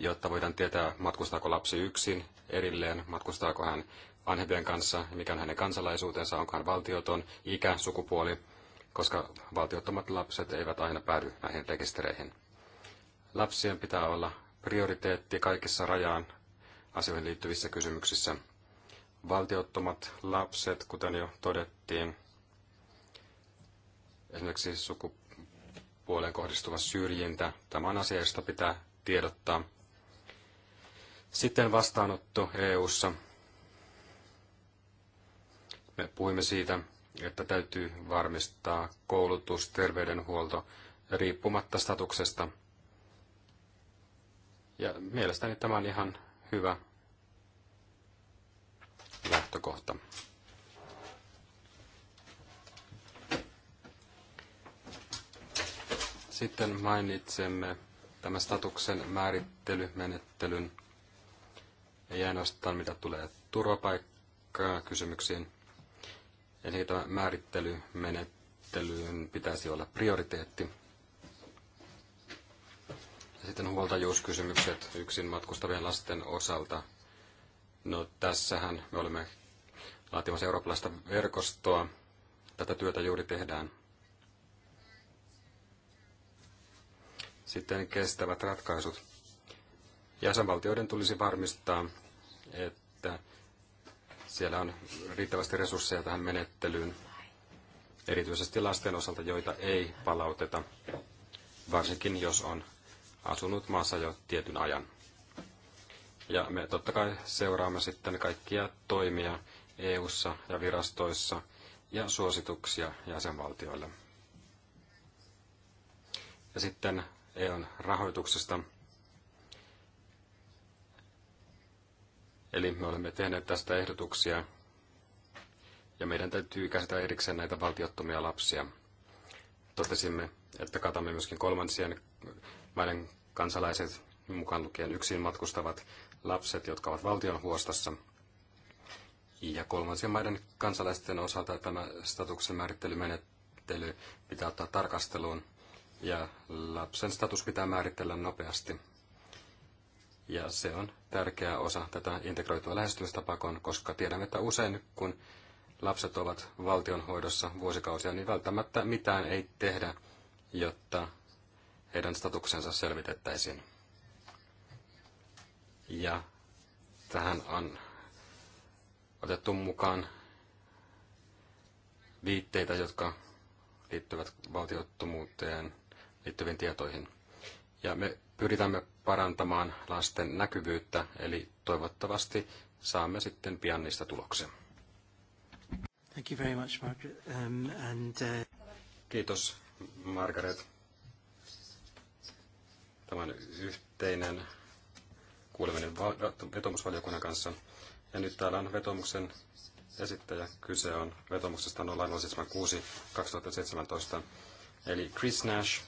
jotta voidaan tietää, matkustaako lapsi yksin, erilleen, matkustaako hän vanhempien kanssa, mikä on hänen kansalaisuutensa, onko hän valtioton, ikä, sukupuoli, koska valtiottomat lapset eivät aina päädy näihin rekistereihin. Lapsien pitää olla prioriteetti kaikissa rajaan asioihin liittyvissä kysymyksissä. Valtiottomat lapset, kuten jo todettiin, esimerkiksi sukupuoleen kohdistuva syrjintä, tämä on asia, josta pitää tiedottaa. Sitten vastaanotto EU-ssa. Me puhuimme siitä, että täytyy varmistaa koulutus, terveydenhuolto riippumatta statuksesta. Ja mielestäni tämä on ihan hyvä lähtökohta. Sitten mainitsemme tämän statuksen määrittelymenettelyn, ei ainoastaan mitä tulee turvapaikkaa kysymyksiin, Eli tämä määrittelymenettelyyn pitäisi olla prioriteetti. Ja sitten huoltajuuskysymykset yksin matkustavien lasten osalta. No tässähän me olemme laatimassa eurooppalaista verkostoa. Tätä työtä juuri tehdään. Sitten kestävät ratkaisut. Jäsenvaltioiden tulisi varmistaa, että siellä on riittävästi resursseja tähän menettelyyn, erityisesti lasten osalta, joita ei palauteta, varsinkin jos on asunut maassa jo tietyn ajan. Ja me totta kai seuraamme sitten kaikkia toimia EU:ssa ja virastoissa ja suosituksia jäsenvaltioille. Ja sitten EUn rahoituksesta – Eli me olemme tehneet tästä ehdotuksia ja meidän täytyy käsitellä erikseen näitä valtiottomia lapsia. Totesimme, että katamme myöskin kolmansien maiden kansalaiset, mukaan lukien yksin matkustavat lapset, jotka ovat valtion huostassa. Ja kolmansien maiden kansalaisten osalta tämä statuksen määrittelymenettely pitää ottaa tarkasteluun ja lapsen status pitää määritellä nopeasti. Ja se on tärkeä osa tätä integroitua lähestymistapaa, koska tiedämme, että usein kun lapset ovat valtionhoidossa vuosikausia, niin välttämättä mitään ei tehdä, jotta heidän statuksensa selvitettäisiin. Ja tähän on otettu mukaan viitteitä, jotka liittyvät valtiottomuuteen liittyviin tietoihin. Ja me pyritämme parantamaan lasten näkyvyyttä, eli toivottavasti saamme sitten pian niistä tuloksen. Thank you very much, Margaret. Um, and, uh... Kiitos, Margaret. Tämä on yhteinen kuuleminen vetomusvaliokunnan kanssa. Ja nyt täällä on vetomuksen esittäjä. Kyse on vetomuksesta 076 2017. Eli Chris Nash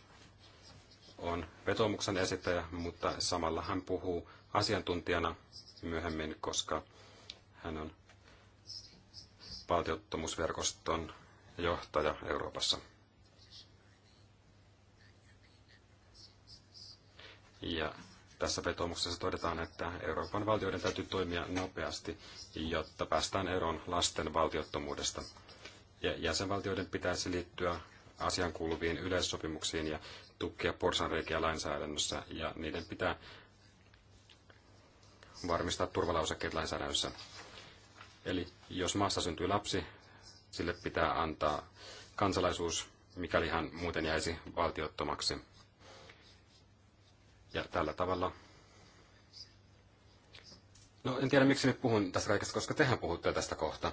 on vetomuksen esittäjä, mutta samalla hän puhuu asiantuntijana myöhemmin, koska hän on valtiottomuusverkoston johtaja Euroopassa. Ja tässä vetomuksessa todetaan, että Euroopan valtioiden täytyy toimia nopeasti, jotta päästään eroon lasten valtiottomuudesta. Ja jäsenvaltioiden pitäisi liittyä asiankuuluviin yleissopimuksiin ja tukkia porsanreikiä lainsäädännössä ja niiden pitää varmistaa turvalausekkeet lainsäädännössä. Eli jos maassa syntyy lapsi, sille pitää antaa kansalaisuus, mikäli hän muuten jäisi valtiottomaksi. Ja tällä tavalla... No en tiedä miksi nyt puhun tästä kaikesta, koska tehän puhutte tästä kohta.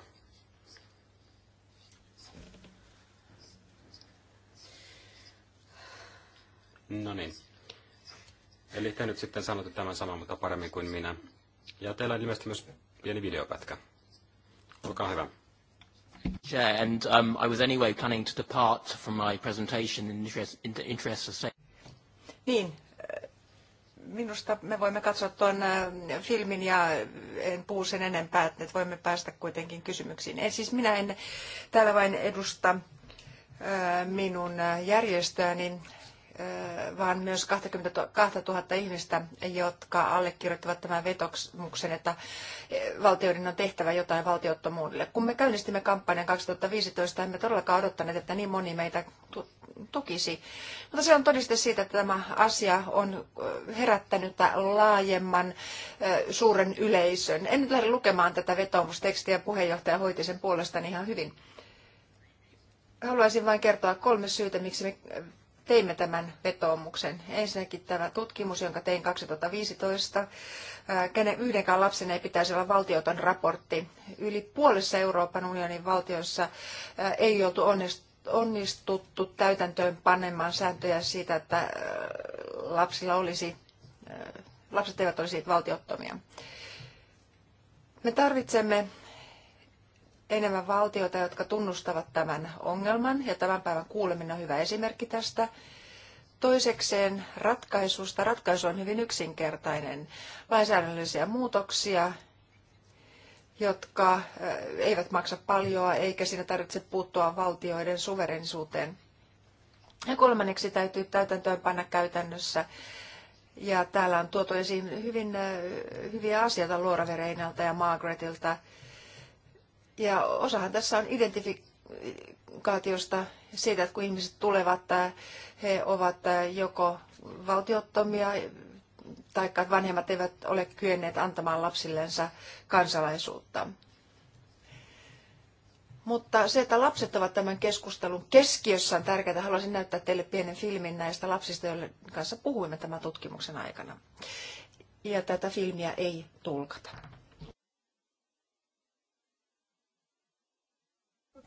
No niin. Eli te nyt sitten sanotte tämän saman, mutta paremmin kuin minä. Ja teillä on ilmeisesti myös pieni videopätkä. Olkaa hyvä. Chair, and um, I was anyway planning to depart from my presentation in interest, in the interest of saying... Niin, äh, minusta me voimme katsoa tuon äh, filmin ja äh, en puhu sen enempää, että voimme päästä kuitenkin kysymyksiin. En, siis minä en täällä vain edusta minun järjestöäni, vaan myös 22 000 ihmistä, jotka allekirjoittavat tämän vetoksen, että valtioiden on tehtävä jotain valtiottomuudelle. Kun me käynnistimme kampanjan 2015, emme todellakaan odottaneet, että niin moni meitä tukisi. Mutta se on todiste siitä, että tämä asia on herättänyt laajemman suuren yleisön. En nyt lähde lukemaan tätä vetoomustekstiä, puheenjohtaja hoiti sen puolestani ihan hyvin. Haluaisin vain kertoa kolme syytä, miksi me teimme tämän vetoomuksen. Ensinnäkin tämä tutkimus, jonka tein 2015, kenen yhdenkään lapsen ei pitäisi olla valtioton raportti. Yli puolessa Euroopan unionin valtioissa ei oltu onnistuttu täytäntöön panemaan sääntöjä siitä, että lapsilla olisi, lapset eivät olisi valtiottomia. Me tarvitsemme enemmän valtioita, jotka tunnustavat tämän ongelman, ja tämän päivän kuuleminen on hyvä esimerkki tästä. Toisekseen ratkaisusta. Ratkaisu on hyvin yksinkertainen. Lainsäädännöllisiä muutoksia, jotka eh, eivät maksa paljoa, eikä siinä tarvitse puuttua valtioiden suverenisuuteen. Ja kolmanneksi täytyy täytäntöönpanna käytännössä ja täällä on tuotu esiin hyvin, eh, hyviä asioita Vereinalta ja Margaretilta ja osahan tässä on identifikaatiosta siitä, että kun ihmiset tulevat, he ovat joko valtiottomia tai vanhemmat eivät ole kyenneet antamaan lapsillensa kansalaisuutta. Mutta se, että lapset ovat tämän keskustelun keskiössä on tärkeää. Haluaisin näyttää teille pienen filmin näistä lapsista, joiden kanssa puhuimme tämän tutkimuksen aikana. Ja tätä filmiä ei tulkata.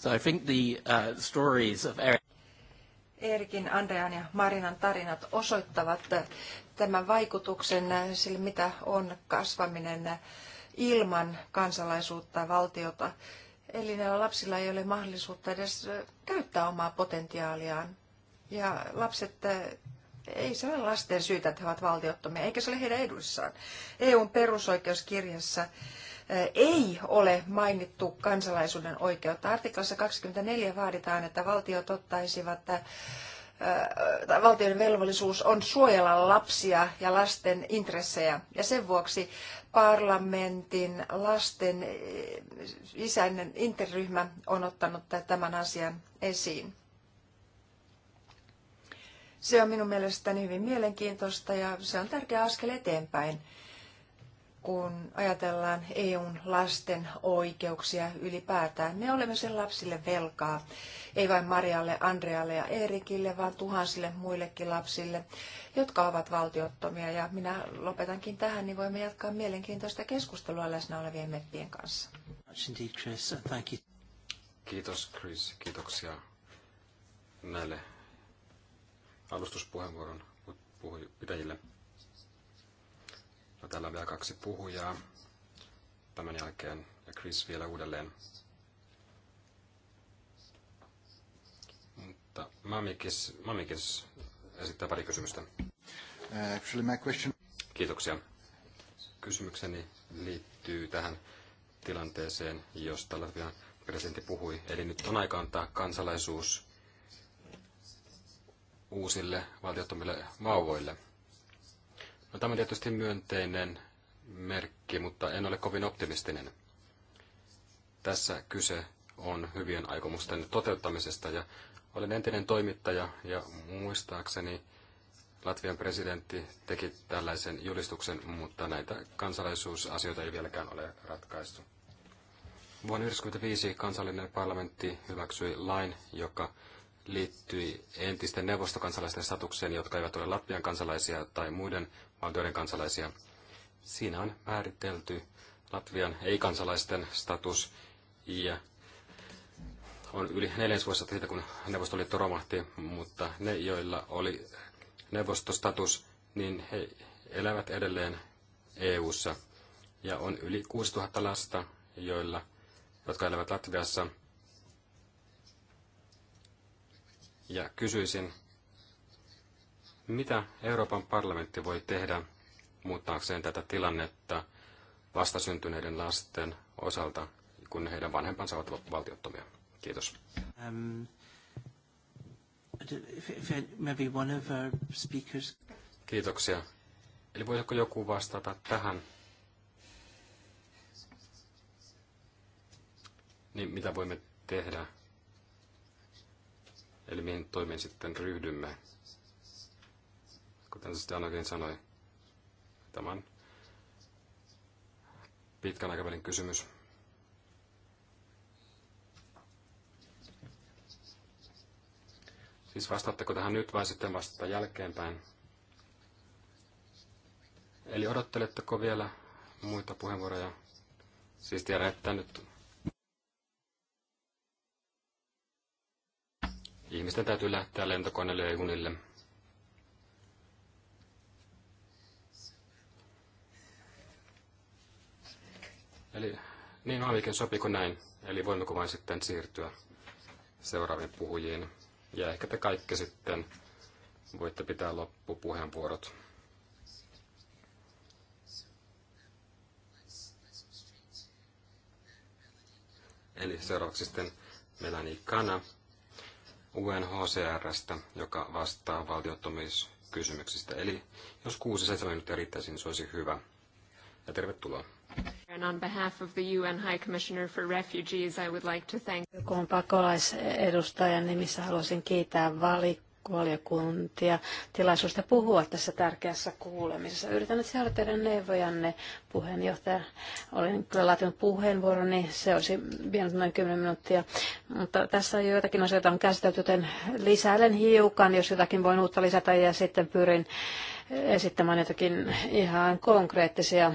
So I think the uh, stories of Eric Erikin, Andrean ja Marinan tarinat osoittavat äh, tämän vaikutuksen äh, sille, mitä on kasvaminen äh, ilman kansalaisuutta valtiota. Eli näillä lapsilla ei ole mahdollisuutta edes käyttää omaa potentiaaliaan. Ja lapset, ei se ole lasten syytä, että he ovat valtiottomia, eikä se ole heidän edussaan. EUn perusoikeuskirjassa ei ole mainittu kansalaisuuden oikeutta. Artiklassa 24 vaaditaan, että valtiot ottaisivat valtion velvollisuus on suojella lapsia ja lasten intressejä. Ja sen vuoksi parlamentin lasten isäinen interryhmä on ottanut tämän asian esiin. Se on minun mielestäni hyvin mielenkiintoista ja se on tärkeä askel eteenpäin kun ajatellaan EUn lasten oikeuksia ylipäätään. Me olemme sen lapsille velkaa, ei vain Marialle, Andrealle ja Erikille, vaan tuhansille muillekin lapsille, jotka ovat valtiottomia. Ja minä lopetankin tähän, niin voimme jatkaa mielenkiintoista keskustelua läsnä olevien meppien kanssa. Kiitos Chris, kiitoksia näille alustuspuheenvuoron pitäjille täällä on vielä kaksi puhujaa. Tämän jälkeen ja Chris vielä uudelleen. Mutta Mamikis, Mamikis esittää pari kysymystä. Uh, actually my question... Kiitoksia. Kysymykseni liittyy tähän tilanteeseen, josta Latvian presidentti puhui. Eli nyt on aika antaa kansalaisuus uusille valtiottomille vauvoille – No, tämä on tietysti myönteinen merkki, mutta en ole kovin optimistinen. Tässä kyse on hyvien aikomusten toteuttamisesta ja olen entinen toimittaja ja muistaakseni Latvian presidentti teki tällaisen julistuksen, mutta näitä kansalaisuusasioita ei vieläkään ole ratkaistu. Vuonna 1995 kansallinen parlamentti hyväksyi lain, joka liittyi entisten neuvostokansalaisten statukseen, jotka eivät ole Latvian kansalaisia tai muiden valtioiden kansalaisia. Siinä on määritelty Latvian ei-kansalaisten status ja on yli neljäs vuosi siitä, kun Neuvostoliitto romahti, mutta ne, joilla oli neuvostostatus, niin he elävät edelleen EU:ssa ja on yli 6000 lasta, joilla, jotka elävät Latviassa. Ja kysyisin, mitä Euroopan parlamentti voi tehdä muuttaakseen tätä tilannetta vastasyntyneiden lasten osalta, kun heidän vanhempansa ovat valtiottomia? Kiitos. Um, Kiitoksia. Eli voisiko joku vastata tähän? Niin mitä voimme tehdä? Eli mihin toimeen sitten ryhdymme kuten Danakin sanoi, tämän pitkän aikavälin kysymys. Siis vastaatteko tähän nyt vai sitten vastata jälkeenpäin? Eli odotteletteko vielä muita puheenvuoroja? Siis tiedän, että nyt ihmisten täytyy lähteä lentokoneelle ja junille. Eli niin olikin sopiko näin? Eli voimmeko vain sitten siirtyä seuraaviin puhujiin? Ja ehkä te kaikki sitten voitte pitää loppupuheenvuorot. Eli seuraavaksi sitten Melanie Kana UNHCRstä, joka vastaa valtiottomiskysymyksistä. Eli jos 6-7 minuuttia riittäisi, niin se olisi hyvä. Ja tervetuloa. And on behalf of the UN High Commissioner for Refugees, I would like to thank... Kun pakolaisedustajan nimissä haluaisin kiittää valik valiokuntia tilaisuudesta puhua tässä tärkeässä kuulemisessa. Yritän nyt saada teidän neuvojanne, puheenjohtaja. Olin kyllä laatinut puheenvuoron, niin se olisi vienyt noin 10 minuuttia. Mutta tässä on joitakin asioita on käsitelty, joten lisäilen hiukan, jos jotakin voin uutta lisätä, ja sitten pyrin esittämään jotakin ihan konkreettisia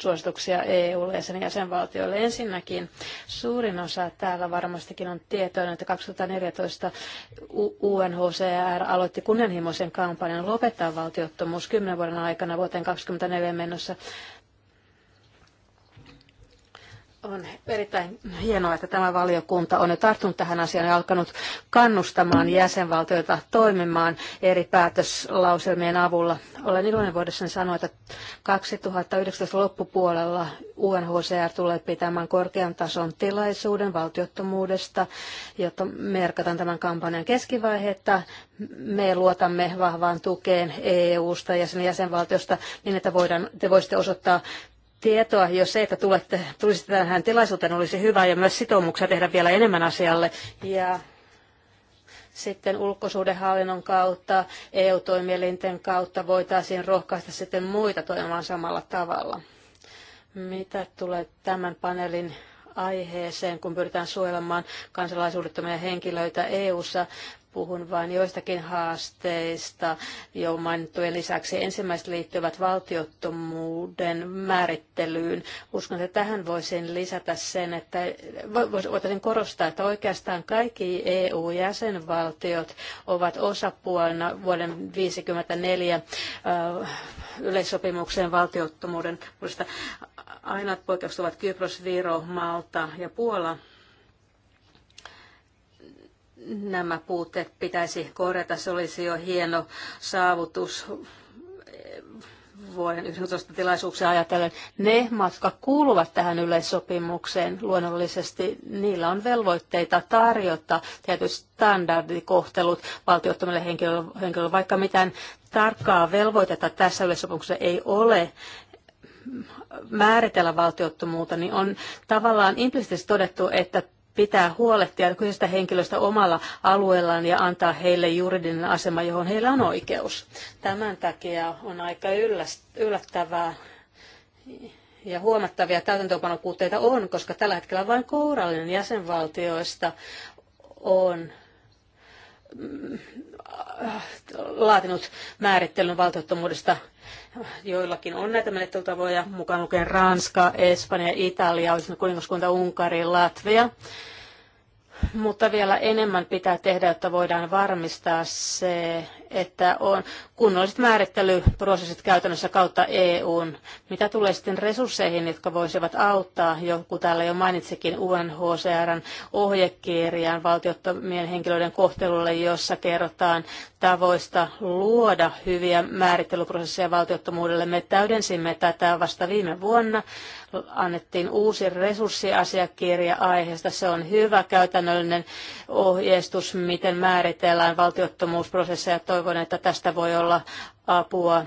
suosituksia EUlle ja sen jäsenvaltioille. Ensinnäkin suurin osa täällä varmastikin on tietoinen, että 2014 UNHCR aloitti kunnianhimoisen kampanjan lopettaa valtiottomuus kymmenen vuoden aikana vuoteen 2024 mennessä on erittäin hienoa, että tämä valiokunta on jo tarttunut tähän asiaan ja alkanut kannustamaan jäsenvaltioita toimimaan eri päätöslauselmien avulla. Olen iloinen voidessani sanoa, että 2019 loppupuolella UNHCR tulee pitämään korkean tason tilaisuuden valtiottomuudesta, jotta merkataan tämän kampanjan keskivaihetta. Me luotamme vahvaan tukeen EU-sta ja sen jäsenvaltiosta niin, että voidaan, te voisitte osoittaa tietoa, jos se, että tulette, tulisitte tähän tilaisuuteen, olisi hyvä ja myös sitoumuksia tehdä vielä enemmän asialle. Ja sitten ulkosuhdehallinnon kautta, EU-toimielinten kautta voitaisiin rohkaista sitten muita toimimaan samalla tavalla. Mitä tulee tämän paneelin aiheeseen, kun pyritään suojelemaan kansalaisuudettomia henkilöitä EU-ssa. Puhun vain joistakin haasteista jo mainittujen lisäksi. Ensimmäiset liittyvät valtiottomuuden määrittelyyn. Uskon, että tähän voisin lisätä sen, että voitaisiin korostaa, että oikeastaan kaikki EU-jäsenvaltiot ovat osapuolena vuoden 1954 äh, yleissopimuksen valtiottomuuden. Ainoat poikkeukset ovat Kypros, Viro, Malta ja Puola nämä puutteet pitäisi korjata. Se olisi jo hieno saavutus vuoden 19 tilaisuuksia ajatellen. Ne jotka kuuluvat tähän yleissopimukseen, luonnollisesti niillä on velvoitteita tarjota tietyt standardikohtelut valtiottomille henkilöille, vaikka mitään tarkkaa velvoitetta tässä yleissopimuksessa ei ole määritellä valtiottomuutta, niin on tavallaan implisiittisesti todettu, että pitää huolehtia kyseisestä henkilöstä omalla alueellaan ja antaa heille juridinen asema, johon heillä on oikeus. Tämän takia on aika yllättävää ja huomattavia täytäntöönpanopuutteita on, koska tällä hetkellä vain kourallinen jäsenvaltioista on mm, äh, laatinut määrittelyn valtiottomuudesta joillakin on näitä menettelytavoja, mukaan lukien Ranska, Espanja, Italia, kuningaskunta, Unkari, Latvia mutta vielä enemmän pitää tehdä, jotta voidaan varmistaa se, että on kunnolliset määrittelyprosessit käytännössä kautta EUn. Mitä tulee sitten resursseihin, jotka voisivat auttaa, joku täällä jo mainitsikin UNHCRn ohjekirjan valtiottomien henkilöiden kohtelulle, jossa kerrotaan tavoista luoda hyviä määrittelyprosesseja valtiottomuudelle. Me täydensimme tätä vasta viime vuonna annettiin uusi resurssiasiakirja aiheesta. Se on hyvä käytännöllinen ohjeistus, miten määritellään valtiottomuusprosesseja. Toivon, että tästä voi olla apua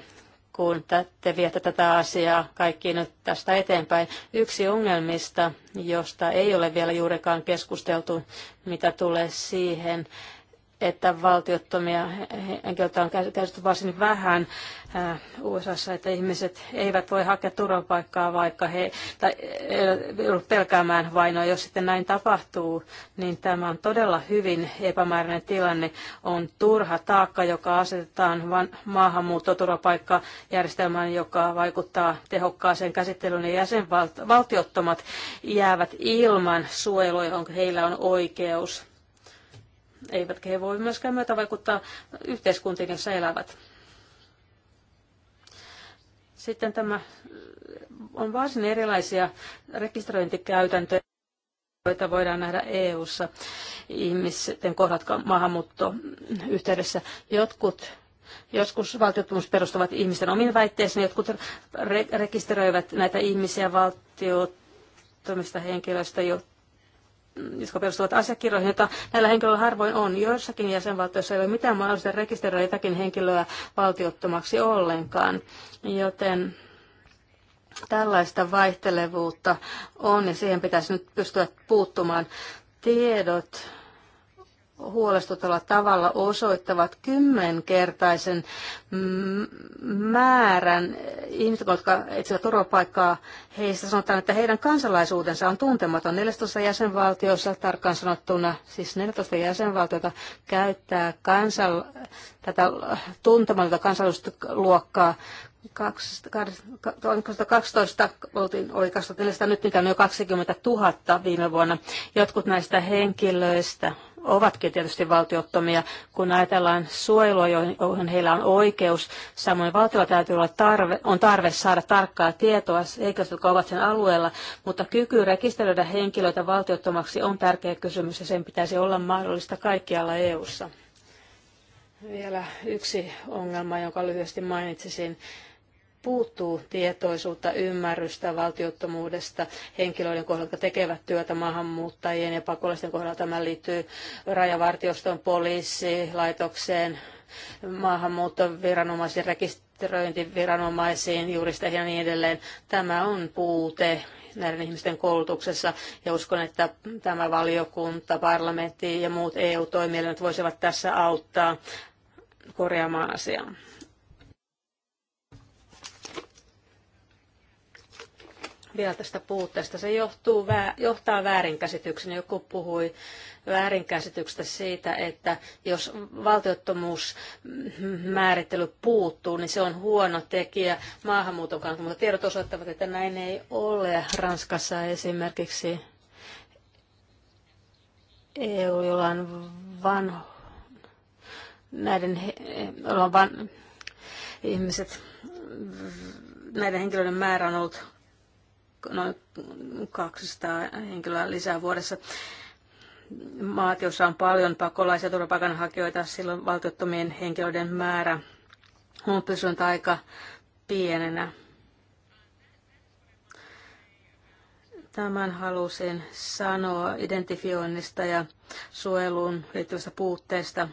kun te viette tätä asiaa kaikki nyt tästä eteenpäin. Yksi ongelmista, josta ei ole vielä juurikaan keskusteltu, mitä tulee siihen, että valtiottomia henkilöitä on käsitelty varsin vähän äh, USAssa, että ihmiset eivät voi hakea turvapaikkaa, vaikka he eivät pelkäämään vainoa. Jos sitten näin tapahtuu, niin tämä on todella hyvin epämääräinen tilanne. On turha taakka, joka asetetaan van, maahanmuutto- turvapaikkajärjestelmään, joka vaikuttaa tehokkaaseen käsittelyyn, ja jäsenvaltiottomat jäävät ilman suojelua, johon heillä on oikeus eivätkä he voi myöskään myötä vaikuttaa yhteiskuntiin, jossa elävät. Sitten tämä on varsin erilaisia rekisteröintikäytäntöjä, joita voidaan nähdä EU-ssa ihmisten kohdat maahanmuuttoyhteydessä. Jotkut Joskus valtiotumus perustuvat ihmisten omiin väitteisiin, jotkut re- rekisteröivät näitä ihmisiä valtiottomista henkilöistä, jotka perustuvat asiakirjoihin, joita näillä henkilöillä harvoin on. Joissakin jäsenvaltioissa ei ole mitään mahdollista rekisteröidä jotakin henkilöä valtiottomaksi ollenkaan, joten tällaista vaihtelevuutta on ja siihen pitäisi nyt pystyä puuttumaan. Tiedot huolestuttavalla tavalla osoittavat kymmenkertaisen määrän ihmisiä, jotka etsivät turvapaikkaa. Heistä sanotaan, että heidän kansalaisuutensa on tuntematon. 14 jäsenvaltiossa, tarkkaan sanottuna, siis 14 jäsenvaltiota käyttää kansal, tätä tuntematonta kansallisuusluokkaa 2012 oltiin, oli 2400, nyt niitä on jo 20 000 viime vuonna. Jotkut näistä henkilöistä ovatkin tietysti valtiottomia. Kun ajatellaan suojelua, johon heillä on oikeus, samoin valtiolla täytyy olla tarve, on tarve saada tarkkaa tietoa henkilöistä, jotka ovat sen alueella, mutta kyky rekisteröidä henkilöitä valtiottomaksi on tärkeä kysymys ja sen pitäisi olla mahdollista kaikkialla EU:ssa. Vielä yksi ongelma, jonka lyhyesti mainitsisin, puuttuu tietoisuutta, ymmärrystä valtiottomuudesta henkilöiden kohdalla, jotka tekevät työtä maahanmuuttajien ja pakolaisten kohdalla. Tämä liittyy rajavartioston poliisilaitokseen, maahanmuuttoviranomaisiin, rekisteröintiviranomaisiin, juristeihin ja niin edelleen. Tämä on puute näiden ihmisten koulutuksessa ja uskon, että tämä valiokunta, parlamentti ja muut EU-toimielimet voisivat tässä auttaa korjaamaan asiaa. vielä tästä puutteesta. Se johtuu, johtaa väärinkäsityksen. Joku puhui väärinkäsityksestä siitä, että jos valtiottomuusmäärittely puuttuu, niin se on huono tekijä maahanmuuton kannalta. Mutta tiedot osoittavat, että näin ei ole. Ranskassa esimerkiksi EU, jolla on vanho, näiden jolla on van, ihmiset, näiden henkilöiden määrä on ollut noin 200 henkilöä lisää vuodessa. Maat, joissa on paljon pakolaisia ja turvapaikanhakijoita, silloin valtiottomien henkilöiden määrä on pysynyt aika pienenä. Tämän halusin sanoa identifioinnista ja suojeluun liittyvistä puutteista.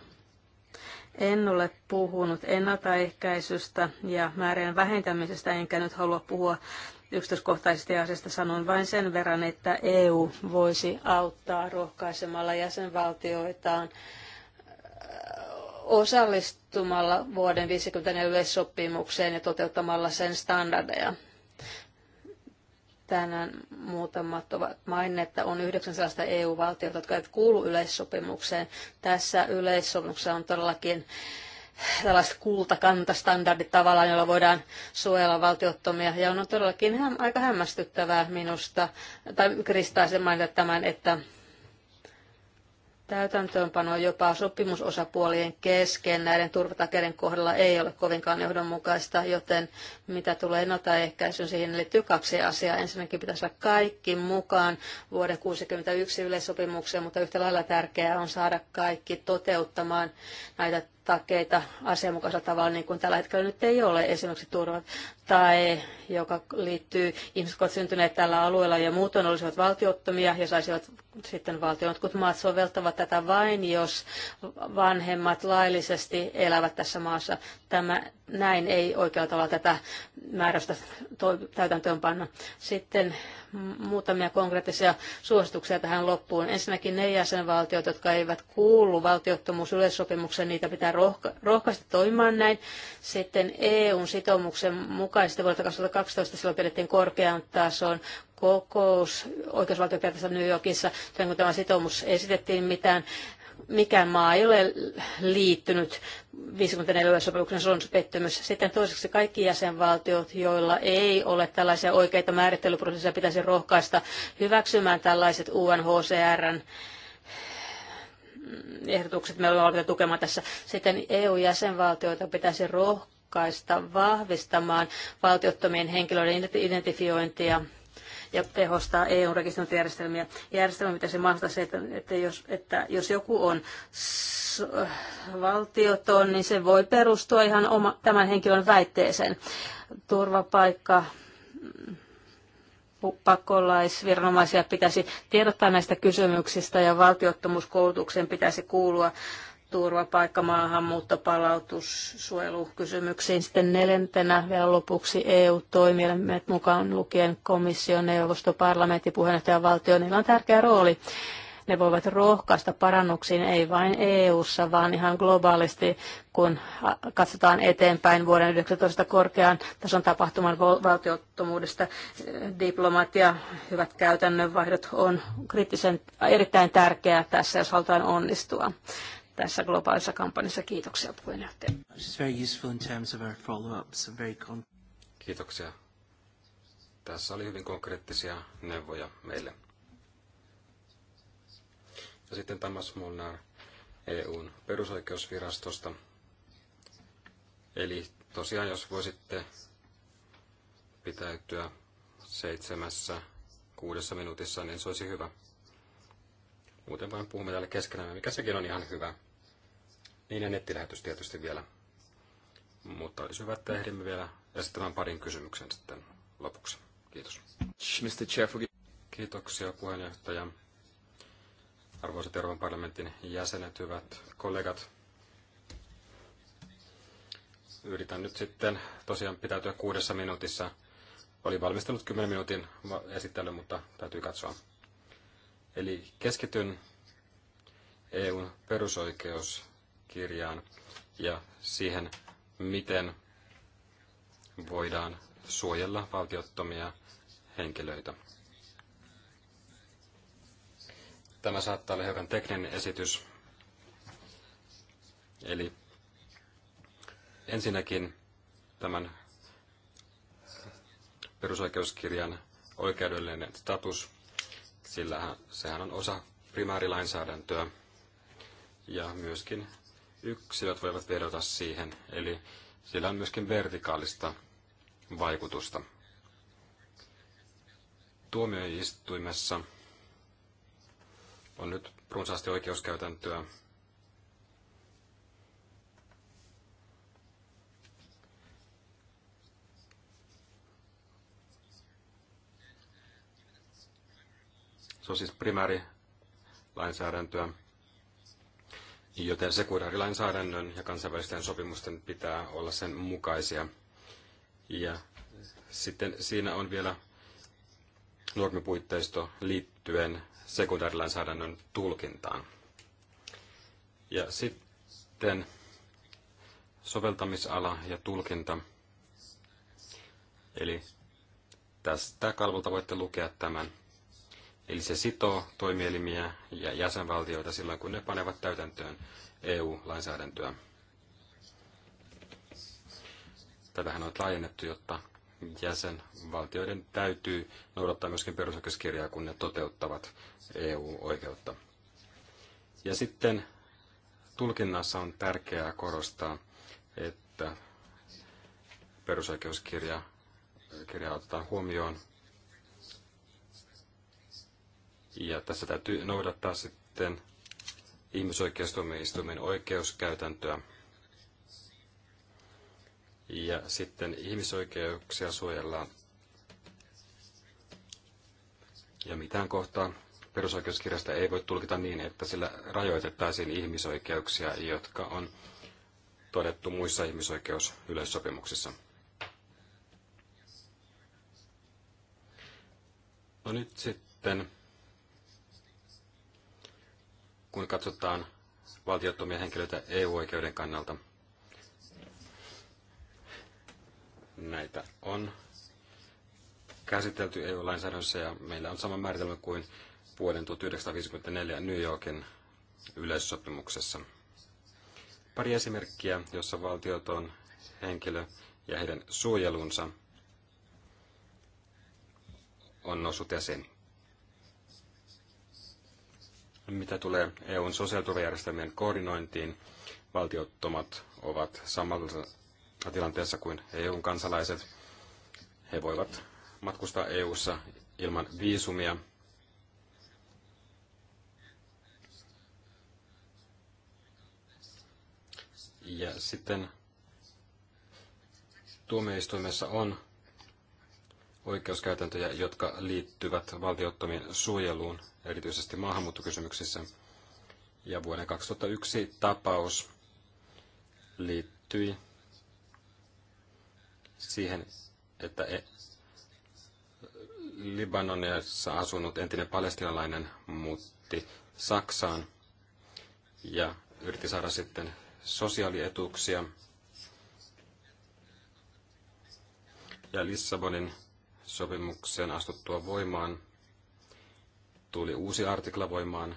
En ole puhunut ennaltaehkäisystä ja määrien vähentämisestä, enkä nyt halua puhua yksityiskohtaisesti asiasta sanon vain sen verran, että EU voisi auttaa rohkaisemalla jäsenvaltioitaan osallistumalla vuoden 54 yleissopimukseen ja toteuttamalla sen standardeja. Tänään muutamat ovat maininneet, että on yhdeksän sellaista EU-valtiota, jotka eivät kuulu yleissopimukseen. Tässä yleissopimuksessa on todellakin tällaiset kultakantastandardit tavallaan, joilla voidaan suojella valtiottomia. Ja on todellakin häm, aika hämmästyttävää minusta, tai Kristaisen mainita tämän, että täytäntöönpano jopa sopimusosapuolien kesken näiden turvatakeiden kohdalla ei ole kovinkaan johdonmukaista, joten mitä tulee ennaltaehkäisyyn, siihen liittyy kaksi asiaa. Ensinnäkin pitäisi olla kaikki mukaan vuoden 1961 yleissopimukseen, mutta yhtä lailla tärkeää on saada kaikki toteuttamaan näitä takeita asianmukaisella tavalla, niin kuin tällä hetkellä nyt ei ole esimerkiksi turvat, tai joka liittyy ihmiset, jotka ovat syntyneet tällä alueella ja muutoin olisivat valtiottomia ja saisivat sitten valtion. Jotkut maat soveltavat tätä vain, jos vanhemmat laillisesti elävät tässä maassa. Tämä, näin ei oikealla tavalla tätä määräystä täytäntöönpanna. Sitten muutamia konkreettisia suosituksia tähän loppuun. Ensinnäkin ne jäsenvaltiot, jotka eivät kuulu valtiottomuusyleissopimukseen, niitä pitää rohka- rohkaista toimimaan näin. Sitten EUn sitoumuksen mukaisesti vuodelta 2012 silloin pidettiin korkean tason kokous oikeusvaltioperiaatteessa New Yorkissa. Sen kun tämä sitoumus esitettiin, mitään mikään maa ei ole liittynyt 54 sopimuksen se Sitten toiseksi kaikki jäsenvaltiot, joilla ei ole tällaisia oikeita määrittelyprosesseja, pitäisi rohkaista hyväksymään tällaiset UNHCRn ehdotukset. Me olemme tukemaan tässä. Sitten EU-jäsenvaltioita pitäisi rohkaista vahvistamaan valtiottomien henkilöiden identifiointia ja tehostaa EU-rekisteröintijärjestelmiä. Järjestelmä pitäisi mahdollistaa se, että, että, jos, että jos joku on valtioton, niin se voi perustua ihan oma, tämän henkilön väitteeseen. Turvapaikka mm, pakolaisviranomaisia pitäisi tiedottaa näistä kysymyksistä ja valtiottomuuskoulutukseen pitäisi kuulua turvapaikka, maahanmuutto, palautus, suojelukysymyksiin. Sitten neljäntenä vielä lopuksi EU-toimielimet mukaan lukien komissio, neuvosto, parlamentti, puheenjohtaja, valtio, niillä on tärkeä rooli. Ne voivat rohkaista parannuksiin ei vain EU-ssa, vaan ihan globaalisti, kun katsotaan eteenpäin vuoden 19 korkean tason tapahtuman valtiottomuudesta. Diplomatia, hyvät käytännön vaihdot on kriittisen, erittäin tärkeää tässä, jos halutaan onnistua tässä globaalissa kampanjassa. Kiitoksia puheenjohtaja. Kiitoksia. Tässä oli hyvin konkreettisia neuvoja meille. Ja sitten Tamas Molnar EUn perusoikeusvirastosta. Eli tosiaan, jos voisitte pitäytyä seitsemässä, kuudessa minuutissa, niin se olisi hyvä. Muuten vain puhumme täällä keskenään, mikä sekin on ihan hyvä. Niin ja nettilähetys tietysti vielä. Mutta olisi hyvä, että ehdimme vielä esittämään parin kysymyksen sitten lopuksi. Kiitos. Mr. Chair, Kiitoksia puheenjohtaja. Arvoisat Euroopan parlamentin jäsenet, hyvät kollegat. Yritän nyt sitten tosiaan pitäytyä kuudessa minuutissa. Olin valmistellut 10 minuutin esittely, mutta täytyy katsoa. Eli keskityn EUn perusoikeus kirjaan ja siihen, miten voidaan suojella valtiottomia henkilöitä. Tämä saattaa olla hiukan tekninen esitys. Eli ensinnäkin tämän perusoikeuskirjan oikeudellinen status, sillä sehän on osa primäärilainsäädäntöä ja myöskin yksilöt voivat vedota siihen, eli sillä on myöskin vertikaalista vaikutusta. Tuomioistuimessa on nyt runsaasti oikeuskäytäntöä. Se on siis primäärilainsäädäntöä. lainsäädäntöä Joten sekuraarilainsäädännön ja kansainvälisten sopimusten pitää olla sen mukaisia. Ja sitten siinä on vielä normipuitteisto liittyen sekundaarilainsäädännön tulkintaan. Ja sitten soveltamisala ja tulkinta. Eli tästä kalvolta voitte lukea tämän. Eli se sitoo toimielimiä ja jäsenvaltioita silloin, kun ne panevat täytäntöön EU-lainsäädäntöä. Tätähän on laajennettu, jotta jäsenvaltioiden täytyy noudattaa myöskin perusoikeuskirjaa, kun ne toteuttavat EU-oikeutta. Ja sitten tulkinnassa on tärkeää korostaa, että perusoikeuskirja kirja otetaan huomioon ja tässä täytyy noudattaa sitten ihmisoikeustuomioistuimen oikeuskäytäntöä. Ja sitten ihmisoikeuksia suojellaan. Ja mitään kohtaa perusoikeuskirjasta ei voi tulkita niin, että sillä rajoitettaisiin ihmisoikeuksia, jotka on todettu muissa ihmisoikeusyleissopimuksissa. No nyt sitten kun katsotaan valtiottomia henkilöitä EU-oikeuden kannalta. Näitä on käsitelty EU-lainsäädännössä ja meillä on sama määritelmä kuin vuoden 1954 New Yorkin yleissopimuksessa. Pari esimerkkiä, jossa valtiot on henkilö ja heidän suojelunsa on noussut esiin. Mitä tulee EUn sosiaaliturvajärjestelmien koordinointiin, valtiottomat ovat samalla tilanteessa kuin EUn kansalaiset. He voivat matkustaa EUssa ilman viisumia. Ja sitten tuomioistuimessa on oikeuskäytäntöjä, jotka liittyvät valtiottomien suojeluun, erityisesti maahanmuuttokysymyksissä. Ja vuoden 2001 tapaus liittyi siihen, että e- Libanonissa asunut entinen palestinalainen muutti Saksaan ja yritti saada sitten sosiaalietuuksia. Ja Lissabonin sopimuksen astuttua voimaan tuli uusi artikla voimaan,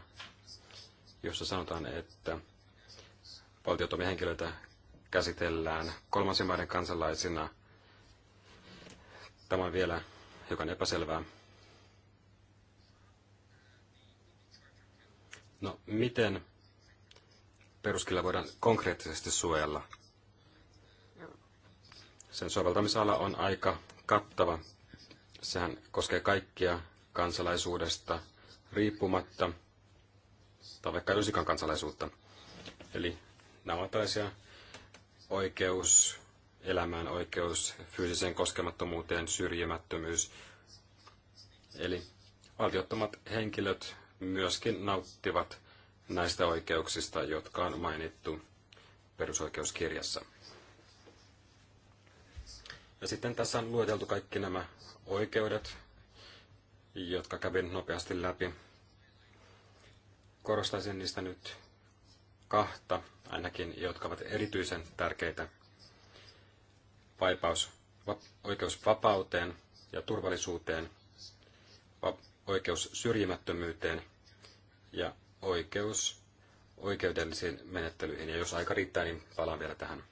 jossa sanotaan, että valtiottomia henkilöitä käsitellään kolmansien maiden kansalaisina. Tämä on vielä hiukan epäselvää. No, miten peruskilla voidaan konkreettisesti suojella? Sen soveltamisala on aika kattava Sehän koskee kaikkia kansalaisuudesta riippumatta, tai vaikka ysikan kansalaisuutta. Eli nämä ovat tällaisia oikeus elämään, oikeus fyysiseen koskemattomuuteen, syrjimättömyys. Eli valtiottomat henkilöt myöskin nauttivat näistä oikeuksista, jotka on mainittu perusoikeuskirjassa. Ja sitten tässä on lueteltu kaikki nämä oikeudet, jotka kävin nopeasti läpi. Korostaisin niistä nyt kahta, ainakin jotka ovat erityisen tärkeitä. Vaipaus, va- oikeus vapauteen ja turvallisuuteen, va- oikeus syrjimättömyyteen ja oikeus oikeudellisiin menettelyihin. Ja jos aika riittää, niin palaan vielä tähän.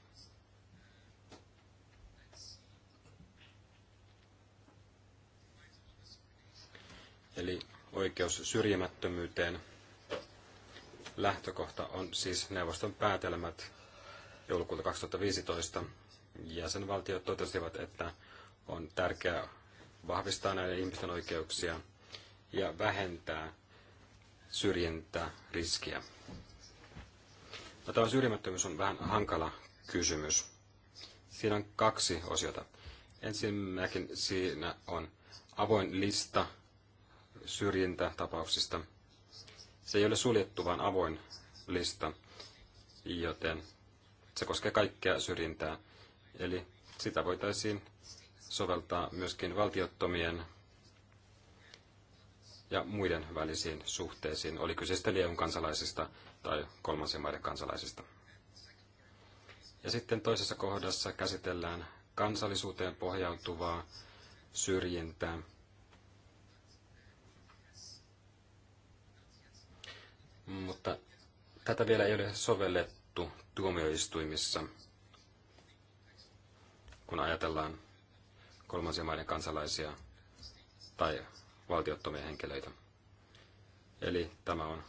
eli oikeus syrjimättömyyteen. Lähtökohta on siis neuvoston päätelmät joulukuuta 2015. Jäsenvaltiot totesivat, että on tärkeää vahvistaa näiden ihmisten oikeuksia ja vähentää syrjintäriskiä. No, tämä syrjimättömyys on vähän hankala kysymys. Siinä on kaksi osiota. Ensinnäkin siinä on avoin lista syrjintätapauksista. Se ei ole suljettu, vaan avoin lista, joten se koskee kaikkea syrjintää. Eli sitä voitaisiin soveltaa myöskin valtiottomien ja muiden välisiin suhteisiin, oli kyseistä sitten EUn kansalaisista tai kolmansien maiden kansalaisista. Ja sitten toisessa kohdassa käsitellään kansallisuuteen pohjautuvaa syrjintää. mutta tätä vielä ei ole sovellettu tuomioistuimissa, kun ajatellaan kolmansien maiden kansalaisia tai valtiottomia henkilöitä. Eli tämä on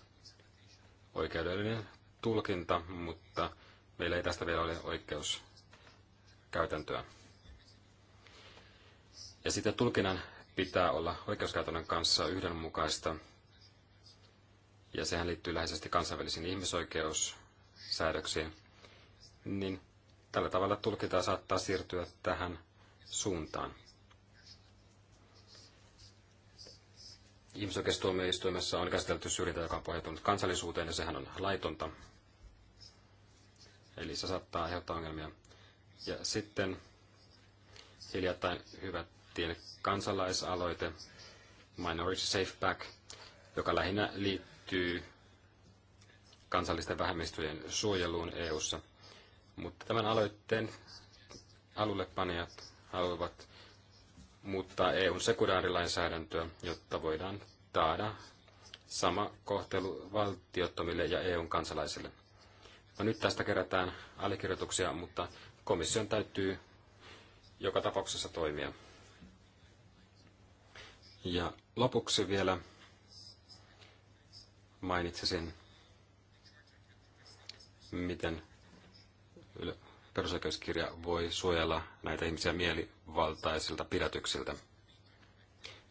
oikeudellinen tulkinta, mutta meillä ei tästä vielä ole oikeus käytäntöä. Ja sitten tulkinnan pitää olla oikeuskäytännön kanssa yhdenmukaista, ja sehän liittyy läheisesti kansainvälisiin ihmisoikeussäädöksiin, niin tällä tavalla tulkinta saattaa siirtyä tähän suuntaan. Ihmisoikeustuomioistuimessa on käsitelty syrjintä, joka on pohjautunut kansallisuuteen, ja sehän on laitonta. Eli se saattaa aiheuttaa ongelmia. Ja sitten hiljattain hyvättiin kansalaisaloite Minority Safe Back, joka lähinnä liittyy liittyy kansallisten vähemmistöjen suojeluun EU:ssa, mutta tämän aloitteen alullepanijat haluavat muuttaa EUn sekundaarilainsäädäntöä, jotta voidaan taada sama kohtelu valtiottomille ja EUn kansalaisille. No nyt tästä kerätään allekirjoituksia, mutta komission täytyy joka tapauksessa toimia. Ja lopuksi vielä sen, miten perusoikeuskirja voi suojella näitä ihmisiä mielivaltaisilta pidätyksiltä.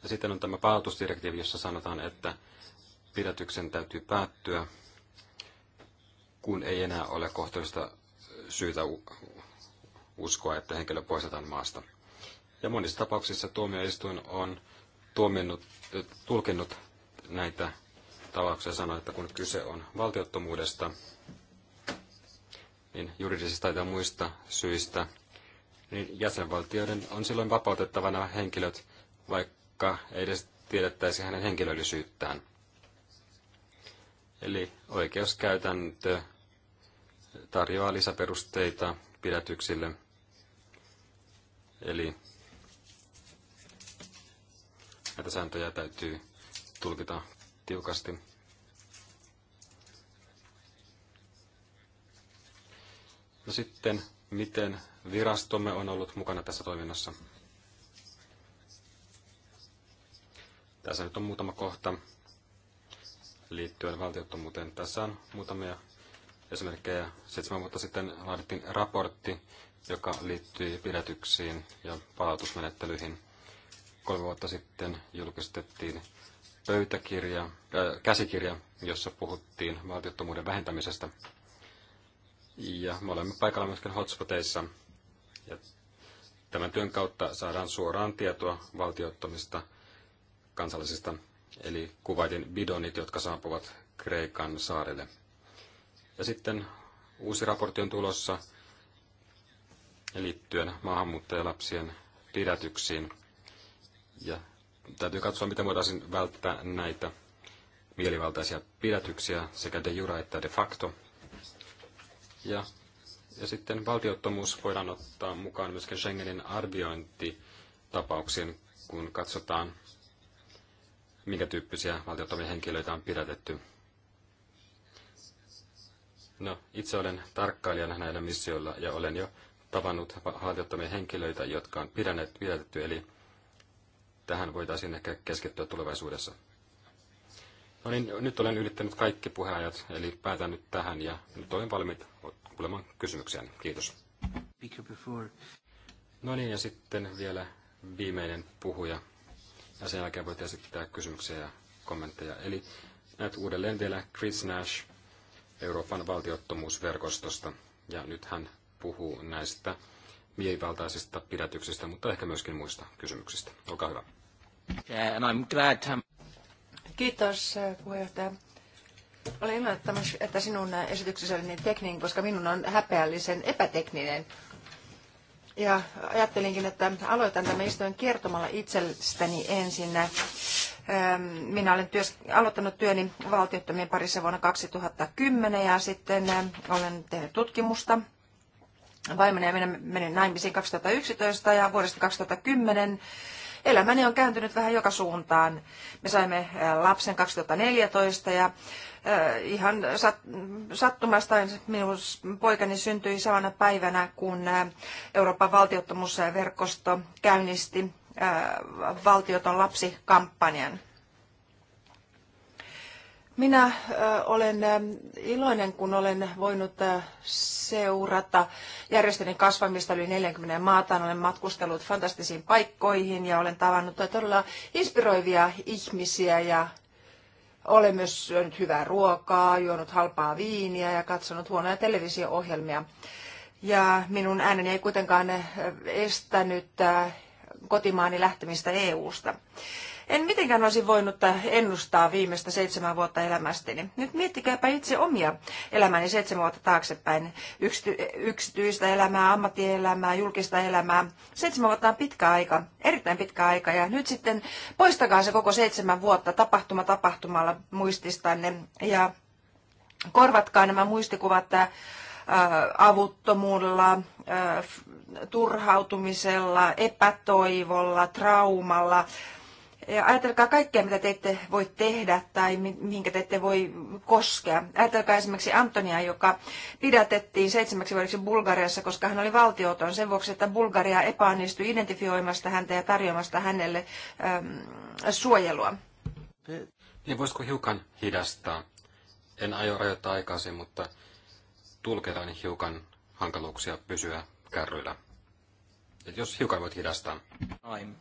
Ja sitten on tämä palautusdirektiivi, jossa sanotaan, että pidätyksen täytyy päättyä, kun ei enää ole kohtuullista syytä uskoa, että henkilö poistetaan maasta. Ja monissa tapauksissa tuomioistuin on tuominnut, tulkinnut näitä tapauksessa sanoa, että kun kyse on valtiottomuudesta, niin juridisista ja muista syistä, niin jäsenvaltioiden on silloin vapautettava nämä henkilöt, vaikka ei edes tiedettäisi hänen henkilöllisyyttään. Eli oikeuskäytäntö tarjoaa lisäperusteita pidätyksille. Eli näitä sääntöjä täytyy tulkita tiukasti. No sitten, miten virastomme on ollut mukana tässä toiminnassa? Tässä nyt on muutama kohta liittyen valtiottomuuteen. Tässä on muutamia esimerkkejä. Seitsemän vuotta sitten laadittiin raportti, joka liittyi pidätyksiin ja palautusmenettelyihin. Kolme vuotta sitten julkistettiin pöytäkirja, äh, käsikirja, jossa puhuttiin valtiottomuuden vähentämisestä ja me olemme paikalla myöskin hotspoteissa. Ja tämän työn kautta saadaan suoraan tietoa valtiottomista kansallisista, eli kuvaitin bidonit, jotka saapuvat Kreikan saarelle. Ja sitten uusi raportti on tulossa liittyen maahanmuuttajalapsien pidätyksiin. Ja täytyy katsoa, miten voitaisiin välttää näitä mielivaltaisia pidätyksiä sekä de jure että de facto. Ja, ja sitten valtiottomuus voidaan ottaa mukaan myöskin Schengenin arviointitapauksiin, kun katsotaan, minkä tyyppisiä valtiottomia henkilöitä on pidätetty. No, itse olen tarkkailijana näillä missioilla ja olen jo tavannut valtiottomia henkilöitä, jotka on pidätetty, eli tähän voitaisiin ehkä keskittyä tulevaisuudessa. No niin, nyt olen ylittänyt kaikki puheajat, eli päätän nyt tähän ja nyt olen valmiit kuulemaan kysymyksiä. Kiitos. No niin, ja sitten vielä viimeinen puhuja. Ja sen jälkeen voit esittää kysymyksiä ja kommentteja. Eli näet uudelleen vielä Chris Nash Euroopan valtiottomuusverkostosta. Ja nyt hän puhuu näistä mielivaltaisista pidätyksistä, mutta ehkä myöskin muista kysymyksistä. Olkaa hyvä. Yeah, and I'm glad to... Kiitos puheenjohtaja. Olen iloinen, että sinun esityksesi oli niin tekninen, koska minun on häpeällisen epätekninen. Ja ajattelinkin, että aloitan tämän istuen kertomalla itsestäni ensin. Minä olen työs, aloittanut työni valtiottomien parissa vuonna 2010 ja sitten olen tehnyt tutkimusta. Vaimoni ja minä menin naimisiin 2011 ja vuodesta 2010 elämäni on kääntynyt vähän joka suuntaan. Me saimme äh, lapsen 2014 ja äh, ihan sattumasta minun poikani syntyi samana päivänä, kun äh, Euroopan valtiottomuusverkosto käynnisti valtioton lapsikampanjan. Minä olen iloinen, kun olen voinut seurata järjestöjen kasvamista yli 40 maataan. Olen matkustellut fantastisiin paikkoihin ja olen tavannut todella inspiroivia ihmisiä ja olen myös syönyt hyvää ruokaa, juonut halpaa viiniä ja katsonut huonoja televisio-ohjelmia. Ja minun ääneni ei kuitenkaan estänyt kotimaani lähtemistä EU-sta. En mitenkään olisi voinut ennustaa viimeistä seitsemän vuotta elämästäni. Nyt miettikääpä itse omia elämäni seitsemän vuotta taaksepäin. Yksity- yksityistä elämää, ammattielämää, julkista elämää. Seitsemän vuotta on pitkä aika, erittäin pitkä aika. Ja nyt sitten poistakaa se koko seitsemän vuotta tapahtuma tapahtumalla muististanne ja korvatkaa nämä muistikuvat äh, avuttomuudella, äh, turhautumisella, epätoivolla, traumalla, ajatelkaa kaikkea, mitä te ette voi tehdä tai minkä te ette voi koskea. Ajatelkaa esimerkiksi Antonia, joka pidätettiin seitsemäksi vuodeksi Bulgariassa, koska hän oli valtioton sen vuoksi, että Bulgaria epäonnistui identifioimasta häntä ja tarjoamasta hänelle äm, suojelua. Niin voisiko hiukan hidastaa? En aio rajoittaa aikaisin, mutta tulkitaan hiukan hankaluuksia pysyä kärryillä. Et jos hiukan voit hidastaa. Aim.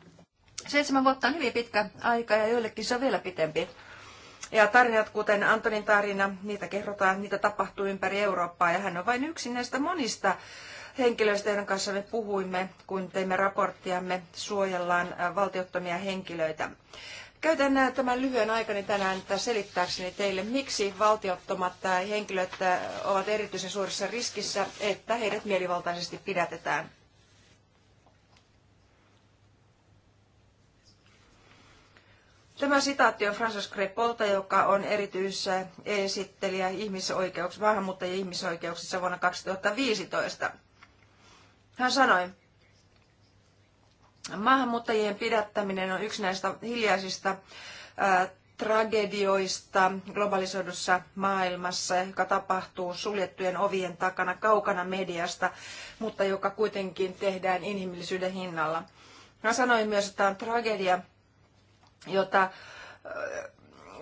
Seitsemän vuotta on hyvin pitkä aika ja joillekin se on vielä pitempi. Ja tarinat, kuten Antonin tarina, niitä kerrotaan, niitä tapahtuu ympäri Eurooppaa ja hän on vain yksi näistä monista henkilöistä, joiden kanssa me puhuimme, kun teimme raporttiamme Suojellaan äh, valtiottomia henkilöitä. Käytän äh, tämän lyhyen aikani tänään selittääkseni teille, miksi valtiottomat äh, henkilöt ovat erityisen suuressa riskissä, että heidät mielivaltaisesti pidätetään. Tämä sitaatti on Francis Crepolta, joka on erityisesittelijä ihmisoikeuks, maahanmuuttajien ihmisoikeuksissa vuonna 2015. Hän sanoi, maahanmuuttajien pidättäminen on yksi näistä hiljaisista ää, tragedioista globalisoidussa maailmassa, joka tapahtuu suljettujen ovien takana kaukana mediasta, mutta joka kuitenkin tehdään inhimillisyyden hinnalla. Hän sanoi myös, että tämä on tragedia, jota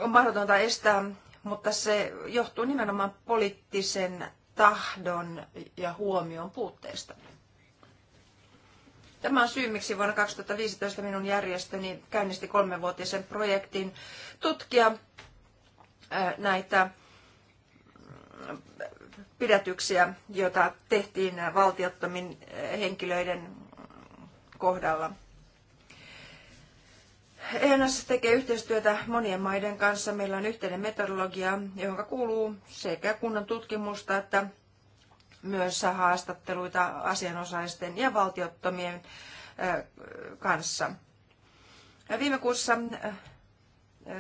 on mahdotonta estää, mutta se johtuu nimenomaan poliittisen tahdon ja huomion puutteesta. Tämä on syy, miksi vuonna 2015 minun järjestöni käynnisti kolmenvuotisen projektin tutkia näitä mm, pidätyksiä, joita tehtiin valtiottomin henkilöiden kohdalla. ENS tekee yhteistyötä monien maiden kanssa. Meillä on yhteinen metodologia, johon kuuluu sekä kunnan tutkimusta että myös haastatteluita asianosaisten ja valtiottomien kanssa. Viime kuussa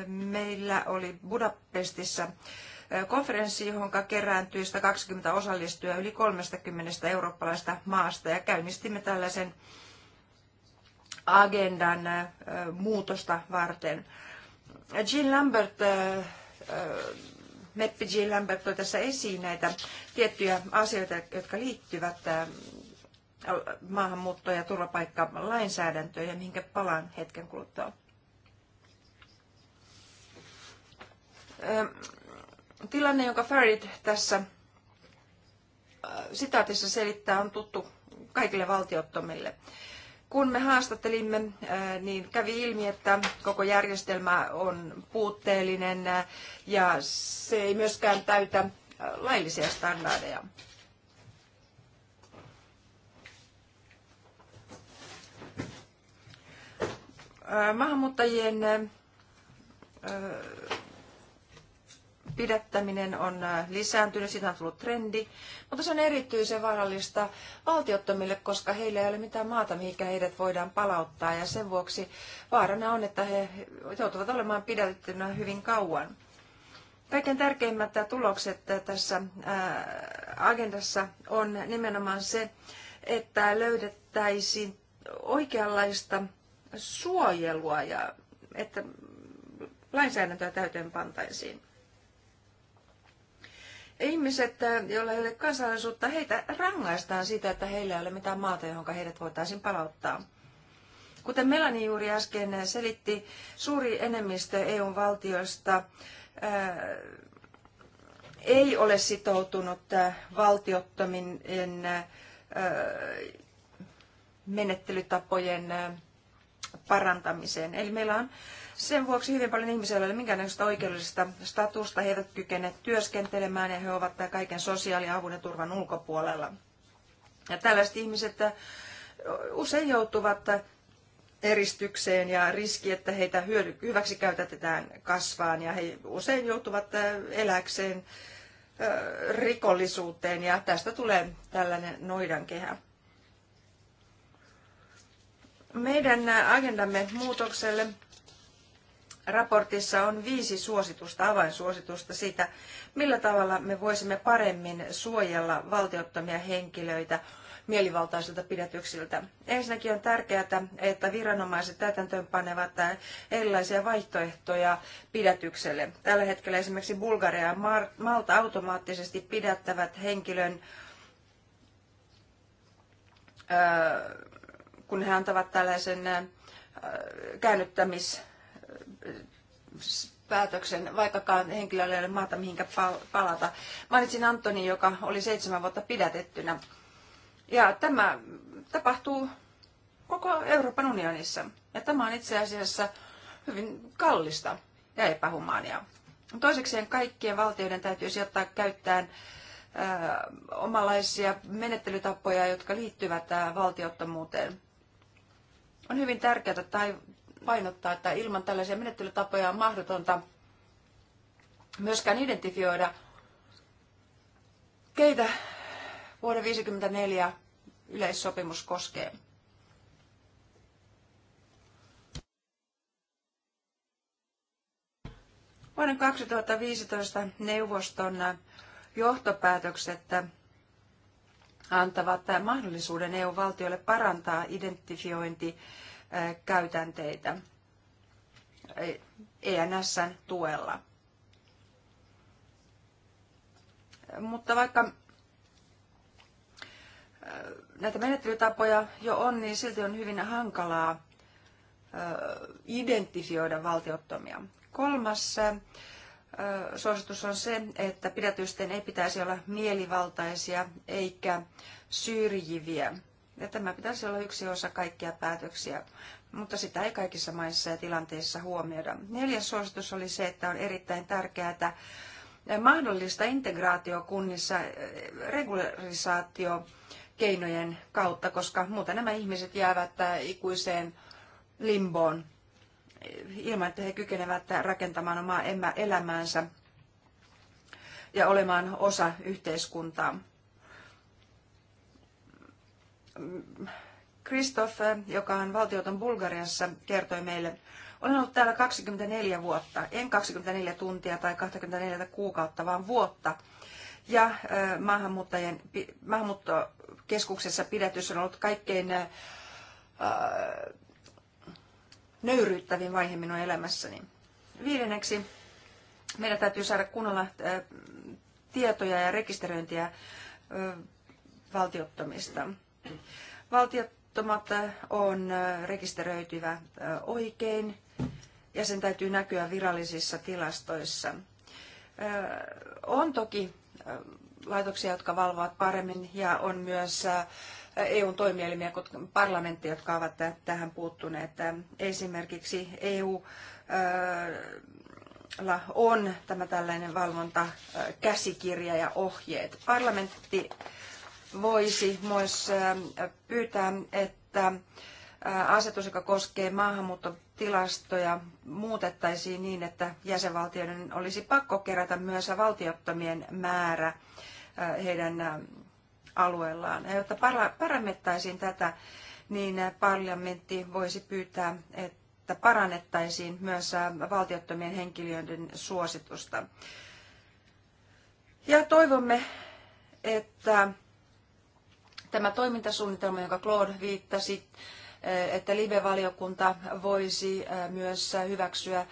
meillä oli Budapestissa konferenssi, johon kerääntyi 120 osallistujaa yli 30 eurooppalaista maasta ja käynnistimme tällaisen agendan muutosta varten. Jean Lambert, Meppi Jean Lambert toi tässä esiin näitä tiettyjä asioita, jotka liittyvät maahanmuutto- ja turvapaikkalainsäädäntöön ja minkä palaan hetken kuluttua. Tilanne, jonka Farid tässä sitaatissa selittää, on tuttu kaikille valtiottomille kun me haastattelimme, äh, niin kävi ilmi, että koko järjestelmä on puutteellinen äh, ja se ei myöskään täytä äh, laillisia standardeja. Maahanmuuttajien pidättäminen on äh, lisääntynyt, siitä on tullut trendi, mutta se on erityisen vaarallista valtiottomille, koska heillä ei ole mitään maata, mihinkä heidät voidaan palauttaa, ja sen vuoksi vaarana on, että he joutuvat olemaan pidätettynä hyvin kauan. Kaiken tärkeimmät tulokset tässä äh, agendassa on nimenomaan se, että löydettäisiin oikeanlaista suojelua ja että lainsäädäntöä täyteen pantaisiin ihmiset, äh, joilla ei ole kansalaisuutta, heitä rangaistaan siitä, että heillä ei ole mitään maata, johon heidät voitaisiin palauttaa. Kuten Melani juuri äsken selitti, suuri enemmistö eu valtioista äh, ei ole sitoutunut äh, valtiottomien menettelytapojen parantamiseen. Eli meillä on sen vuoksi hyvin paljon ihmisiä, joilla ei ole minkäännäköistä oikeudellista statusta, he eivät kykene työskentelemään ja he ovat kaiken sosiaaliavun ja turvan ulkopuolella. Ja tällaiset ihmiset äh, usein joutuvat eristykseen ja riski, että heitä käytetään kasvaan ja he usein joutuvat äh, eläkseen äh, rikollisuuteen ja tästä tulee tällainen noidankehä. Meidän agendamme muutokselle raportissa on viisi suositusta, avainsuositusta siitä, millä tavalla me voisimme paremmin suojella valtiottomia henkilöitä mielivaltaisilta pidätyksiltä. Ensinnäkin on tärkeää, että viranomaiset täytäntöönpanevat erilaisia vaihtoehtoja pidätykselle. Tällä hetkellä esimerkiksi Bulgaria ja Malta automaattisesti pidättävät henkilön öö, kun he antavat tällaisen äh, käännyttämispäätöksen, vaikkakaan henkilölle ei ole maata mihinkä palata. Mainitsin Antoni, joka oli seitsemän vuotta pidätettynä. Ja tämä tapahtuu koko Euroopan unionissa. Ja tämä on itse asiassa hyvin kallista ja epähumaania. Toisekseen kaikkien valtioiden täytyy ottaa käyttään äh, omanlaisia menettelytapoja, jotka liittyvät äh, valtiottomuuteen. On hyvin tärkeää tai painottaa, että ilman tällaisia menettelytapoja on mahdotonta myöskään identifioida, keitä vuoden 1954 yleissopimus koskee. Vuoden 2015 neuvoston johtopäätökset antavat mahdollisuuden EU-valtioille parantaa identifiointikäytänteitä ENSn tuella. Mutta vaikka äh, näitä menettelytapoja jo on, niin silti on hyvin hankalaa äh, identifioida valtiottomia. Kolmas äh, suositus on se, että pidätysten ei pitäisi olla mielivaltaisia eikä syrjiviä. Ja tämä pitäisi olla yksi osa kaikkia päätöksiä, mutta sitä ei kaikissa maissa ja tilanteissa huomioida. Neljäs suositus oli se, että on erittäin tärkeää mahdollista integraatio kunnissa regularisaatio keinojen kautta, koska muuten nämä ihmiset jäävät ikuiseen limboon ilman, että he kykenevät rakentamaan omaa elämäänsä ja olemaan osa yhteiskuntaa. Kristoff, joka on valtioton Bulgariassa, kertoi meille, olen ollut täällä 24 vuotta, en 24 tuntia tai 24 kuukautta, vaan vuotta. Ja maahanmuuttajien, maahanmuuttokeskuksessa pidätys on ollut kaikkein nöyryyttävin vaihe minun elämässäni. Viidenneksi, meidän täytyy saada kunnolla tietoja ja rekisteröintiä valtiottomista. Valtiottomat on rekisteröityvä oikein ja sen täytyy näkyä virallisissa tilastoissa. On toki laitoksia, jotka valvovat paremmin ja on myös EUn toimielimiä, parlamentti, jotka ovat tähän puuttuneet. Esimerkiksi EU äh, on tämä tällainen valvontakäsikirja äh, ja ohjeet. Parlamentti voisi myös äh, pyytää, että asetus, joka koskee maahanmuuttotilastoja, muutettaisiin niin, että jäsenvaltioiden olisi pakko kerätä myös valtiottomien määrä heidän alueellaan. Ja jotta parannettaisiin tätä, niin parlamentti voisi pyytää, että parannettaisiin myös valtiottomien henkilöiden suositusta. Ja toivomme, että tämä toimintasuunnitelma, jonka Claude viittasi, että live-valiokunta voisi myös hyväksyä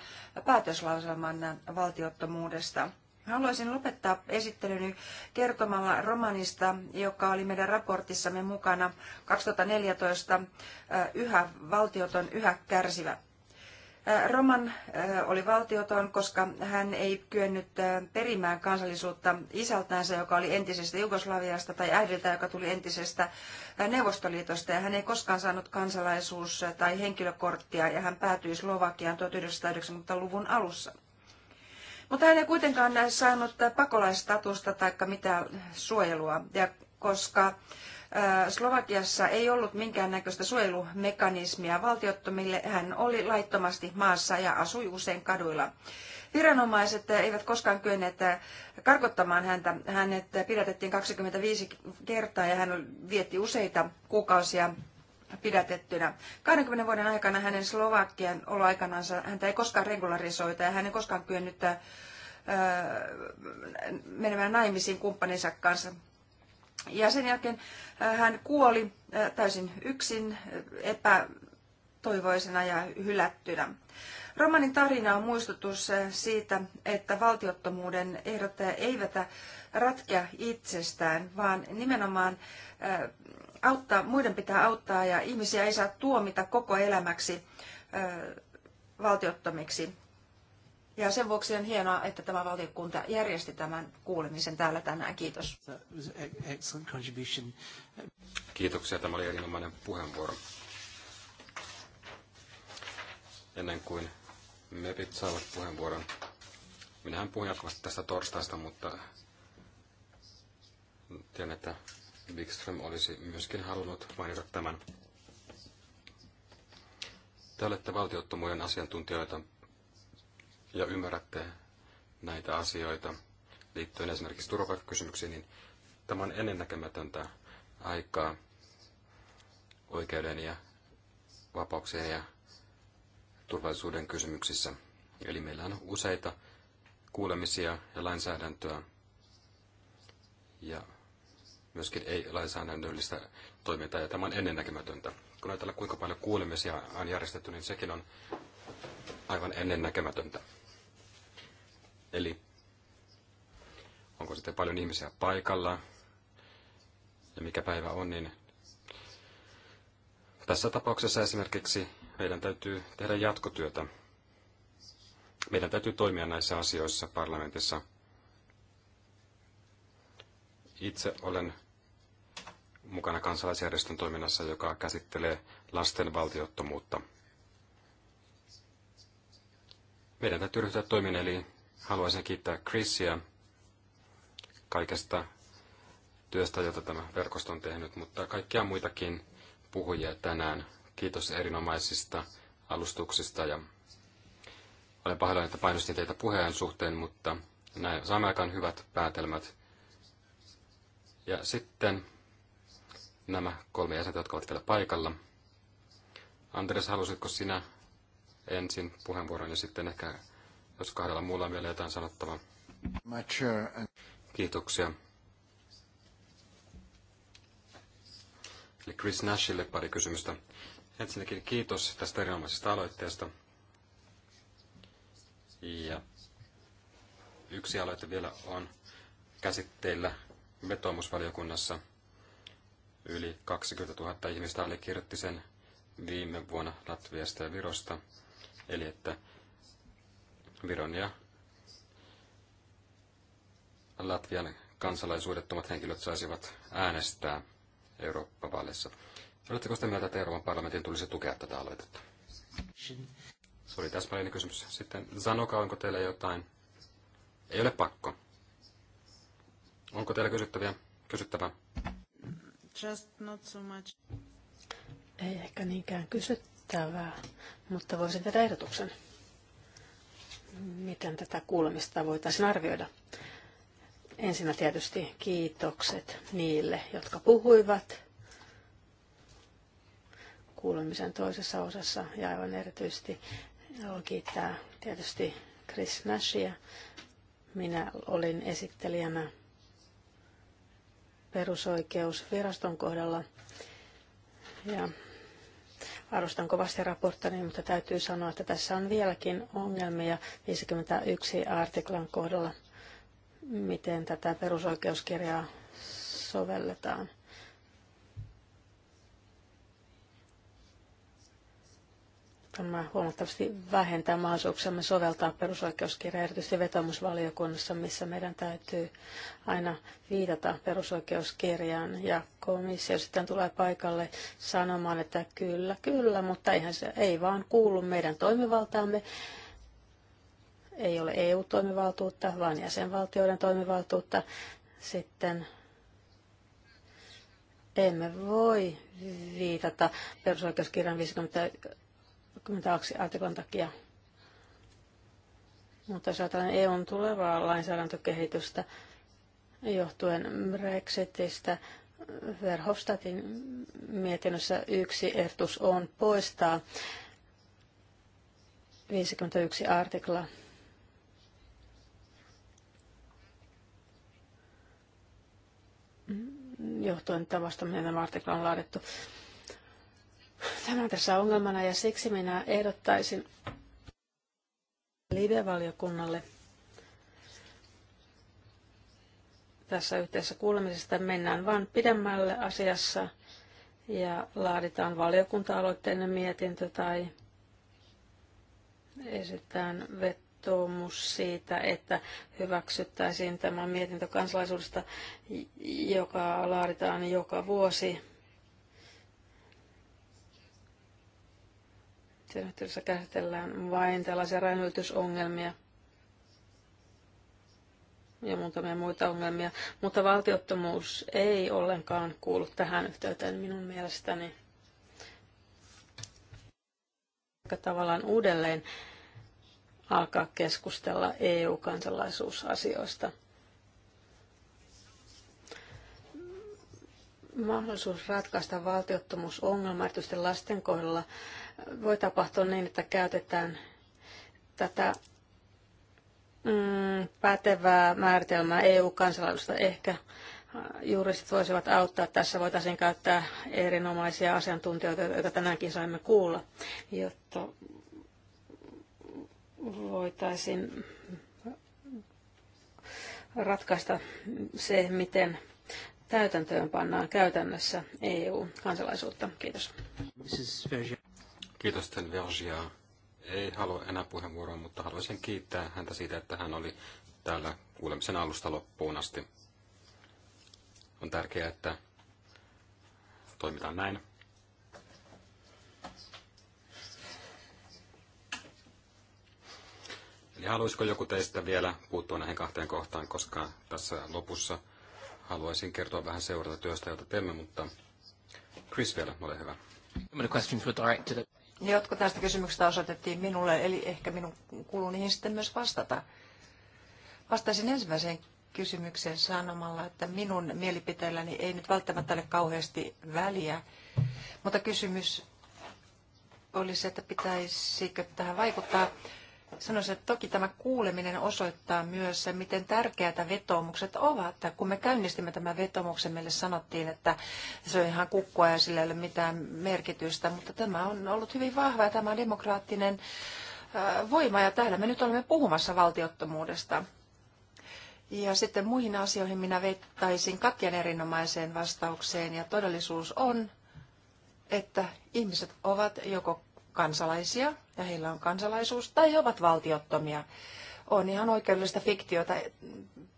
päätöslauselman valtiottomuudesta. Haluaisin lopettaa esittelyni kertomalla romanista, joka oli meidän raportissamme mukana 2014, äh, Yhä valtioton, yhä kärsivä. Äh, Roman äh, oli valtioton, koska hän ei kyennyt perimään kansallisuutta isältänsä, joka oli entisestä Jugoslaviasta, tai äidiltä, joka tuli entisestä Neuvostoliitosta, ja hän ei koskaan saanut kansalaisuus- tai henkilökorttia, ja hän päätyi Slovakiaan 1990-luvun alussa. Mutta hän ei kuitenkaan näe saanut pakolaistatusta tai mitään suojelua. Ja koska Slovakiassa ei ollut minkäännäköistä suojelumekanismia valtiottomille, hän oli laittomasti maassa ja asui usein kaduilla. Viranomaiset eivät koskaan kyenneet karkottamaan häntä. Hänet pidätettiin 25 kertaa ja hän vietti useita kuukausia pidätettynä. 20 vuoden aikana hänen Slovakian oloaikanansa häntä ei koskaan regularisoita ja hän ei koskaan kyennyt äh, menemään naimisiin kumppaninsa kanssa. Ja sen jälkeen äh, hän kuoli äh, täysin yksin, epätoivoisena ja hylättynä. Romanin tarina on muistutus siitä, että valtiottomuuden ei vetä ratkea itsestään, vaan nimenomaan auttaa, muiden pitää auttaa ja ihmisiä ei saa tuomita koko elämäksi valtiottomiksi. Ja sen vuoksi on hienoa, että tämä valiokunta järjesti tämän kuulemisen täällä tänään. Kiitos. Kiitoksia. Tämä oli erinomainen puheenvuoro. Ennen kuin MEPit saavat puheenvuoron, minähän puhun jatkuvasti tästä torstaista, mutta tiedän, että Wikström olisi myöskin halunnut mainita tämän. Te olette valtiottomuuden asiantuntijoita ja ymmärrätte näitä asioita liittyen esimerkiksi turvapaikkakysymyksiin, niin tämä on ennennäkemätöntä aikaa oikeuden ja vapauksien ja turvallisuuden kysymyksissä. Eli meillä on useita kuulemisia ja lainsäädäntöä ja myöskin ei-lainsäädännöllistä toimintaa, ja tämä on ennennäkemätöntä. Kun ajatellaan, kuinka paljon kuulemisia on järjestetty, niin sekin on aivan ennennäkemätöntä. Eli onko sitten paljon ihmisiä paikalla, ja mikä päivä on, niin tässä tapauksessa esimerkiksi meidän täytyy tehdä jatkotyötä. Meidän täytyy toimia näissä asioissa parlamentissa. Itse olen mukana kansalaisjärjestön toiminnassa, joka käsittelee lasten valtiottomuutta. Meidän täytyy ryhtyä toimiin, eli haluaisin kiittää Chrisia kaikesta työstä, jota tämä verkosto on tehnyt, mutta kaikkia muitakin puhujia tänään. Kiitos erinomaisista alustuksista ja olen pahoillani, että painostin teitä puheen suhteen, mutta näin saamme aikaan hyvät päätelmät. Ja sitten nämä kolme jäsentä, jotka ovat vielä paikalla. Andres, halusitko sinä ensin puheenvuoron ja sitten ehkä, jos kahdella muulla on vielä jotain sanottavaa? Kiitoksia. Eli Chris Nashille pari kysymystä. Ensinnäkin kiitos tästä erinomaisesta aloitteesta. Ja yksi aloite vielä on käsitteillä vetoomusvaliokunnassa – Yli 20 000 ihmistä allekirjoitti sen viime vuonna Latviasta ja Virosta. Eli että Viron ja Latvian kansalaisuudettomat henkilöt saisivat äänestää Eurooppa-vaaleissa. Oletteko sitä mieltä, että Euroopan parlamentin tulisi tukea tätä aloitetta? Se oli täsmällinen kysymys. Sitten Zanoka, onko teillä jotain? Ei ole pakko. Onko teillä kysyttäviä? Kysyttävää? just not so much. Ei ehkä niinkään kysyttävää, mutta voisin tehdä ehdotuksen, miten tätä kuulemista voitaisiin arvioida. Ensinnä tietysti kiitokset niille, jotka puhuivat kuulemisen toisessa osassa ja aivan erityisesti haluan kiittää tietysti Chris Nashia. Minä olin esittelijänä perusoikeusviraston kohdalla. Ja arvostan kovasti raporttani, mutta täytyy sanoa, että tässä on vieläkin ongelmia 51 artiklan kohdalla, miten tätä perusoikeuskirjaa sovelletaan. Tämä huomattavasti vähentää mahdollisuuksiamme soveltaa perusoikeuskirjaa erityisesti vetomusvaliokunnassa, missä meidän täytyy aina viitata perusoikeuskirjaan ja komissio sitten tulee paikalle sanomaan, että kyllä, kyllä, mutta eihän se ei vaan kuulu meidän toimivaltaamme. Ei ole EU-toimivaltuutta, vaan jäsenvaltioiden toimivaltuutta. Sitten emme voi viitata perusoikeuskirjan 50 22 artiklan takia. Mutta jos ajatellaan EUn tulevaa lainsäädäntökehitystä johtuen Brexitistä, Verhofstadtin mietinnössä yksi ehdotus on poistaa 51 artikla. johtuen tavasta, miten tämä artikla on laadittu. Tämä tässä ongelmana ja siksi minä ehdottaisin live-valiokunnalle tässä yhteisessä kuulemisesta mennään vain pidemmälle asiassa ja laaditaan valiokunta-aloitteinen mietintö tai esitetään vetoomus siitä, että hyväksyttäisiin tämä mietintö kansalaisuudesta, joka laaditaan joka vuosi Sen yhteydessä käsitellään vain tällaisia rajanylitysongelmia ja muutamia muita ongelmia, mutta valtiottomuus ei ollenkaan kuulu tähän yhteyteen minun mielestäni. Tavallaan uudelleen alkaa keskustella EU-kansalaisuusasioista. Mahdollisuus ratkaista valtiottomuusongelma erityisesti lasten kohdalla voi tapahtua niin, että käytetään tätä mm, pätevää määritelmää EU-kansalaisuudesta ehkä äh, juristit voisivat auttaa. Tässä voitaisiin käyttää erinomaisia asiantuntijoita, joita tänäänkin saimme kuulla, jotta voitaisiin ratkaista se, miten täytäntöön pannaan käytännössä EU-kansalaisuutta. Kiitos. Kiitos Ten Vergia. Ei halua enää puheenvuoroa, mutta haluaisin kiittää häntä siitä, että hän oli täällä kuulemisen alusta loppuun asti. On tärkeää, että toimitaan näin. Eli haluaisiko joku teistä vielä puuttua näihin kahteen kohtaan, koska tässä lopussa haluaisin kertoa vähän seurata työstä, jota teemme, mutta Chris vielä, ole hyvä. Jotkut näistä kysymyksistä osoitettiin minulle, eli ehkä minun kuuluu niihin sitten myös vastata. Vastaisin ensimmäiseen kysymykseen sanomalla, että minun mielipiteelläni ei nyt välttämättä ole kauheasti väliä, mutta kysymys oli se, että pitäisikö tähän vaikuttaa sanoisin, että toki tämä kuuleminen osoittaa myös se, miten tärkeätä vetoomukset ovat. Kun me käynnistimme tämän vetomuksen, meille sanottiin, että se on ihan kukkua ja sillä ei ole mitään merkitystä, mutta tämä on ollut hyvin vahva ja tämä on demokraattinen voima ja täällä me nyt olemme puhumassa valtiottomuudesta. Ja sitten muihin asioihin minä vettaisin Katjan erinomaiseen vastaukseen ja todellisuus on, että ihmiset ovat joko kansalaisia ja heillä on kansalaisuus tai he ovat valtiottomia. On ihan oikeudellista fiktiota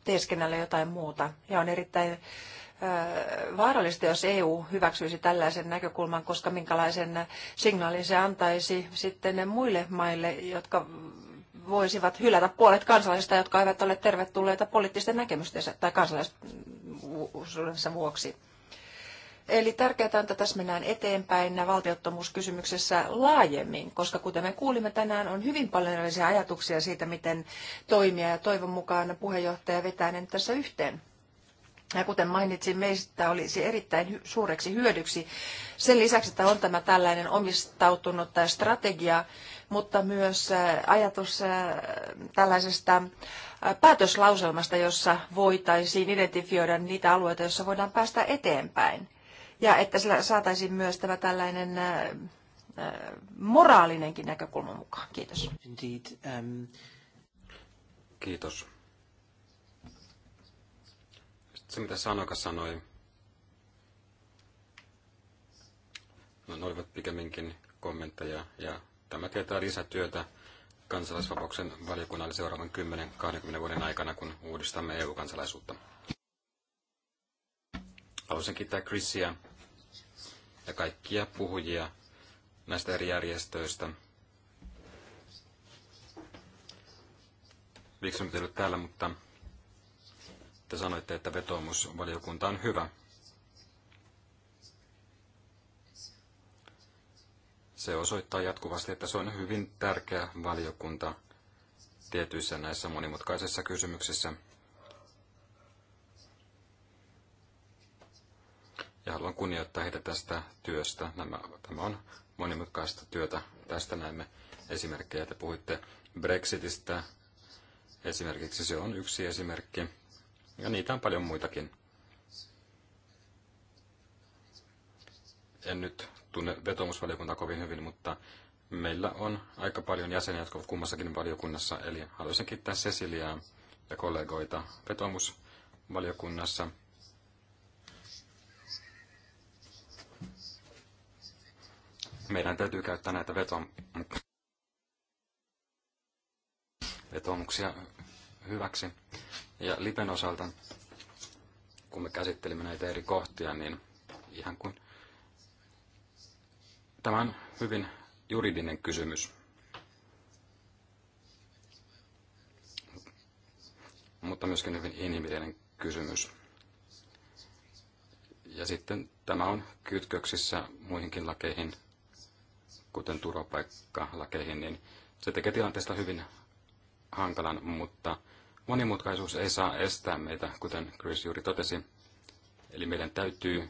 teeskennellä jotain muuta ja on erittäin vaarallista, jos EU hyväksyisi tällaisen näkökulman, koska minkälaisen signaalin se antaisi sitten muille maille, jotka voisivat hylätä puolet kansalaisista, jotka eivät ole tervetulleita poliittisten näkemysten tai kansalaisuudensa vuoksi. Eli tärkeää on, että tässä mennään eteenpäin valtiottomuuskysymyksessä laajemmin, koska kuten me kuulimme tänään, on hyvin paljon erilaisia ajatuksia siitä, miten toimia ja toivon mukaan puheenjohtaja vetää ne tässä yhteen. Ja kuten mainitsin, meistä olisi erittäin suureksi hyödyksi sen lisäksi, että on tämä tällainen omistautunut strategia, mutta myös äh, ajatus äh, tällaisesta äh, päätöslauselmasta, jossa voitaisiin identifioida niitä alueita, joissa voidaan päästä eteenpäin ja että sillä saataisiin myös tämä tällainen äh, äh, moraalinenkin näkökulma mukaan. Kiitos. Indeed, um... Kiitos. Sitten se, mitä Sanoka sanoi, no, ne olivat pikemminkin kommentteja ja tämä tietää lisätyötä kansalaisvapauksen valiokunnalle seuraavan 10-20 vuoden aikana, kun uudistamme EU-kansalaisuutta. Haluaisin kiittää Chrisia ja kaikkia puhujia näistä eri järjestöistä. Vikson on ollut täällä, mutta te sanoitte, että vetoomusvaliokunta on hyvä. Se osoittaa jatkuvasti, että se on hyvin tärkeä valiokunta tietyissä näissä monimutkaisissa kysymyksissä. ja haluan kunnioittaa heitä tästä työstä. Nämä, tämä on monimutkaista työtä. Tästä näemme esimerkkejä. Te puhuitte Brexitistä esimerkiksi. Se on yksi esimerkki. Ja niitä on paljon muitakin. En nyt tunne vetomusvaliokuntaa kovin hyvin, mutta meillä on aika paljon jäseniä, jotka ovat kummassakin valiokunnassa. Eli haluaisin kiittää Ceciliaa ja kollegoita vetomusvaliokunnassa. meidän täytyy käyttää näitä vetomuksia vetomuksia hyväksi. Ja Lipen osalta, kun me käsittelimme näitä eri kohtia, niin ihan kuin tämä on hyvin juridinen kysymys. Mutta myöskin hyvin inhimillinen kysymys. Ja sitten tämä on kytköksissä muihinkin lakeihin, kuten turvapaikkalakeihin, niin se tekee tilanteesta hyvin hankalan, mutta monimutkaisuus ei saa estää meitä, kuten Chris juuri totesi. Eli meidän täytyy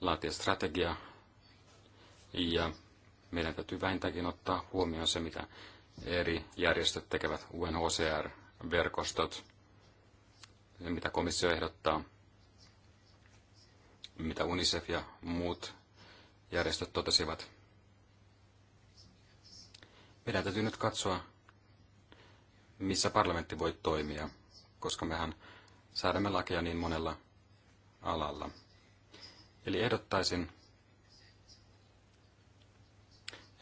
laatia strategia ja meidän täytyy vähintäänkin ottaa huomioon se, mitä eri järjestöt tekevät, UNHCR-verkostot, mitä komissio ehdottaa, mitä UNICEF ja muut järjestöt totesivat. Meidän täytyy nyt katsoa, missä parlamentti voi toimia, koska mehän säädämme lakeja niin monella alalla. Eli ehdottaisin,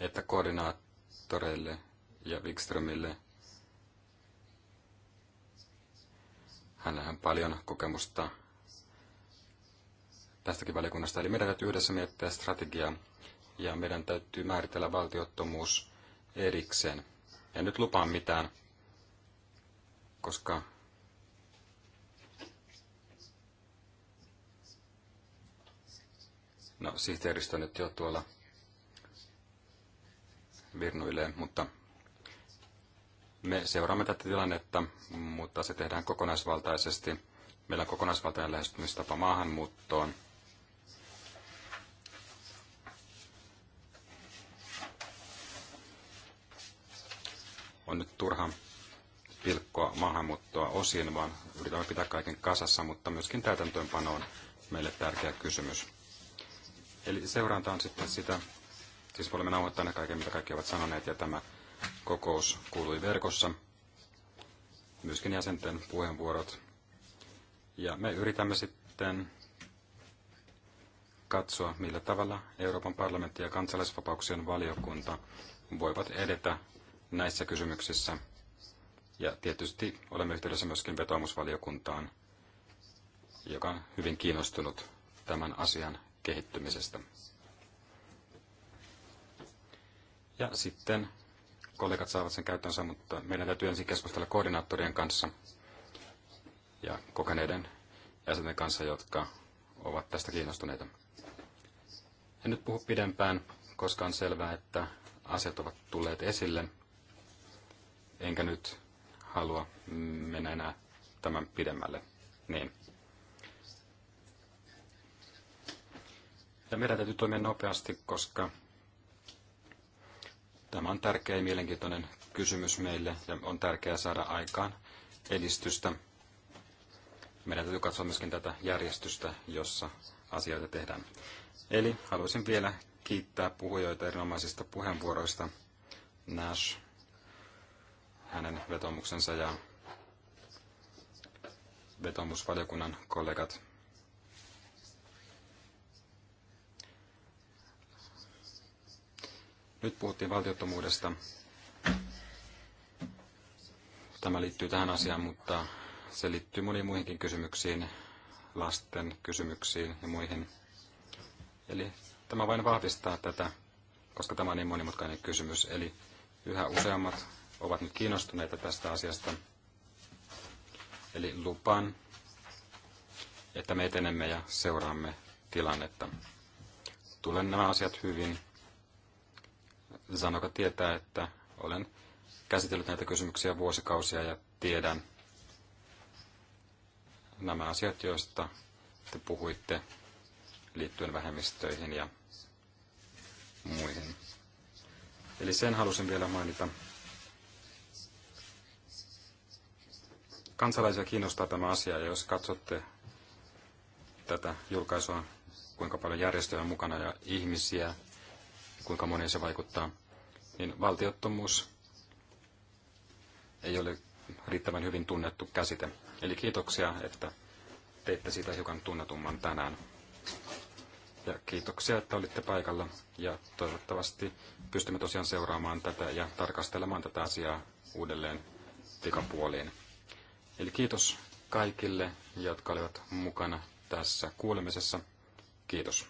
että koordinaattoreille ja Wikströmille, hänellä on paljon kokemusta tästäkin valiokunnasta, eli meidän täytyy yhdessä miettiä strategiaa ja meidän täytyy määritellä valtiottomuus erikseen. En nyt lupaa mitään, koska No, sihteeristö nyt jo tuolla virnuilee, mutta me seuraamme tätä tilannetta, mutta se tehdään kokonaisvaltaisesti. Meillä on kokonaisvaltainen lähestymistapa maahanmuuttoon – on nyt turha pilkkoa maahanmuuttoa osiin, vaan yritämme pitää kaiken kasassa, mutta myöskin täytäntöönpano on meille tärkeä kysymys. Eli seuranta on sitten sitä, siis olemme nauhoittaneet kaiken, mitä kaikki ovat sanoneet, ja tämä kokous kuului verkossa. Myöskin jäsenten puheenvuorot. Ja me yritämme sitten katsoa, millä tavalla Euroopan parlamentti ja kansalaisvapauksien valiokunta voivat edetä näissä kysymyksissä. Ja tietysti olemme yhteydessä myöskin vetoomusvaliokuntaan, joka on hyvin kiinnostunut tämän asian kehittymisestä. Ja sitten kollegat saavat sen käyttöönsä, mutta meidän täytyy ensin keskustella koordinaattorien kanssa ja kokeneiden jäsenten kanssa, jotka ovat tästä kiinnostuneita. En nyt puhu pidempään, koska on selvää, että asiat ovat tulleet esille enkä nyt halua mennä enää tämän pidemmälle. Niin. Ja meidän täytyy toimia nopeasti, koska tämä on tärkeä ja mielenkiintoinen kysymys meille ja on tärkeää saada aikaan edistystä. Meidän täytyy katsoa myöskin tätä järjestystä, jossa asioita tehdään. Eli haluaisin vielä kiittää puhujoita erinomaisista puheenvuoroista. Nash, hänen vetomuksensa ja vetomusvaliokunnan kollegat. Nyt puhuttiin valtiottomuudesta. Tämä liittyy tähän asiaan, mutta se liittyy moniin muihinkin kysymyksiin, lasten kysymyksiin ja muihin. Eli tämä vain vahvistaa tätä, koska tämä on niin monimutkainen kysymys. Eli yhä useammat ovat nyt kiinnostuneita tästä asiasta. Eli lupaan, että me etenemme ja seuraamme tilannetta. Tulen nämä asiat hyvin. Sanoka tietää, että olen käsitellyt näitä kysymyksiä vuosikausia ja tiedän nämä asiat, joista te puhuitte liittyen vähemmistöihin ja muihin. Eli sen halusin vielä mainita. kansalaisia kiinnostaa tämä asia, ja jos katsotte tätä julkaisua, kuinka paljon järjestöjä on mukana ja ihmisiä, kuinka moni se vaikuttaa, niin valtiottomuus ei ole riittävän hyvin tunnettu käsite. Eli kiitoksia, että teitte siitä hiukan tunnetumman tänään. Ja kiitoksia, että olitte paikalla ja toivottavasti pystymme tosiaan seuraamaan tätä ja tarkastelemaan tätä asiaa uudelleen pikapuoliin. Eli kiitos kaikille, jotka olivat mukana tässä kuulemisessa. Kiitos.